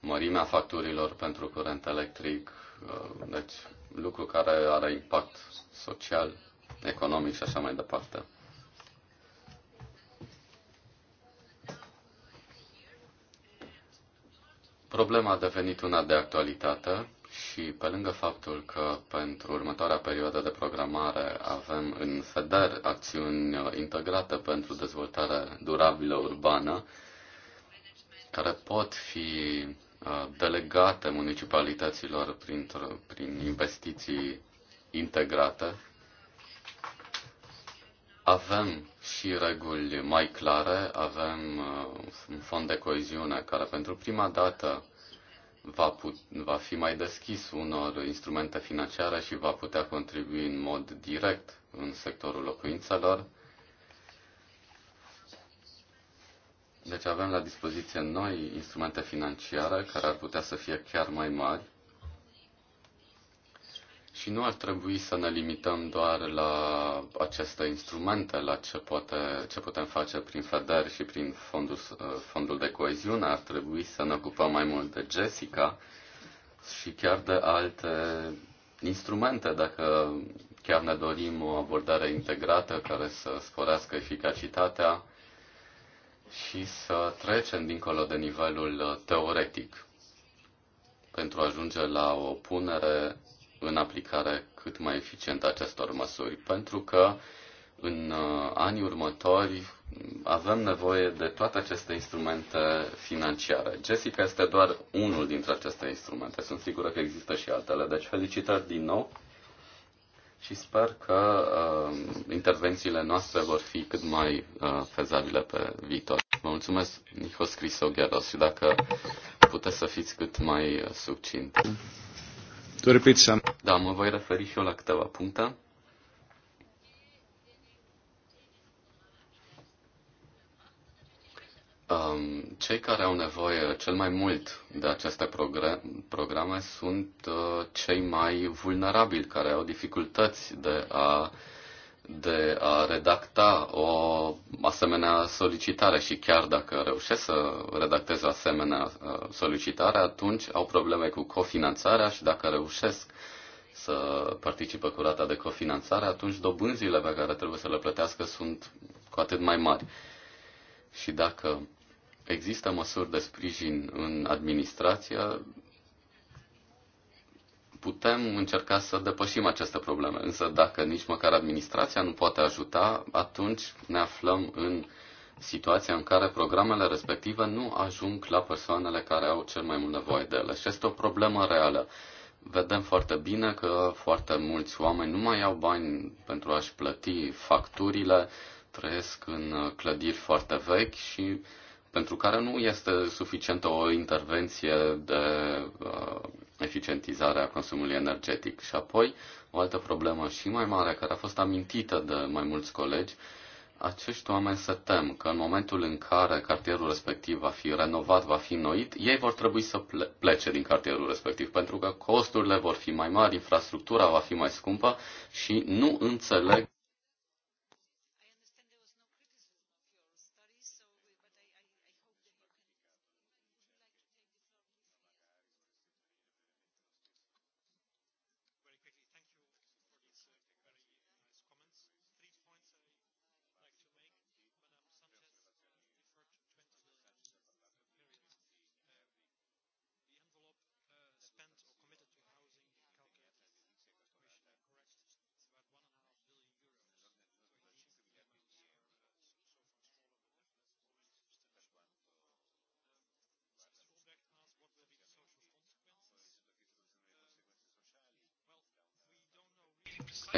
mărimea facturilor pentru curent electric, uh, deci lucru care are impact social, economic și așa mai departe. Problema a devenit una de actualitate și pe lângă faptul că pentru următoarea perioadă de programare avem în FEDER acțiuni integrate pentru dezvoltare durabilă urbană, care pot fi uh, delegate municipalităților prin, prin investiții integrate, avem și reguli mai clare. Avem uh, un fond de coeziune care pentru prima dată va, put, va fi mai deschis unor instrumente financiare și va putea contribui în mod direct în sectorul locuințelor. Deci avem la dispoziție noi instrumente financiare care ar putea să fie chiar mai mari și nu ar trebui să ne limităm doar la aceste instrumente, la ce, poate, ce putem face prin FEDER și prin fondul, uh, fondul de coeziune. Ar trebui să ne ocupăm mai mult de Jessica și chiar de alte instrumente, dacă chiar ne dorim o abordare integrată care să sporească eficacitatea și să trecem dincolo de nivelul teoretic pentru a ajunge la o punere în aplicare cât mai eficientă acestor măsuri, pentru că în uh, anii următori avem nevoie de toate aceste instrumente financiare. Jessica este doar unul dintre aceste instrumente. Sunt sigură că există și altele. Deci felicitări din nou și sper că uh, intervențiile noastre vor fi cât mai uh, fezabile pe viitor. Vă mulțumesc, Nihos Crisogheros, și dacă puteți să fiți cât mai succint. Tu repeti, some. Da, mă voi referi și eu la câteva puncte. Um, cei care au nevoie cel mai mult de aceste programe sunt uh, cei mai vulnerabili, care au dificultăți de a uh, de a redacta o asemenea solicitare și chiar dacă reușesc să redactez o asemenea uh, solicitare, atunci au probleme cu cofinanțarea și dacă reușesc să participă cu rata de cofinanțare, atunci dobânzile pe care trebuie să le plătească sunt cu atât mai mari. Și dacă există măsuri de sprijin în administrație, putem încerca să depășim aceste probleme. Însă dacă nici măcar administrația nu poate ajuta, atunci ne aflăm în situația în care programele respective nu ajung la persoanele care au cel mai mult nevoie de ele. Și este o problemă reală. Vedem foarte bine că foarte mulți oameni nu mai au bani pentru a-și plăti facturile, trăiesc în clădiri foarte vechi și pentru care nu este suficientă o intervenție de uh, eficientizare a consumului energetic. Și apoi, o altă problemă și mai mare, care a fost amintită de mai mulți colegi, acești oameni se tem că în momentul în care cartierul respectiv va fi renovat, va fi noit, ei vor trebui să plece din cartierul respectiv, pentru că costurile vor fi mai mari, infrastructura va fi mai scumpă și nu înțeleg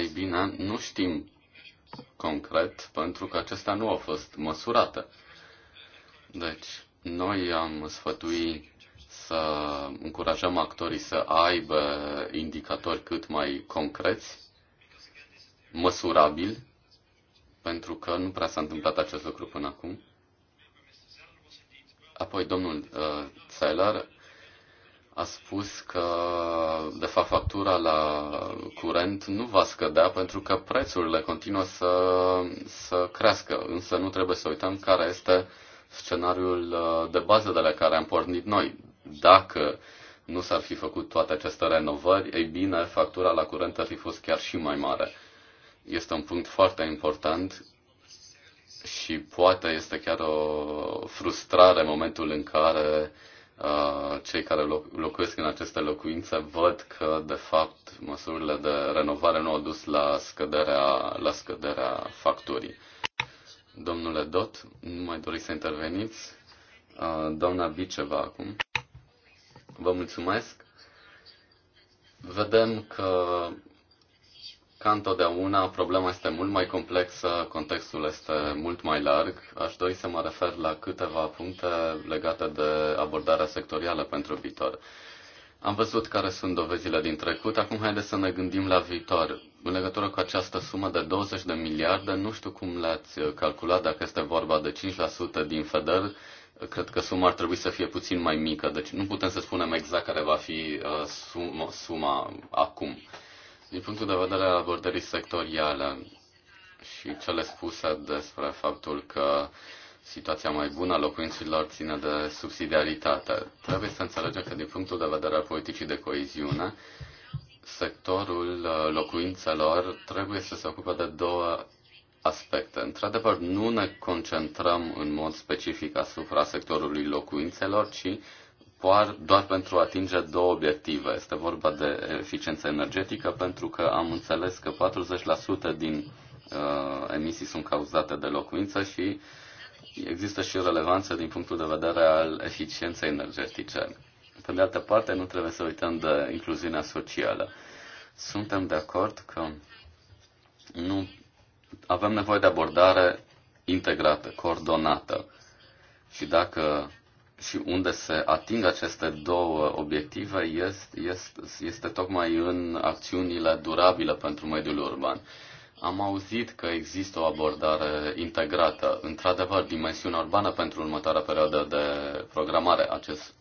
Ei bine, nu știm concret pentru că acestea nu au fost măsurate. Deci, noi am sfătuit să încurajăm actorii să aibă indicatori cât mai concreți, măsurabili, pentru că nu prea s-a întâmplat acest lucru până acum. Apoi domnul uh, Zeller a spus că, de fapt, factura la curent nu va scădea pentru că prețurile continuă să, să crească, însă nu trebuie să uităm care este scenariul uh, de bază de la care am pornit noi. Dacă nu s-ar fi făcut toate aceste renovări, ei bine, factura la curent ar fi fost chiar și mai mare. Este un punct foarte important și poate este chiar o frustrare în momentul în care Uh, cei care locuiesc în aceste locuințe văd că, de fapt, măsurile de renovare nu au dus la scăderea, la scăderea facturii. Domnule Dot, nu mai doriți să interveniți? Uh, doamna Biceva acum. Vă mulțumesc. Vedem că ca întotdeauna, problema este mult mai complexă, contextul este mult mai larg. Aș dori să mă refer la câteva puncte legate de abordarea sectorială pentru viitor. Am văzut care sunt dovezile din trecut, acum haideți să ne gândim la viitor. În legătură cu această sumă de 20 de miliarde, nu știu cum le-ați calculat, dacă este vorba de 5% din FEDER, cred că suma ar trebui să fie puțin mai mică, deci nu putem să spunem exact care va fi uh, suma, suma acum. Din punctul de vedere al abordării sectoriale și cele spuse despre faptul că situația mai bună a locuinților ține de subsidiaritate, trebuie să înțelegem că din punctul de vedere al politicii de coeziune, sectorul uh, locuințelor trebuie să se ocupe de două aspecte. Într-adevăr, nu ne concentrăm în mod specific asupra sectorului locuințelor, ci doar pentru a atinge două obiective. Este vorba de eficiență energetică pentru că am înțeles că 40% din uh, emisii sunt cauzate de locuință și există și o relevanță din punctul de vedere al eficienței energetice. Pe de altă parte, nu trebuie să uităm de incluziunea socială. Suntem de acord că nu avem nevoie de abordare integrată, coordonată. Și dacă și unde se ating aceste două obiective este, este, este tocmai în acțiunile durabile pentru mediul urban. Am auzit că există o abordare integrată. Într-adevăr, dimensiunea urbană pentru următoarea perioadă de programare, acest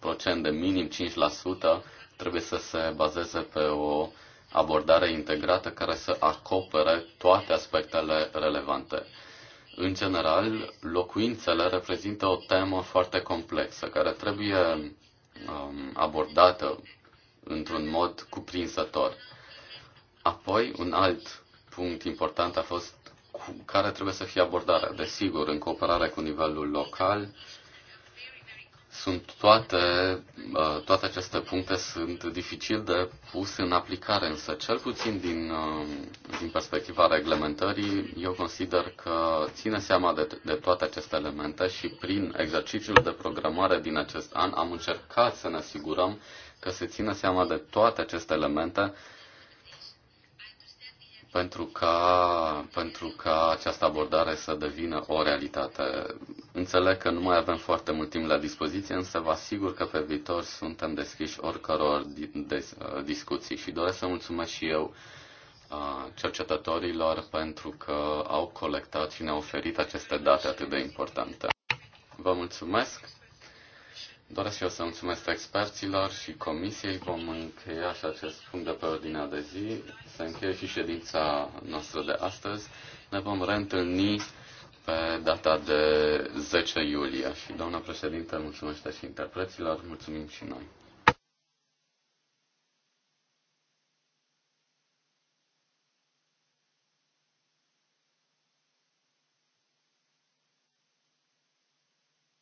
procent de minim 5%, trebuie să se bazeze pe o abordare integrată care să acopere toate aspectele relevante. În general, locuințele reprezintă o temă foarte complexă, care trebuie um, abordată într-un mod cuprinsător. Apoi, un alt punct important a fost care trebuie să fie abordarea. Desigur, în cooperare cu nivelul local, sunt toate, uh, toate aceste puncte sunt dificil de pus în aplicare, însă cel puțin din, uh, din perspectiva reglementării, eu consider că ține seama de, de toate aceste elemente și prin exercițiul de programare din acest an am încercat să ne asigurăm că se ține seama de toate aceste elemente pentru ca, pentru ca această abordare să devină o realitate. Înțeleg că nu mai avem foarte mult timp la dispoziție, însă vă asigur că pe viitor suntem deschiși oricăror uh, discuții și doresc să mulțumesc și eu uh, cercetătorilor pentru că au colectat și ne-au oferit aceste date atât de importante. Vă mulțumesc! Doresc și eu să mulțumesc experților și comisiei. Vom încheia și acest punct de pe ordinea de zi. Se încheie și ședința noastră de astăzi. Ne vom reîntâlni pe data de 10 iulie. Și doamna președinte, mulțumesc și interpreților. Mulțumim și noi.